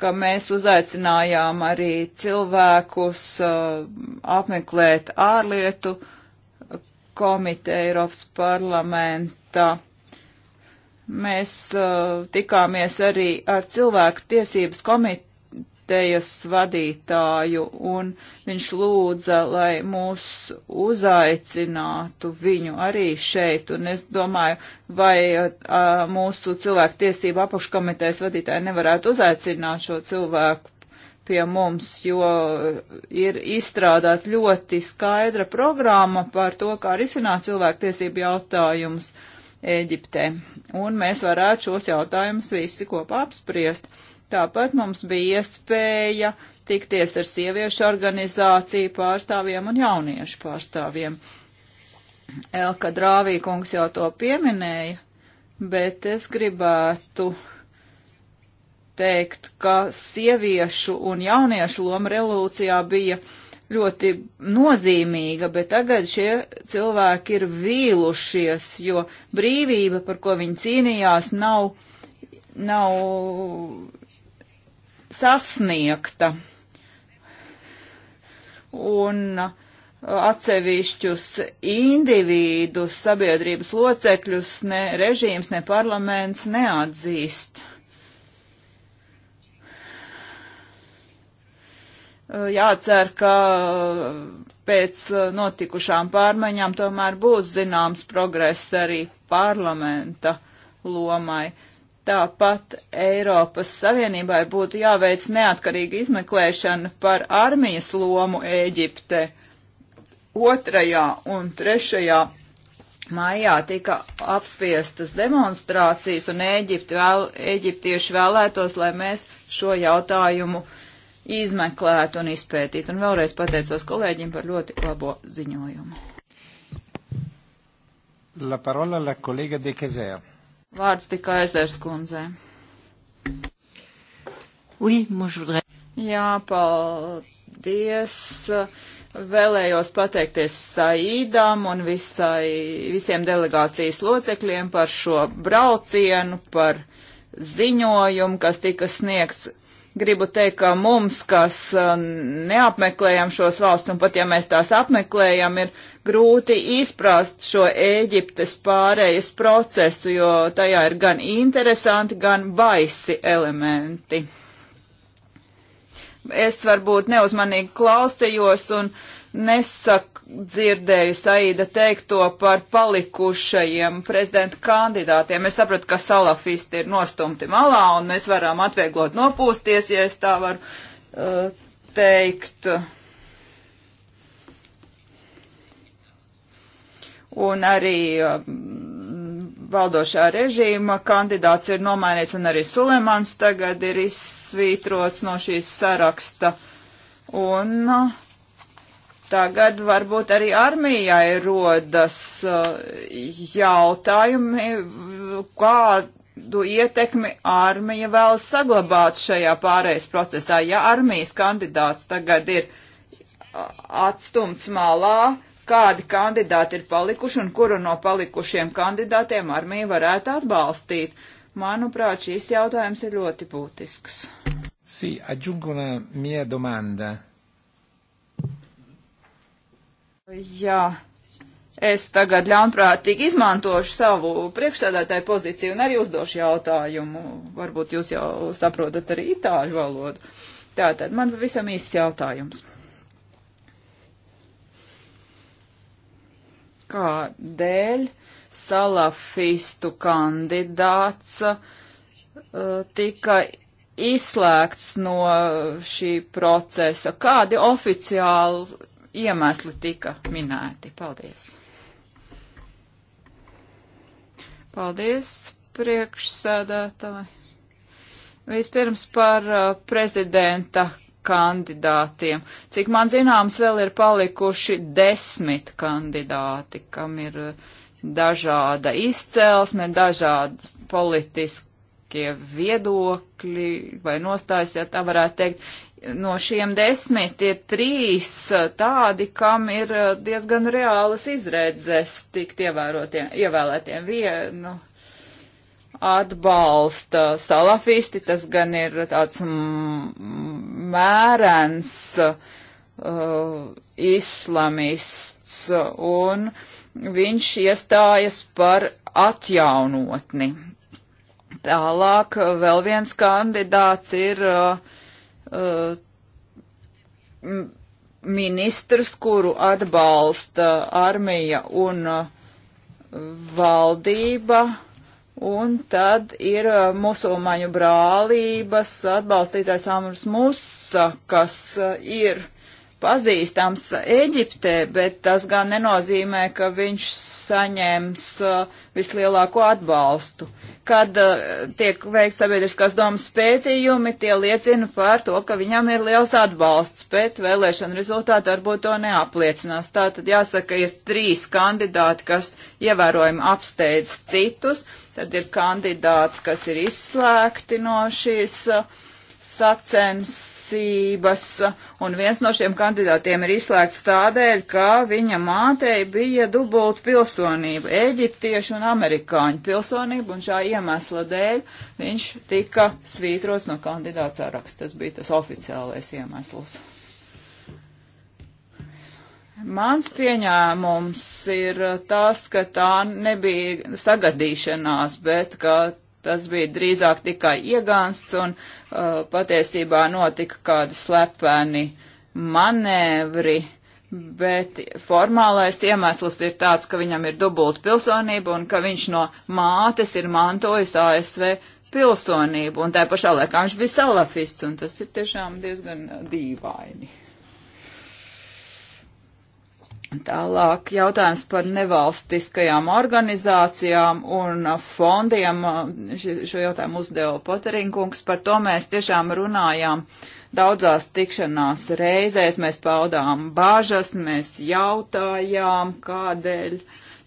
ka mēs uzaicinājām arī cilvēkus apmeklēt ārlietu komiteju Eiropas parlamentu martā mēs uh, tikāmies arī ar cilvēku tiesības komitejas vadītāju, un viņš lūdza, lai mūs uzaicinātu viņu arī šeit, un es domāju, vai uh, mūsu cilvēku tiesību apakškomitejas vadītāji nevarētu uzaicināt šo cilvēku pie mums, jo ir izstrādāt ļoti skaidra programma par to, kā risināt cilvēku tiesību jautājumus. Uh, Ēģiptē. Un mēs varētu šos jautājumus visi kopā apspriest. Tāpat mums bija iespēja tikties ar sieviešu organizāciju pārstāvjiem un jauniešu pārstāvjiem. Elka Drāvīkungs jau to pieminēja, bet es gribētu teikt, ka sieviešu un jauniešu loma revolūcijā bija uh, ļoti nozīmīga, bet tagad šie cilvēki ir vīlušies, jo brīvība, par ko viņi cīnījās, nav, nav sasniegta. Un atsevišķus individus, sabiedrības locekļus ne režīms, ne parlaments neatzīst. Eh, jācer, ka eh, pēc eh, notikušām pārmaiņām tomēr būs zināms progress arī parlamenta lomai. Tāpat Eiropas Savienībai būtu jāveic neatkarīga izmeklēšana par armijas lomu Ēģipte. Otrajā un trešajā maijā tika apspiestas demonstrācijas, un Ēģipti vēl, Ēģiptieši vēlētos, lai mēs šo jautājumu uh, izmeklēt un izpētīt. Un vēlreiz pateicos kolēģim par ļoti labo ziņojumu. La parola la kolēga de Kezēra. Vārds tika aizērs kundzē. Oui, moi je voudrais. Jā, paldies. Vēlējos pateikties Saīdam un visai, visiem delegācijas locekļiem par šo braucienu, par ziņojumu, kas tika sniegts gribu teikt, ka mums, kas uh, neapmeklējam šos valsts, un pat ja mēs tās apmeklējam, ir grūti izprast šo Ēģiptes pārējas procesu, jo tajā ir gan interesanti, gan baisi elementi. Es varbūt neuzmanīgi klausījos un uh, nesadzirdēju Saīda teikto par palikušajiem prezidenta kandidātiem. Es saprotu, ka salafisti ir nostumti malā un mēs varam atvieglot nopūsties, ja es tā varu uh, teikt. Un arī uh, valdošā režīma kandidāts ir nomainīts un arī Sulemans tagad ir izsvītrots no šīs saraksta. Un uh, Tagad varbūt arī armijai rodas uh, jautājumi, kādu ietekmi armija vēl saglabāt šajā pārējais procesā. Ja armijas kandidāts tagad ir uh, atstumts malā, kādi kandidāti ir palikuši un kuru no palikušiem kandidātiem armija varētu atbalstīt. Manuprāt, šīs jautājums ir ļoti būtisks. Sī, sí, aggiungo una mia domanda. Jā, es tagad ļaunprātīgi izmantošu savu priekšsēdētāju pozīciju un arī uzdošu jautājumu. Varbūt jūs jau saprotat arī itāļu valodu. Tātad man pavisam īsts jautājums. Kādēļ salafistu kandidāts uh, tika izslēgts no šī procesa? Kādi oficiāli iemesli tika minēti. Paldies! Paldies, priekšsēdētāji! Vispirms par uh, prezidenta kandidātiem. Cik man zināms, vēl ir palikuši desmit kandidāti, kam ir uh, dažāda izcelsme, dažādas politiskie viedokļi vai nostājas, ja tā varētu teikt no šiem desmit ir trīs tādi, kam ir eh, diezgan reālas izredzes tikt ievēlētiem. Vienu atbalsta salafisti, tas gan ir tāds mm, mērens uh, islamists, un viņš iestājas par atjaunotni. Tālāk vēl viens kandidāts ir uh, uh, ministrs, kuru atbalsta armija un uh, valdība, un tad ir uh, musulmaņu brālības atbalstītājs Amrs Musa, kas uh, ir uh, pazīstams Eģiptē, bet tas gan nenozīmē, ka viņš saņems uh, vislielāko atbalstu. Kad uh, tiek veikts sabiedriskās domas pētījumi, tie liecina par to, ka viņam ir liels atbalsts, bet vēlēšana rezultāti varbūt to neapliecinās. Tātad jāsaka, ir trīs kandidāti, kas ievērojami apsteidz citus, tad ir kandidāti, kas ir izslēgti no šīs uh, sacensības tiesības, un viens no šiem kandidātiem ir izslēgts tādēļ, ka viņa mātei bija dubult pilsonība, eģiptiešu un amerikāņu pilsonība, un šā iemesla dēļ viņš tika svītrots no kandidāts saraksta. Tas bija tas oficiālais iemesls. Mans pieņēmums ir tas, ka tā nebija sagadīšanās, bet ka tas bija drīzāk tikai iegānsts un uh, patiesībā notika kādi slepeni manēvri, bet formālais iemesls ir tāds, ka viņam ir dubulta pilsonība un ka viņš no mātes ir mantojis ASV pilsonību, un tā pašā laikā viņš bija salafists, un tas ir tiešām diezgan uh, dīvaini. Tālāk jautājums par nevalstiskajām organizācijām un fondiem. Šo jautājumu uzdeva Poterinkungs. Par to mēs tiešām runājām daudzās tikšanās reizēs. Mēs paudām bāžas, mēs jautājām, kādēļ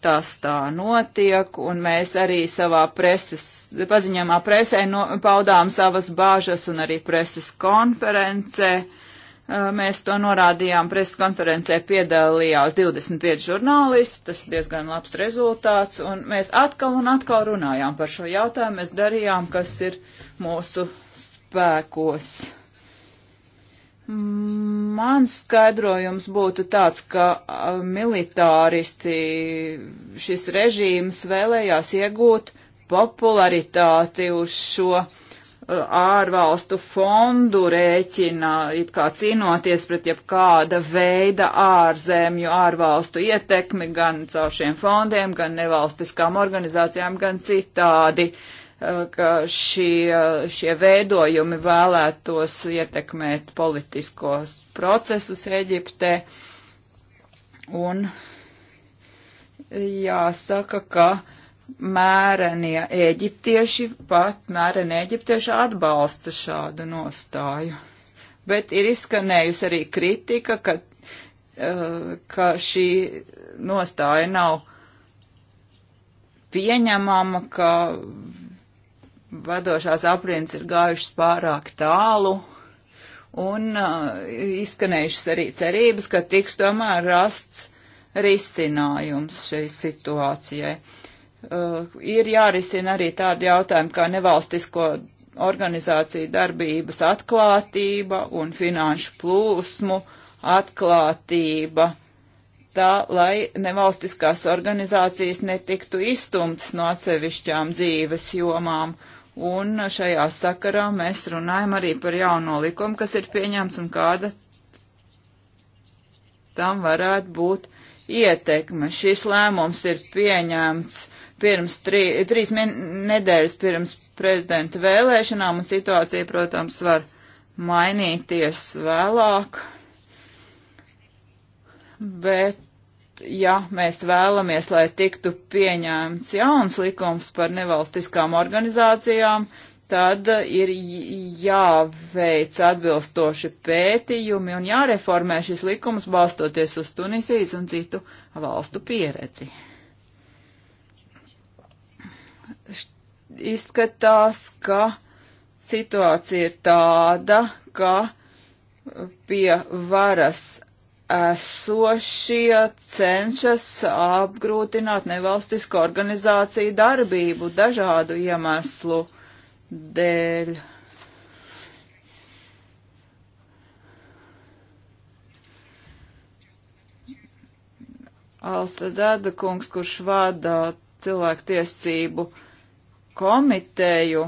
tas tā notiek, un mēs arī savā preses, paziņamā presē no, paudām savas bāžas un arī preses konferencē. Uh, Mēs to norādījām preses konferencē, piedalījās 25 žurnālisti, tas diezgan labs rezultāts, un mēs atkal un atkal runājām par šo jautājumu, mēs darījām, kas ir mūsu spēkos. Mans skaidrojums būtu tāds, ka militāristi šis režīms vēlējās iegūt popularitāti uz šo Uh, ārvalstu fondu rēķina, it kā cīnoties pret jebkāda veida ārzemju ārvalstu ietekmi gan caur šiem fondiem, gan nevalstiskām organizācijām, gan citādi, uh, ka šie, uh, šie veidojumi vēlētos ietekmēt politiskos procesus Eģiptē. Un jāsaka, ka mērenie eģiptieši, pat mērenie eģiptieši atbalsta šādu nostāju. Bet ir izskanējusi arī kritika, ka, eh, ka šī nostāja nav pieņemama, ka vadošās aprindas ir gājušas pārāk tālu. Un uh, izskanējušas arī cerības, ka tiks tomēr rasts risinājums šai situācijai. Uh, uh, ir jārisina arī tādi jautājumi kā nevalstisko organizāciju darbības atklātība un finanšu plūsmu atklātība, tā lai nevalstiskās organizācijas netiktu izstumtas no atsevišķām dzīves jomām. Un šajā sakarā mēs runājam arī par jauno likumu, kas ir pieņemts un kāda tam varētu būt ietekme. Šis lēmums ir pieņemts pirms trī, trīs nedēļas pirms prezidenta vēlēšanām, un situācija, protams, var mainīties vēlāk. Bet, ja mēs vēlamies, lai tiktu pieņēmts jauns likums par nevalstiskām organizācijām, tad ir jāveic atbilstoši pētījumi un jāreformē šis likums balstoties uz Tunisijas un citu valstu pieredzi. izskatās, ka situācija ir tāda, ka pie varas esošie cenšas apgrūtināt nevalstisko organizāciju darbību dažādu iemeslu dēļ. Alsta Dada kungs, kurš vada cilvēku tiesību komiteju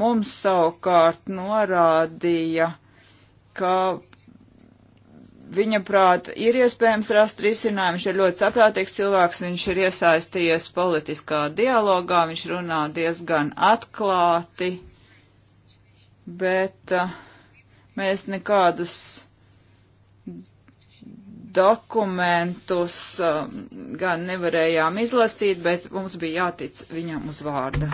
mums savukārt norādīja, ka viņa prāt ir iespējams rast risinājumu. Viņš ir ļoti saprātīgs cilvēks, viņš ir iesaistījies politiskā dialogā, viņš runā diezgan atklāti, bet uh, mēs nekādus dokumentus um, gan nevarējām izlasīt, bet mums bija jātic viņam uz vārda.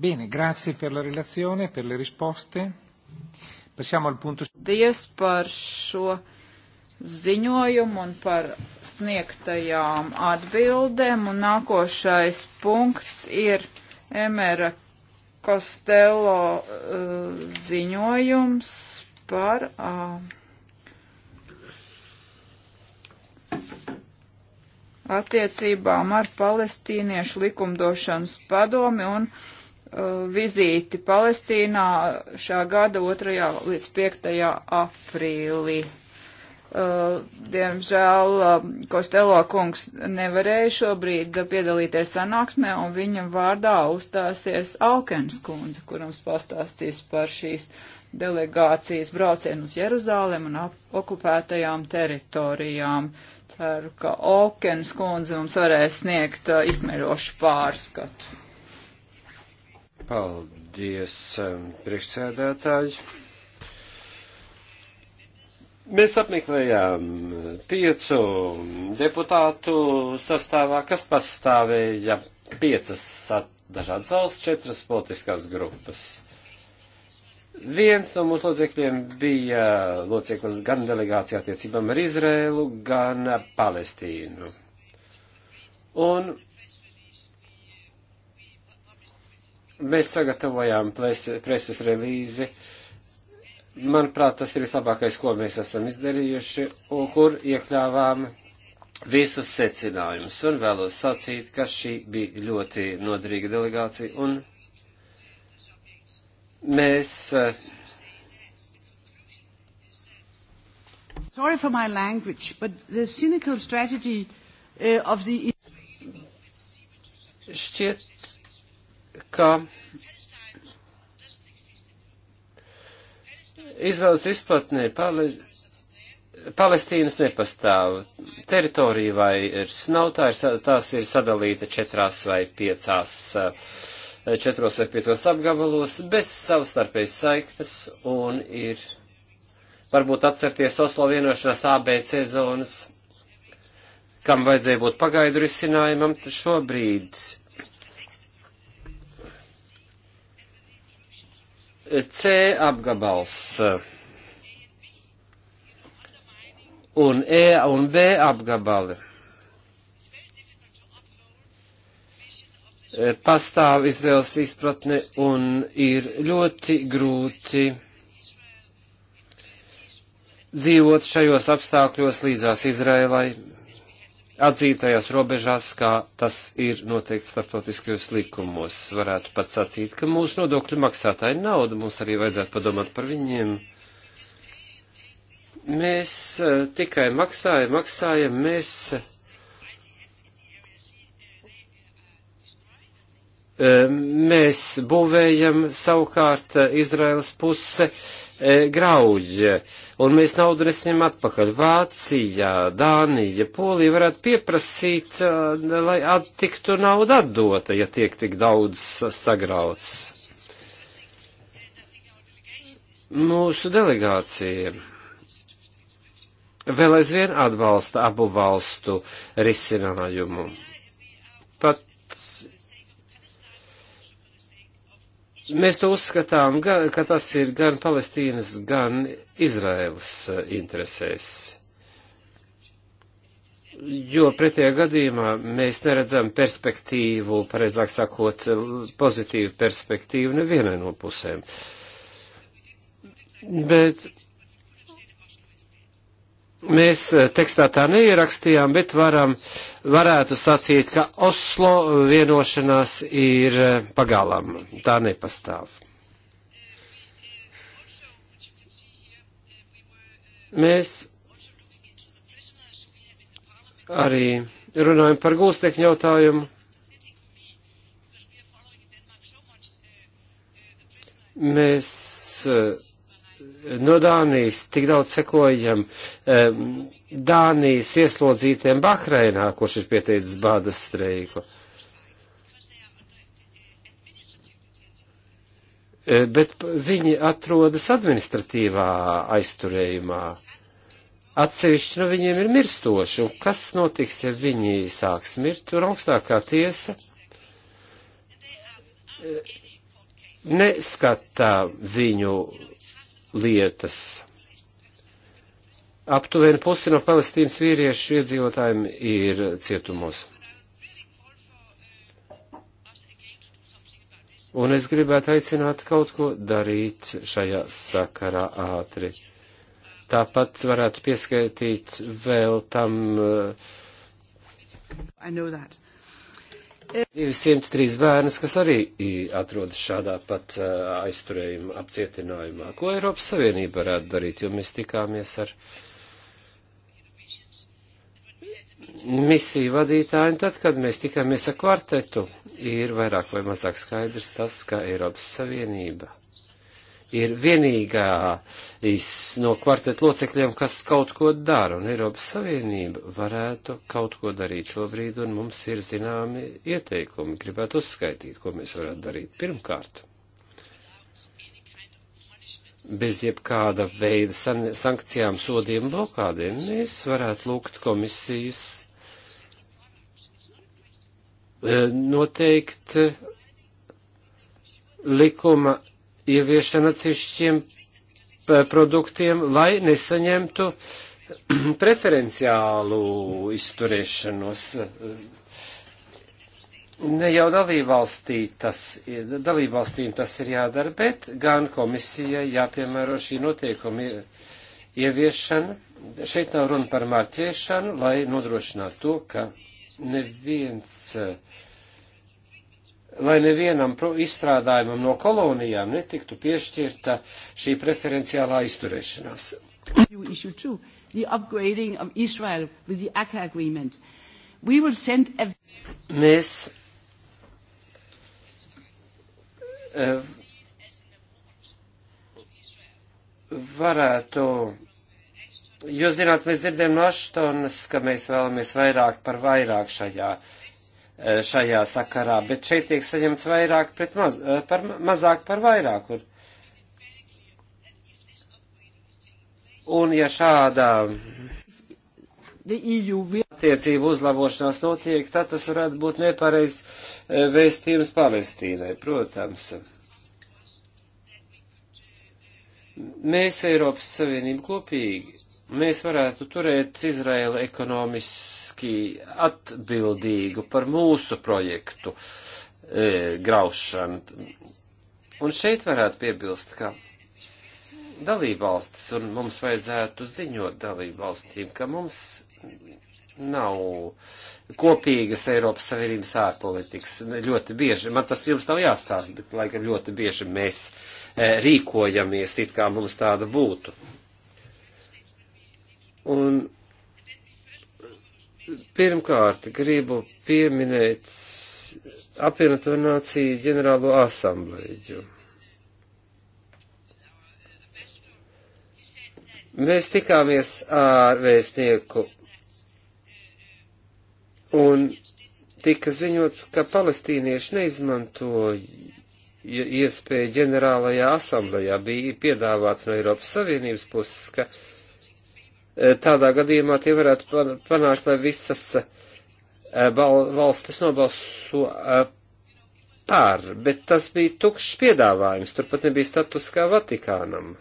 Bene, grazie per la relazione, per le risposte. Passiamo al punto. Paldies par šo ziņojumu un par sniegtajām atbildēm. Un nākošais punkts ir Emera Kostelo uh, ziņojums par attiecībām ar palestīniešu likumdošanas padomi un vizīti Palestīnā šā gada 2. līdz 5. aprīlī. Uh, diemžēl um, Kostelo kungs nevarēja šobrīd piedalīties sanāksmē, un viņa vārdā uzstāsies Alkens kundze, kurams pastāstīs par šīs delegācijas braucienu uz Jeruzālem un okupētajām teritorijām. Ceru, ka Okens kundze mums varēs sniegt uh, izmērošu pārskatu. Paldies, um, priekšsēdētāji. Mēs apmeklējām piecu deputātu sastāvā, kas pastāvēja piecas dažādas valsts, četras politiskās grupas. Viens no mūsu locekļiem bija loceklis gan delegācijā attiecībām ar Izrēlu, gan Palestīnu. Un mēs sagatavojām ples, preses relīzi uh, manuprāt, tas ir vislabākais, ko mēs esam izdarījuši, un kur iekļāvām visus secinājumus. Un vēlos sacīt, ka šī bija ļoti noderīga delegācija, un mēs. Eh, Sorry for my language, but the cynical strategy uh, of the. Šķiet, ka. Kā Izraels izplatnē pale, Palestīnas nepastāv. Teritorija vai ir nav, tā ir, tās ir sadalīta četrās vai piecās, eh, četros vai piecos apgabalos, bez savstarpējas saiknes un ir varbūt atcerties Oslo vienošanās ABC zonas, kam vajadzēja būt pagaidu risinājumam, šobrīd C apgabals un E un B apgabali e, pastāv Izraels izpratne un ir ļoti grūti dzīvot šajos apstākļos līdzās Izraēlai, atzītajās robežās, kā tas ir noteikts starptautiskajos likumos. Varētu pat sacīt, ka mūsu nodokļu maksātāji nauda, mums arī vajadzētu padomāt par viņiem. Mēs eh, tikai maksājam, maksājam, mēs eh, mēs būvējam savukārt eh, Izraels puse E, grauģi, un mēs naudu nesim atpakaļ. Vācija, Dānija, Polija varētu pieprasīt, e, lai attiktu nauda atdota, ja tiek tik daudz sagrauts. Mūsu delegācija vēl aizvien atbalsta abu valstu risinājumu. Pat Mēs to uzskatām, ka tas ir gan Palestīnas, gan Izraēlas eh, interesēs. Jo pretējā gadījumā mēs neredzam perspektīvu, pareizāk sakot, pozitīvu perspektīvu nevienai no pusēm. Bet mēs eh, tekstā tā neierakstījām, bet varam, varētu sacīt, ka Oslo vienošanās ir eh, pagalām. Tā nepastāv. Mēs arī runājam par gulstekņu jautājumu. Mēs uh, no Dānijas tik daudz sekojam um, Dānijas ieslodzītiem Bahreinā, kurš ir pieteicis bādas streiku. E, bet viņi atrodas administratīvā aizturējumā. Atsevišķi no viņiem ir mirstoši, un kas notiks, ja viņi sāks mirt, tur augstākā tiesa e, neskatā viņu lietas. Aptuveni pusi no palestīnas vīriešu iedzīvotājiem ir cietumos. Un es gribētu aicināt kaut ko darīt šajā sakarā ātri. Tāpat varētu pieskaitīt vēl tam. Uh, 203 bērnus, kas arī atrodas šādā pat aizturējuma apcietinājumā. Ko Eiropas Savienība varētu darīt, jo mēs tikāmies ar misiju vadītāju, un tad, kad mēs tikāmies ar kvartetu, ir vairāk vai mazāk skaidrs tas, ka Eiropas Savienība ir vienīgā no kvartet locekļiem, kas kaut ko dara, un Eiropas Savienība varētu kaut ko darīt šobrīd, un mums ir zināmi ieteikumi, gribētu uzskaitīt, ko mēs varētu darīt. Pirmkārt, bez jebkāda veida san sankcijām, sodiem, blokādiem, mēs varētu lūgt komisijas eh, noteikt eh, likuma ieviešana atsevišķiem eh, produktiem, lai nesaņemtu preferenciālu izturēšanos. Ne jau dalībvalstī tas, dalībvalstīm tas ir jādara, bet gan komisijai jāpiemēro šī notiekuma ieviešana. Šeit nav runa par mārķēšanu, lai nodrošinātu to, ka neviens uh, lai nevienam izstrādājumam no kolonijām netiktu piešķirta šī preferenciālā izturēšanās. Mēs eh, varētu, jūs zināt, mēs dzirdējam no Aštonas, ka mēs vēlamies vairāk par vairāk šajā uh, Eh, šajā sakarā, bet šeit tiek saņemts vairāk pret maz, eh, par, mazāk par vairāk. Un, un ja šādā e attiecību uzlabošanās notiek, tad tas varētu būt nepareizs eh, vēstījums Palestīnai, protams. Mēs Eiropas Savienību kopīgi mēs varētu turēt Izraēlu ekonomiski atbildīgu par mūsu projektu e, graušanu. Un šeit varētu piebilst, ka dalībvalstis, un mums vajadzētu ziņot dalībvalstīm, ka mums nav kopīgas Eiropas Savienības ārpolitikas. Ļoti bieži, man tas jums nav jāstāsta, bet laikam ļoti bieži mēs e, rīkojamies, it kā mums tāda būtu. Un pirmkārt gribu pieminēt apvienoto nāciju ģenerālo asambleju. Mēs tikāmies ar vēstnieku un tika ziņots, ka palestīnieši neizmanto iespēju ģenerālajā asamblējā. Bija piedāvāts no Eiropas Savienības puses, ka E, tādā gadījumā tie varētu panākt, lai visas e, valstis nobalso e, par, bet tas bija tukšs piedāvājums, turpat nebija status kā Vatikānam.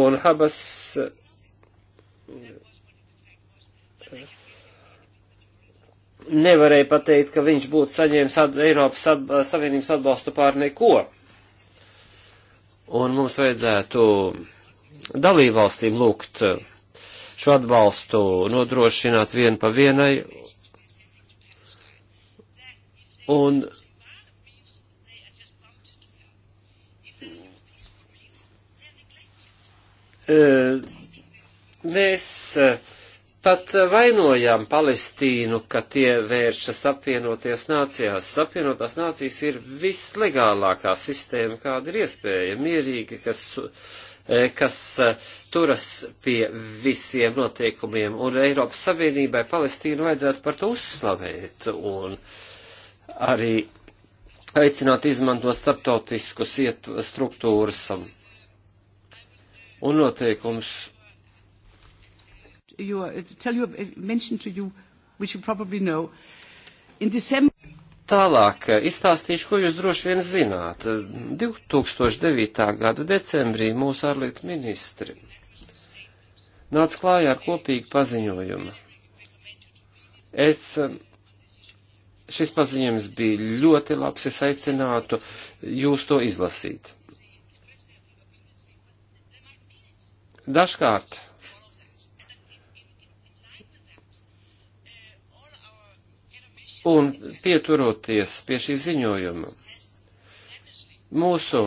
Un Habas nevarēja pateikt, ka viņš būtu saņēmis at Eiropas at Savienības atbalstu pār neko. Un mums vajadzētu dalībvalstīm lūgt eh, šo atbalstu nodrošināt vienu pa vienai. Un eh, mēs eh, pat vainojām Palestīnu, ka tie vēršas apvienoties nācijās. Apvienotās nācijas ir vislegālākā sistēma, kāda ir iespēja, mierīgi, kas E, kas e, turas pie visiem noteikumiem, un Eiropas Savienībai Palestīnu vajadzētu par to uzslavēt un arī aicināt izmantot starptautiskus struktūras un noteikumus. You, uh, tell you, mention to you, which you probably know. In December. Tālāk eh, izstāstīšu, ko jūs droši vien zināt. 2009. gada decembrī mūsu ārlietu ministri nāca klājā ar kopīgu paziņojumu. Es, eh, šis paziņojums bija ļoti labs, es aicinātu jūs to izlasīt. Dažkārt Un pieturoties pie šī ziņojuma, mūsu,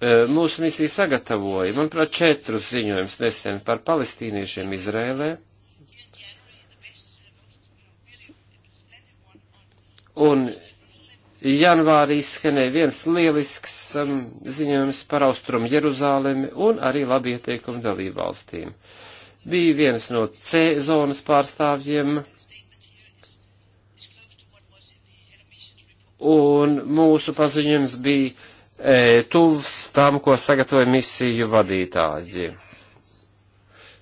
e, mūsu misija sagatavoja, manuprāt, četrus ziņojumus nesen par palestīniešiem Izrēlē. Un janvārī skanēja viens lielisks um, ziņojums par austrumu Jeruzālemi un arī labi ieteikumi dalībvalstīm. valstīm bija viens no C zonas pārstāvjiem. Un mūsu paziņojums bija e, tuvs tam, ko sagatavoja misiju vadītāji.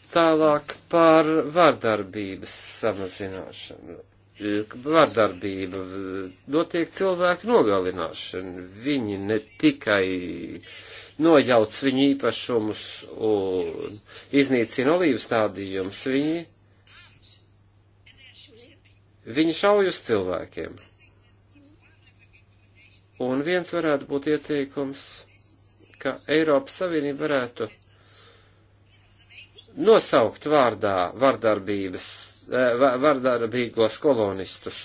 Tālāk par vardarbības samazināšanu. E, vardarbība e, notiek cilvēku nogalināšana. Viņi ne tikai e, nojauc viņu īpašumus un iznīcina olīvu stādījumus, viņi, viņi šauj uz cilvēkiem. Un viens varētu būt ieteikums, ka Eiropas Savienība varētu nosaukt vārdā vardarbības, eh, vardarbīgos kolonistus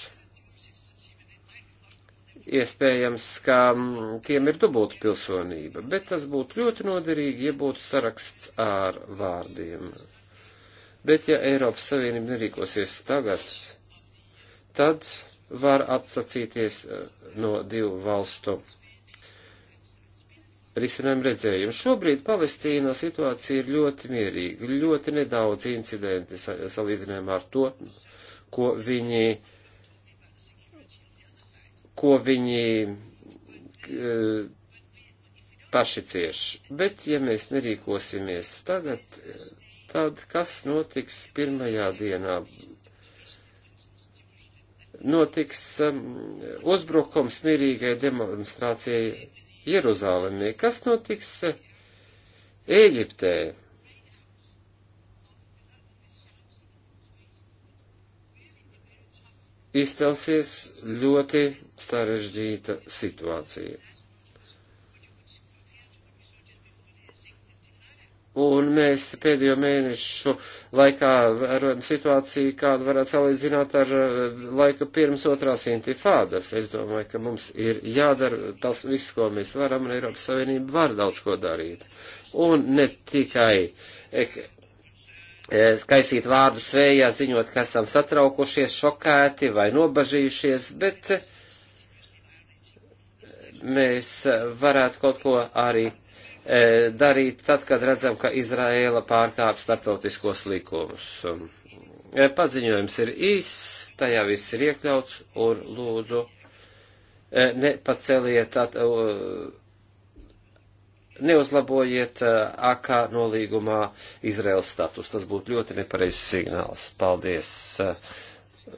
Iespējams, ka mm, tiem ir dubulta pilsonība, bet tas būtu ļoti noderīgi, ja būtu saraksts ar vārdiem. Bet ja Eiropas Savienība nerīkosies tagad, tad var atsacīties eh, no divu valstu risinājumu redzējumu. Šobrīd Palestīnā situācija ir ļoti mierīga, ļoti nedaudz incidenti salīdzinājumā ar to, ko viņi ko viņi e, paši cieš. Bet, ja mēs nerīkosimies tagad, tad kas notiks pirmajā dienā? Notiks um, uzbrukums mierīgai demonstrācijai Jeruzālēmē. Kas notiks e, Ēģiptē? izcelsies ļoti sarežģīta situācija. Un mēs pēdējo mēnešu laikā vērojam situāciju, kādu varētu salīdzināt ar eh, laiku pirms otrās intifādas. Es domāju, ka mums ir jādara tas viss, ko mēs varam, un Eiropas Savienība var daudz ko darīt. Un ne tikai ek E, skaisīt vārdus vējā, ziņot, ka esam satraukušies, šokēti vai nobažījušies, bet e, mēs varētu kaut ko arī e, darīt tad, kad redzam, ka Izraēla pārkāp starptautiskos likumus. Paziņojums ir īss, tajā viss ir iekļauts, un lūdzu nepaceliet at, uh, neuzlabojiet eh, AK nolīgumā Izraels status. Tas būtu ļoti nepareizs signāls. Paldies. Eh,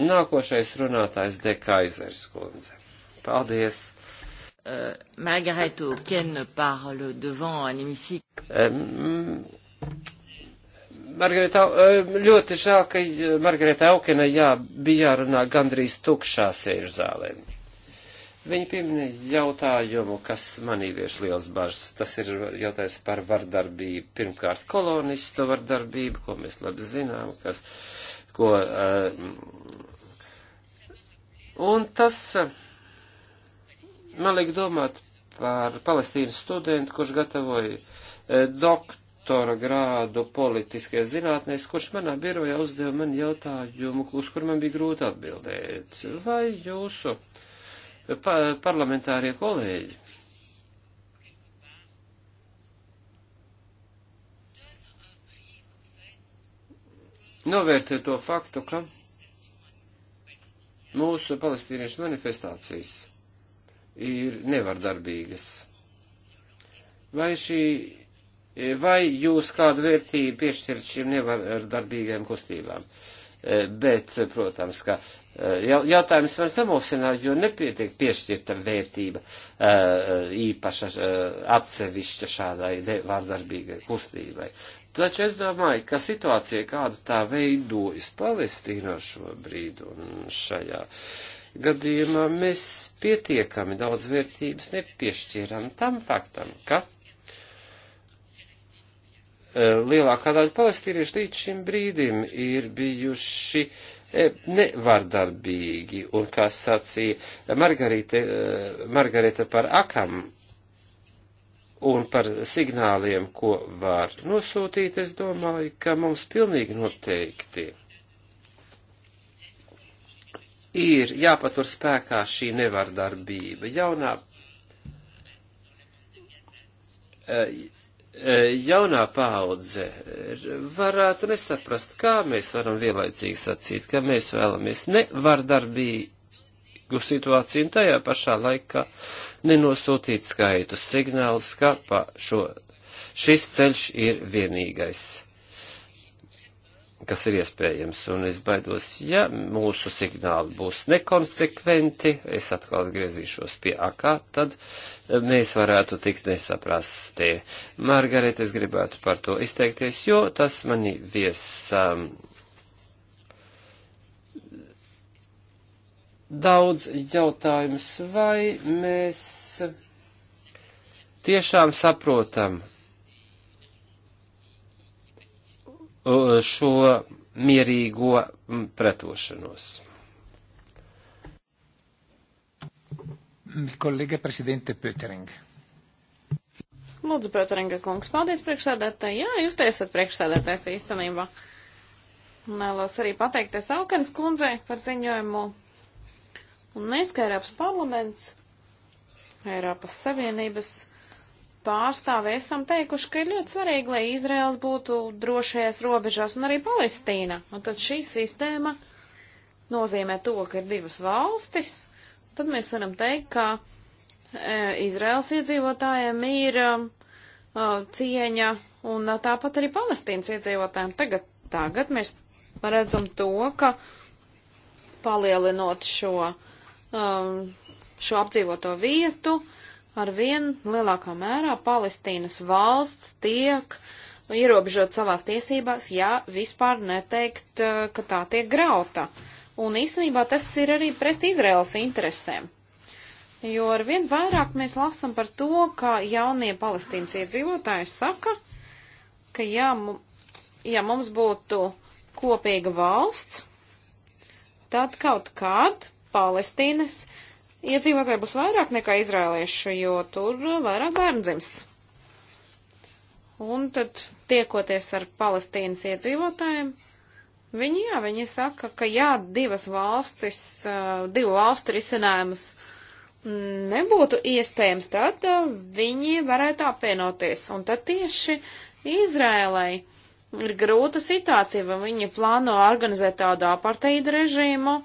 nākošais runātājs De Kaisers kundze. Paldies. Uh, eh, Margarete Auken parle devant un hémicycle. Um, Margarita, ļoti žēl, ka Margarita Aukena jā, bija jārunā gandrīz tukšā sēžu zālē. Viņa pieminēja jautājumu, kas man ievieš liels bažas. Tas ir jautājums par vardarbību. Pirmkārt, kolonistu vardarbību, ko mēs labi zinām, kas, ko, uh, un tas eh, man liek domāt par palestīnas studentu, kurš gatavoja uh, doktora grādu politiskajās zinātnēs, kurš manā birojā uzdeva man jautājumu, uz kur man bija grūti atbildēt. Vai jūsu. Uh, pa, parlamentārie kolēģi. Novērtē to faktu, ka mūsu palestīniešu manifestācijas ir nevardarbīgas. Vai šī, vai jūs kādu vērtību piešķirat šīm nevardarbīgajām kustībām? Uh, E, bet, protams, ka e, jautājums var samulsināt, jo nepietiek piešķirta vērtība e, īpaša atsevišķa šādai vārdarbīgai kustībai. Taču es domāju, ka situācija, kāda tā veidojas Palestīnā šobrīd un šajā gadījumā, mēs pietiekami daudz vērtības nepiešķiram tam faktam, ka Eh, lielākā daļa palestīniešu līdz šim brīdim ir bijuši eh, nevardarbīgi, un kā sacīja Margarita, eh, Margarita par akam un par signāliem, ko var nosūtīt, es domāju, ka mums pilnīgi noteikti ir jāpatur spēkā šī nevardarbība. Jaunā E, jaunā paudze e, varētu nesaprast, kā mēs varam vienlaicīgi sacīt, ka mēs vēlamies nevardarbīgu situāciju un tajā pašā laikā nenosūtīt skaitu signālus, ka pa šo, šis ceļš ir vienīgais kas ir iespējams, un es baidos, ja mūsu signāli būs nekonsekventi, es atkal atgriezīšos pie AK, tad mēs varētu tikt nesaprasti. Margaret, es gribētu par to izteikties, jo tas mani vies. Um, Daudz jautājums, vai mēs tiešām saprotam, šo mierīgo pretošanos. Kolēģe prezidente Pötering. Lūdzu, Pöteringa kungs, paldies priekšsēdētāji. Jā, jūs tiesat priekšsēdētājs īstenībā. Vēlos arī pateikties Aukenas kundzei par ziņojumu. Un mēs, kā Eiropas parlaments, Eiropas Savienības pārstāvi esam teikuši, ka ir ļoti svarīgi, lai Izraels būtu drošajās robežās un arī Palestīna. Un tad šī sistēma nozīmē to, ka ir divas valstis. Tad mēs varam teikt, ka e, Izraels iedzīvotājiem ir e, cieņa un tāpat arī Palestīnas iedzīvotājiem. Tagad, tagad mēs redzam to, ka palielinot šo, um, šo apdzīvoto vietu, uh, ar vien lielākā mērā Palestīnas valsts tiek ierobežot savās tiesībās, ja vispār neteikt, eh, ka tā tiek grauta. Un īstenībā tas ir arī pret Izraels interesēm. Jo ar vien vairāk mēs lasam par to, ka jaunie Palestīnas iedzīvotāji saka, ka ja, ja mums būtu kopīga valsts, tad kaut kād Palestīnas uh, iedzīvotāji būs vairāk nekā izrēlieši, jo tur vairāk bērnu dzimst. Un tad tiekoties ar palestīnas iedzīvotājiem, viņi, jā, viņi saka, ka jā, divas valstis, divu valstu risinājumus nebūtu iespējams, tad viņi varētu apvienoties. Un tad tieši Izrēlai ir grūta situācija, vai viņi plāno organizēt tādu aparteidu režīmu,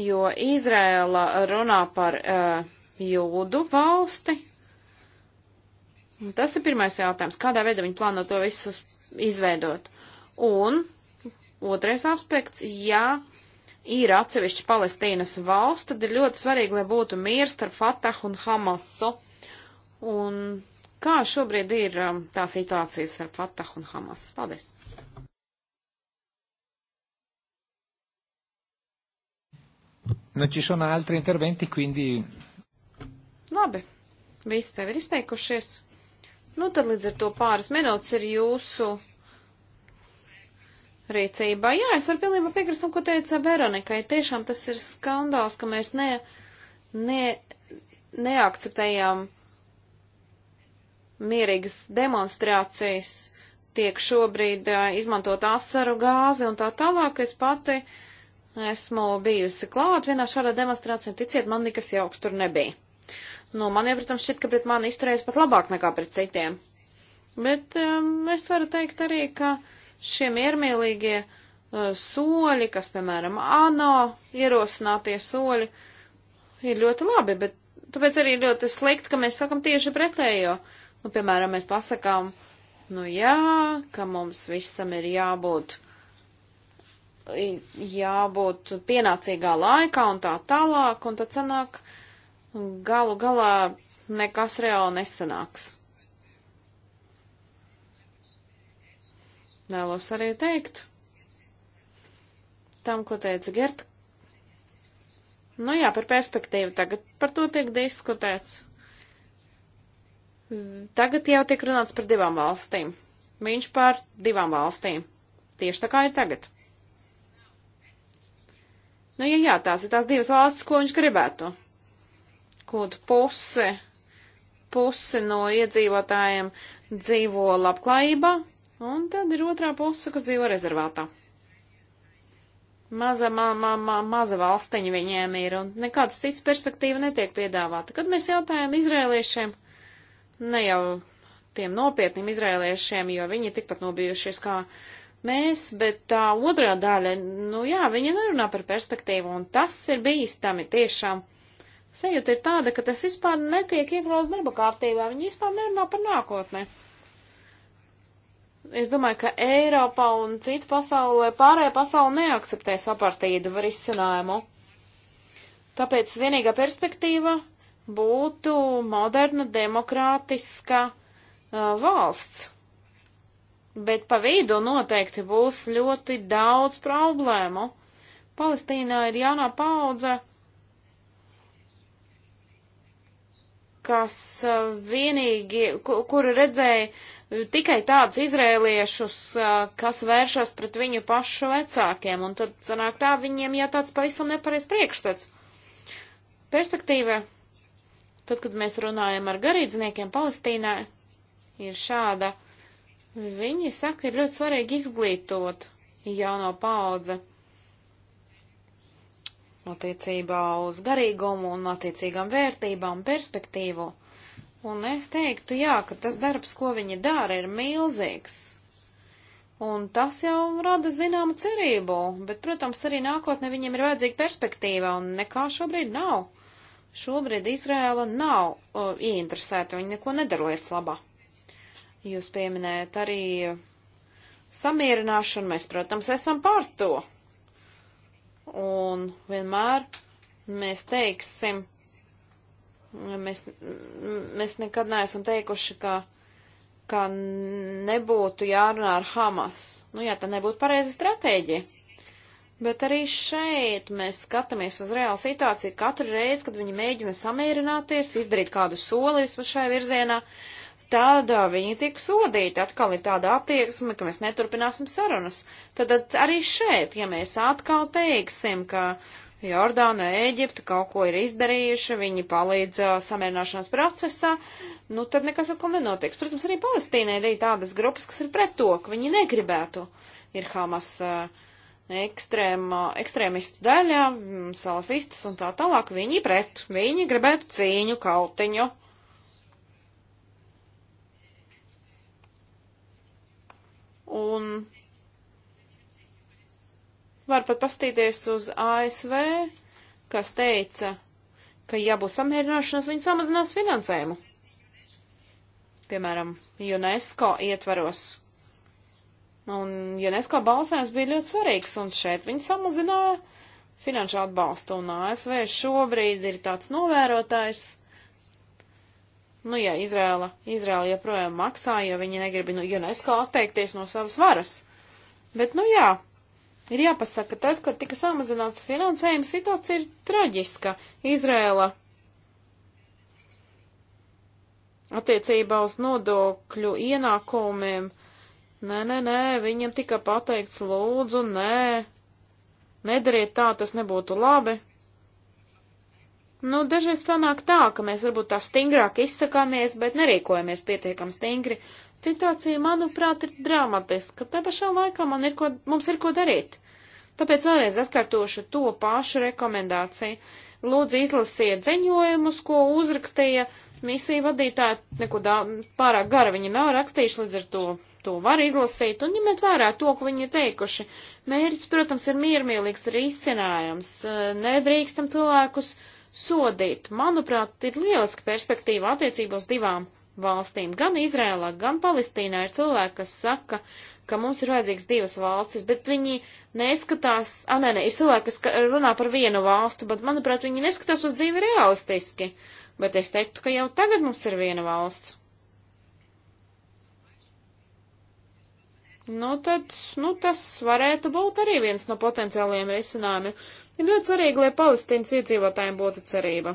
jo Izrēla runā par uh, jūdu valsti. Un tas ir pirmais jautājums, kādā veidā viņi plāno to visu izveidot. Un otrais aspekts, ja ir atsevišķa Palestīnas valsts, tad ir ļoti svarīgi, lai būtu miers starp Fatahu un Hamasu. Un kā šobrīd ir um, tā situācija starp Fatahu un Hamasu? Paldies! Non nu, ci sono altri interventi, quindi. Labi, visi tev ir izteikušies. Nu, tad līdz ar to pāris minūtes ir jūsu rīcībā. Jā, es varu pilnībā piekrist tam, ko teica Veronika. Ja tiešām tas ir skandāls, ka mēs ne, ne, neakceptējām mierīgas demonstrācijas, tiek šobrīd uh, izmantot asaru gāzi un tā tālāk. Es pati uh, Esmu bijusi klāt vienā šādā demonstrācijā, un ticiet, man nekas jauks tur nebija. Nu, man jau, protams, šķiet, ka pret mani izturējas pat labāk nekā pret citiem. Bet um, es varu teikt arī, ka šie miermīlīgie uh, soļi, kas, piemēram, ANO ierosinātie soļi, ir ļoti labi, bet tāpēc arī ļoti slikti, ka mēs sakam tieši pretējo. Nu, piemēram, mēs pasakām, nu jā, ka mums visam ir jābūt uh, jābūt pienācīgā laikā un tā tālāk, un tad sanāk, galu galā nekas reāli nesanāks. Vēlos arī teikt tam, ko teica Gerta. Nu jā, par perspektīvu tagad par to tiek diskutēts. Tagad jau tiek runāts par divām valstīm. Viņš par divām valstīm. Tieši tā kā ir tagad. Nu, ja jā, tās ir tās divas valstis, ko viņš gribētu. Kaut pusi, pusi no iedzīvotājiem dzīvo labklājībā, un tad ir otrā puse, kas dzīvo rezervātā. Maza, ma, ma, ma, maza valstiņa viņiem ir, un nekādas citas perspektīva netiek piedāvāta. Kad mēs jautājam izrēliešiem, ne jau tiem nopietniem izrēliešiem, jo viņi ir tikpat nobijušies kā mēs, bet tā otrā daļa, nu jā, viņa nerunā par perspektīvu, un tas ir bīstami tiešām. Sajūta ir tāda, ka tas vispār netiek iekļauts darba kārtībā, viņi vispār nerunā par nākotni. Es domāju, ka Eiropā un citu pasaulē, pārējā pasaule neakceptē sapartīdu var izcinājumu. Tāpēc vienīgā perspektīva būtu moderna demokrātiska uh, valsts bet pa vidu noteikti būs ļoti daudz problēmu. Palestīnā ir jaunā paudze, kas uh, vienīgi, kuri redzēja tikai tādus izrēliešus, uh, kas vēršas pret viņu pašu vecākiem, un tad sanāk tā viņiem jau tāds pavisam nepareiz priekšstats. Perspektīva, tad, kad mēs runājam ar garīdzniekiem Palestīnā, ir šāda Viņi saka, ir ļoti svarīgi izglītot jauno paudzi attiecībā uz garīgumu un attiecīgām vērtībām, perspektīvu. Un es teiktu, jā, ka tas darbs, ko viņi dara, ir milzīgs. Un tas jau rada zināmu cerību, bet, protams, arī nākotnē viņiem ir vajadzīga perspektīva, un nekā šobrīd nav. Šobrīd Izrēla nav uh, ieinteresēta, viņi neko nedara lietas labā. Jūs pieminējat arī samierināšanu, mēs, protams, esam pār to. Un vienmēr mēs teiksim, mēs, mēs nekad neesam teikuši, ka, ka nebūtu jārunā ar Hamas. Nu jā, tā nebūtu pareiza stratēģija. Bet arī šeit mēs skatāmies uz reālu situāciju katru reizi, kad viņi mēģina samierināties, izdarīt kādu soli vismaz šajā virzienā. Uh, tad viņi tiek sodīti. Atkal ir tāda attieksme, ka mēs neturpināsim sarunas. Tad arī šeit, ja mēs atkal teiksim, ka Jordāna, Ēģipte kaut ko ir izdarījuši, viņi palīdz samierināšanās procesā, nu tad nekas atkal nenotiks. Protams, arī Palestīnai ir arī tādas grupas, kas ir pret to, ka viņi negribētu. Ir Hamas ekstrēma, ekstrēmistu daļā, salafistas un tā tālāk. Viņi pret, viņi gribētu cīņu, kautiņu. Un var pat pastīties uz ASV, kas teica, ka ja būs samierināšanās, viņi samazinās finansējumu. Piemēram, UNESCO ietvaros. Un UNESCO balsājums bija ļoti svarīgs, un šeit viņi samazināja finanšu atbalstu, un ASV šobrīd ir tāds novērotājs Nu jā, Izrēla, Izrēla joprojām maksā, jo viņi negrib, nu, UNESCO atteikties no savas varas. Bet, nu jā, ir jāpasaka, tad, kad tika samazināts finansējums, situācija ir traģiska. Izrēla attiecībā uz nodokļu ienākumiem. Nē, nē, nē, viņam tika pateikts, lūdzu, nē, nedariet tā, tas nebūtu labi. Nu, dažreiz sanāk tā, ka mēs varbūt tā stingrāk izsakāmies, bet nerīkojamies pietiekam stingri. Situācija, manuprāt, ir dramatiska. Te pašā laikā man ir ko, mums ir ko darīt. Tāpēc vēlreiz atkārtošu to pašu rekomendāciju. Lūdzu, izlasiet ziņojumus, ko uzrakstīja misija vadītāja. Neko daudz, pārāk gara viņi nav rakstījuši, līdz ar to to var izlasīt un ņemiet vērā to, ko viņi ir teikuši. Mērķis, protams, ir miermīlīgs risinājums. Nedrīkstam cilvēkus sodīt. Manuprāt, ir lieliska perspektīva attiecībos divām valstīm. Gan Izrēlā, gan Palestīnā ir cilvēki, kas saka, ka mums ir vajadzīgs divas valstis, bet viņi neskatās, ah, nē, nē, ir cilvēki, kas runā par vienu valstu, bet, manuprāt, viņi neskatās uz dzīvi realistiski. Bet es teiktu, ka jau tagad mums ir viena valsts. Nu, tad, nu, tas varētu būt arī viens no potenciālajiem risinājumiem. Ir ļoti svarīgi, lai Palestīnas iedzīvotājiem būtu cerība.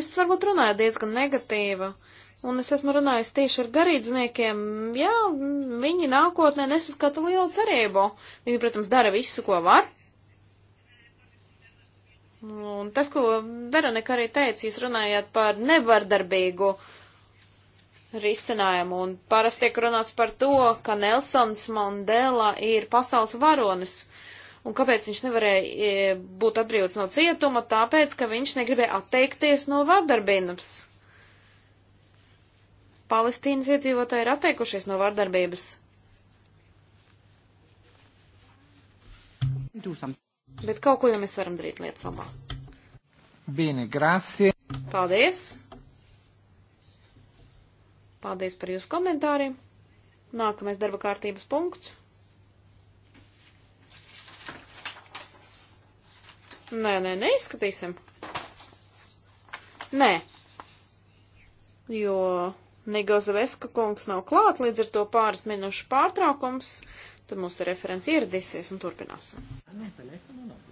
Es varbūt runāju diezgan negatīva, un es esmu runājis tieši ar garīdzniekiem. Jā, viņi nākotnē nesaskata lielu cerību. Viņi, protams, dara visu, ko var. Un tas, ko Veronika arī teica, jūs runājāt par nevardarbīgu uh, risinājumu. Un parasti tiek runāts par to, ka Nelsons Mandela ir pasaules varonis. Un kāpēc viņš nevarēja e, būt atbrīvots no cietuma? Tāpēc, ka viņš negribēja atteikties no vardarbības. Palestīnas iedzīvotāji ir atteikušies no vardarbības. Bet kaut ko jau mēs varam darīt lietas labā. Bīni, grāsie. Paldies. Paldies par jūsu komentāriem. Nākamais darba kārtības punkts. Nē, nē, neizskatīsim. Nē. Jo Nigozaveska kungs nav klāt, līdz ar to pāris minūšu pārtraukums. Tad mūsu referents ieradīsies un turpināsim. Nē, pa, nē, pa, nē, nu, nē. Nu.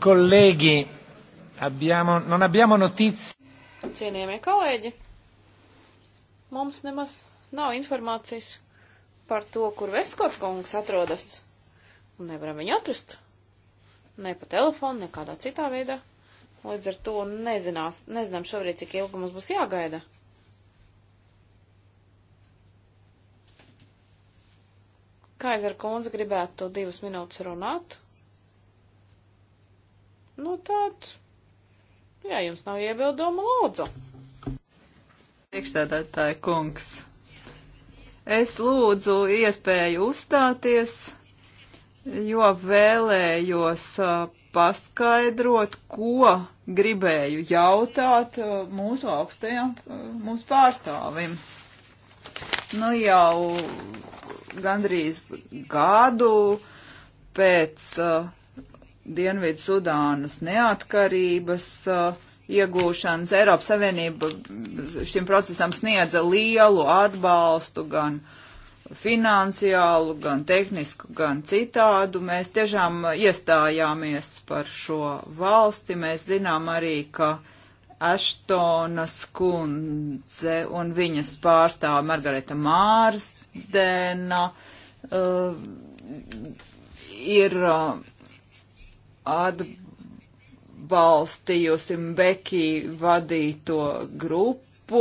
Colleghi, abbiamo, non abbiamo notizie. Cienījamie kolēģi, mums nemaz nav informācijas par to, kur Vestkots kungs atrodas. Un nevaram viņu atrast. Ne pa telefonu, ne kādā citā veidā. Līdz ar to nezinās, nezinām šobrīd, cik ilgi mums būs jāgaida. Kaiser kundze gribētu divas minūtes runāt. Nu tad, jā, jums nav iebildumu lūdzu. Priekšstādātāja kungs, es lūdzu iespēju uzstāties, jo vēlējos paskaidrot, ko gribēju jautāt mūsu augstajam, mūsu pārstāvim. Nu jau gandrīz gadu pēc uh, Dienvidu Sudānas neatkarības uh, iegūšanas Eiropas Savienība šim procesam sniedza lielu atbalstu gan finansiālu, gan tehnisku, gan citādu. Mēs tiešām iestājāmies par šo valsti. Mēs zinām arī, ka Ashtonas kundze un viņas pārstāva Margareta Mārs Šodien uh, eh, ir eh, atbalstījusi Beki vadīto grupu,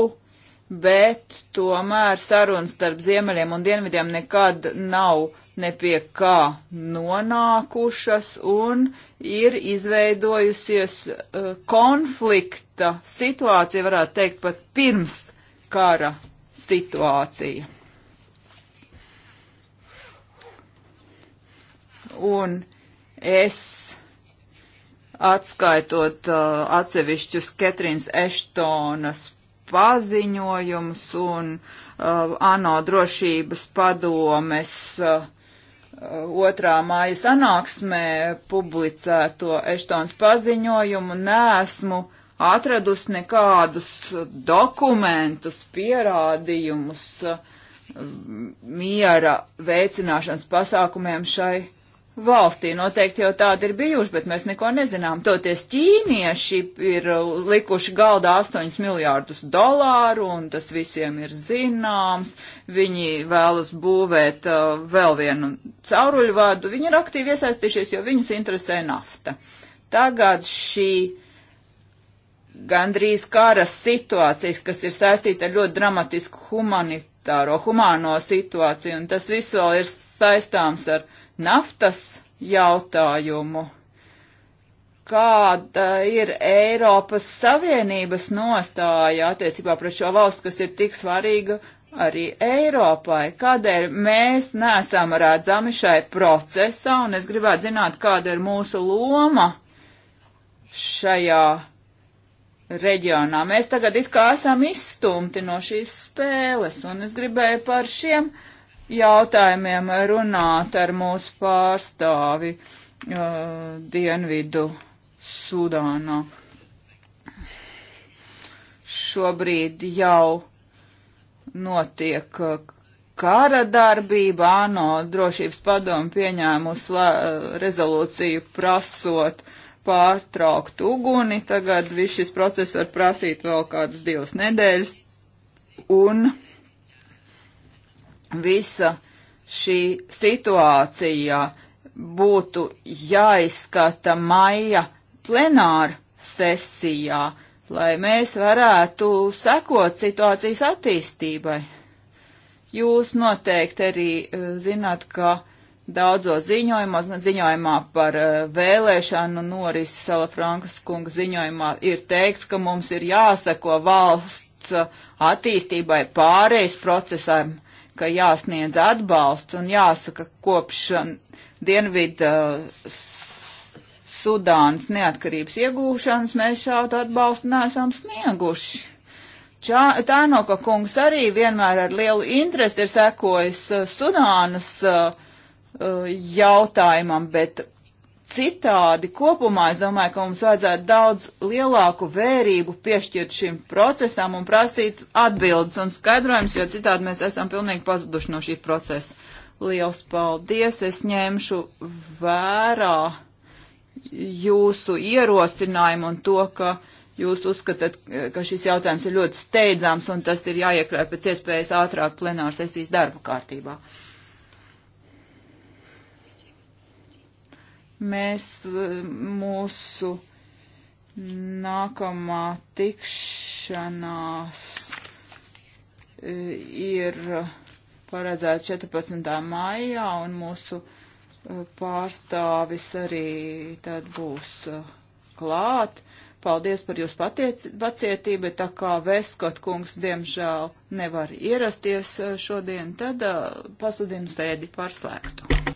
bet tomēr sarunas starp ziemeļiem un dienvidiem nekad nav ne pie kā nonākušas un ir izveidojusies uh, konflikta situācija, varētu teikt, pat pirms kara situācija. un es atskaitot uh, atsevišķus Ketrīnas Eštonas paziņojumus un uh, ANO drošības padomes uh, otrā māja sanāksmē publicēto Eštons paziņojumu nesmu atradus nekādus dokumentus, pierādījumus uh, miera veicināšanas pasākumiem šai valstī. Noteikti jau tādi ir bijuši, bet mēs neko nezinām. Toties ķīnieši ir likuši galdā 8 miljārdus dolāru, un tas visiem ir zināms. Viņi vēlas būvēt uh, vēl vienu cauruļvadu. Viņi ir aktīvi iesaistījušies, jo viņus interesē nafta. Tagad šī gandrīz kāras situācijas, kas ir saistīta ar ļoti dramatisku humanitāro, humāno situāciju, un tas viss vēl ir saistāms ar naftas jautājumu. Kāda ir Eiropas Savienības nostāja attiecībā pret šo valstu, kas ir tik svarīga arī Eiropai? Kādēļ mēs neesam redzami šai procesā, un es gribētu zināt, kāda ir mūsu loma šajā reģionā. Mēs tagad it kā esam izstumti no šīs spēles, un es gribēju par šiem jautājumiem runāt ar mūsu pārstāvi uh, Dienvidu Sudānā. Šobrīd jau notiek uh, kara darbība, ANO drošības padomu pieņēmus uh, rezolūciju prasot pārtraukt uguni. Tagad viss šis process var prasīt vēl kādas divas nedēļas. Un visa šī situācija būtu jāizskata maija plenāra sesijā, lai mēs varētu sekot situācijas attīstībai. Jūs noteikti arī eh, zināt, ka daudzos ziņojumos, gan nu, ziņojumā par eh, vēlēšanu norisi Salafrankas kunga ziņojumā ir teikts, ka mums ir jāseko valsts attīstībai pārējais procesam ka jāsniedz atbalsts un jāsaka kopš uh, Dienvidu uh, Sudānas neatkarības iegūšanas mēs šādu atbalstu neesam snieguši. Čā, Tānoka kungs arī vienmēr ar lielu interesi ir sekojis uh, Sudānas uh, jautājumam, bet citādi. Kopumā es domāju, ka mums vajadzētu daudz lielāku vērību piešķirt šim procesam un prasīt atbildes un skaidrojums, jo citādi mēs esam pilnīgi pazuduši no šī procesa. Liels paldies! Es ņemšu vērā jūsu ierosinājumu un to, ka jūs uzskatāt, ka šis jautājums ir ļoti steidzams un tas ir jāiekļauj pēc iespējas ātrāk plenārsesijas darba kārtībā. Mēs mūsu nākamā tikšanās e, ir paredzēta 14. maijā, un mūsu e, pārstāvis arī tad būs e, klāt. Paldies par jūsu pacietību, bet tā kā Veskot kungs diemžēl nevar ierasties šodien, tad uh, pasludinu sēdi par slēgtu.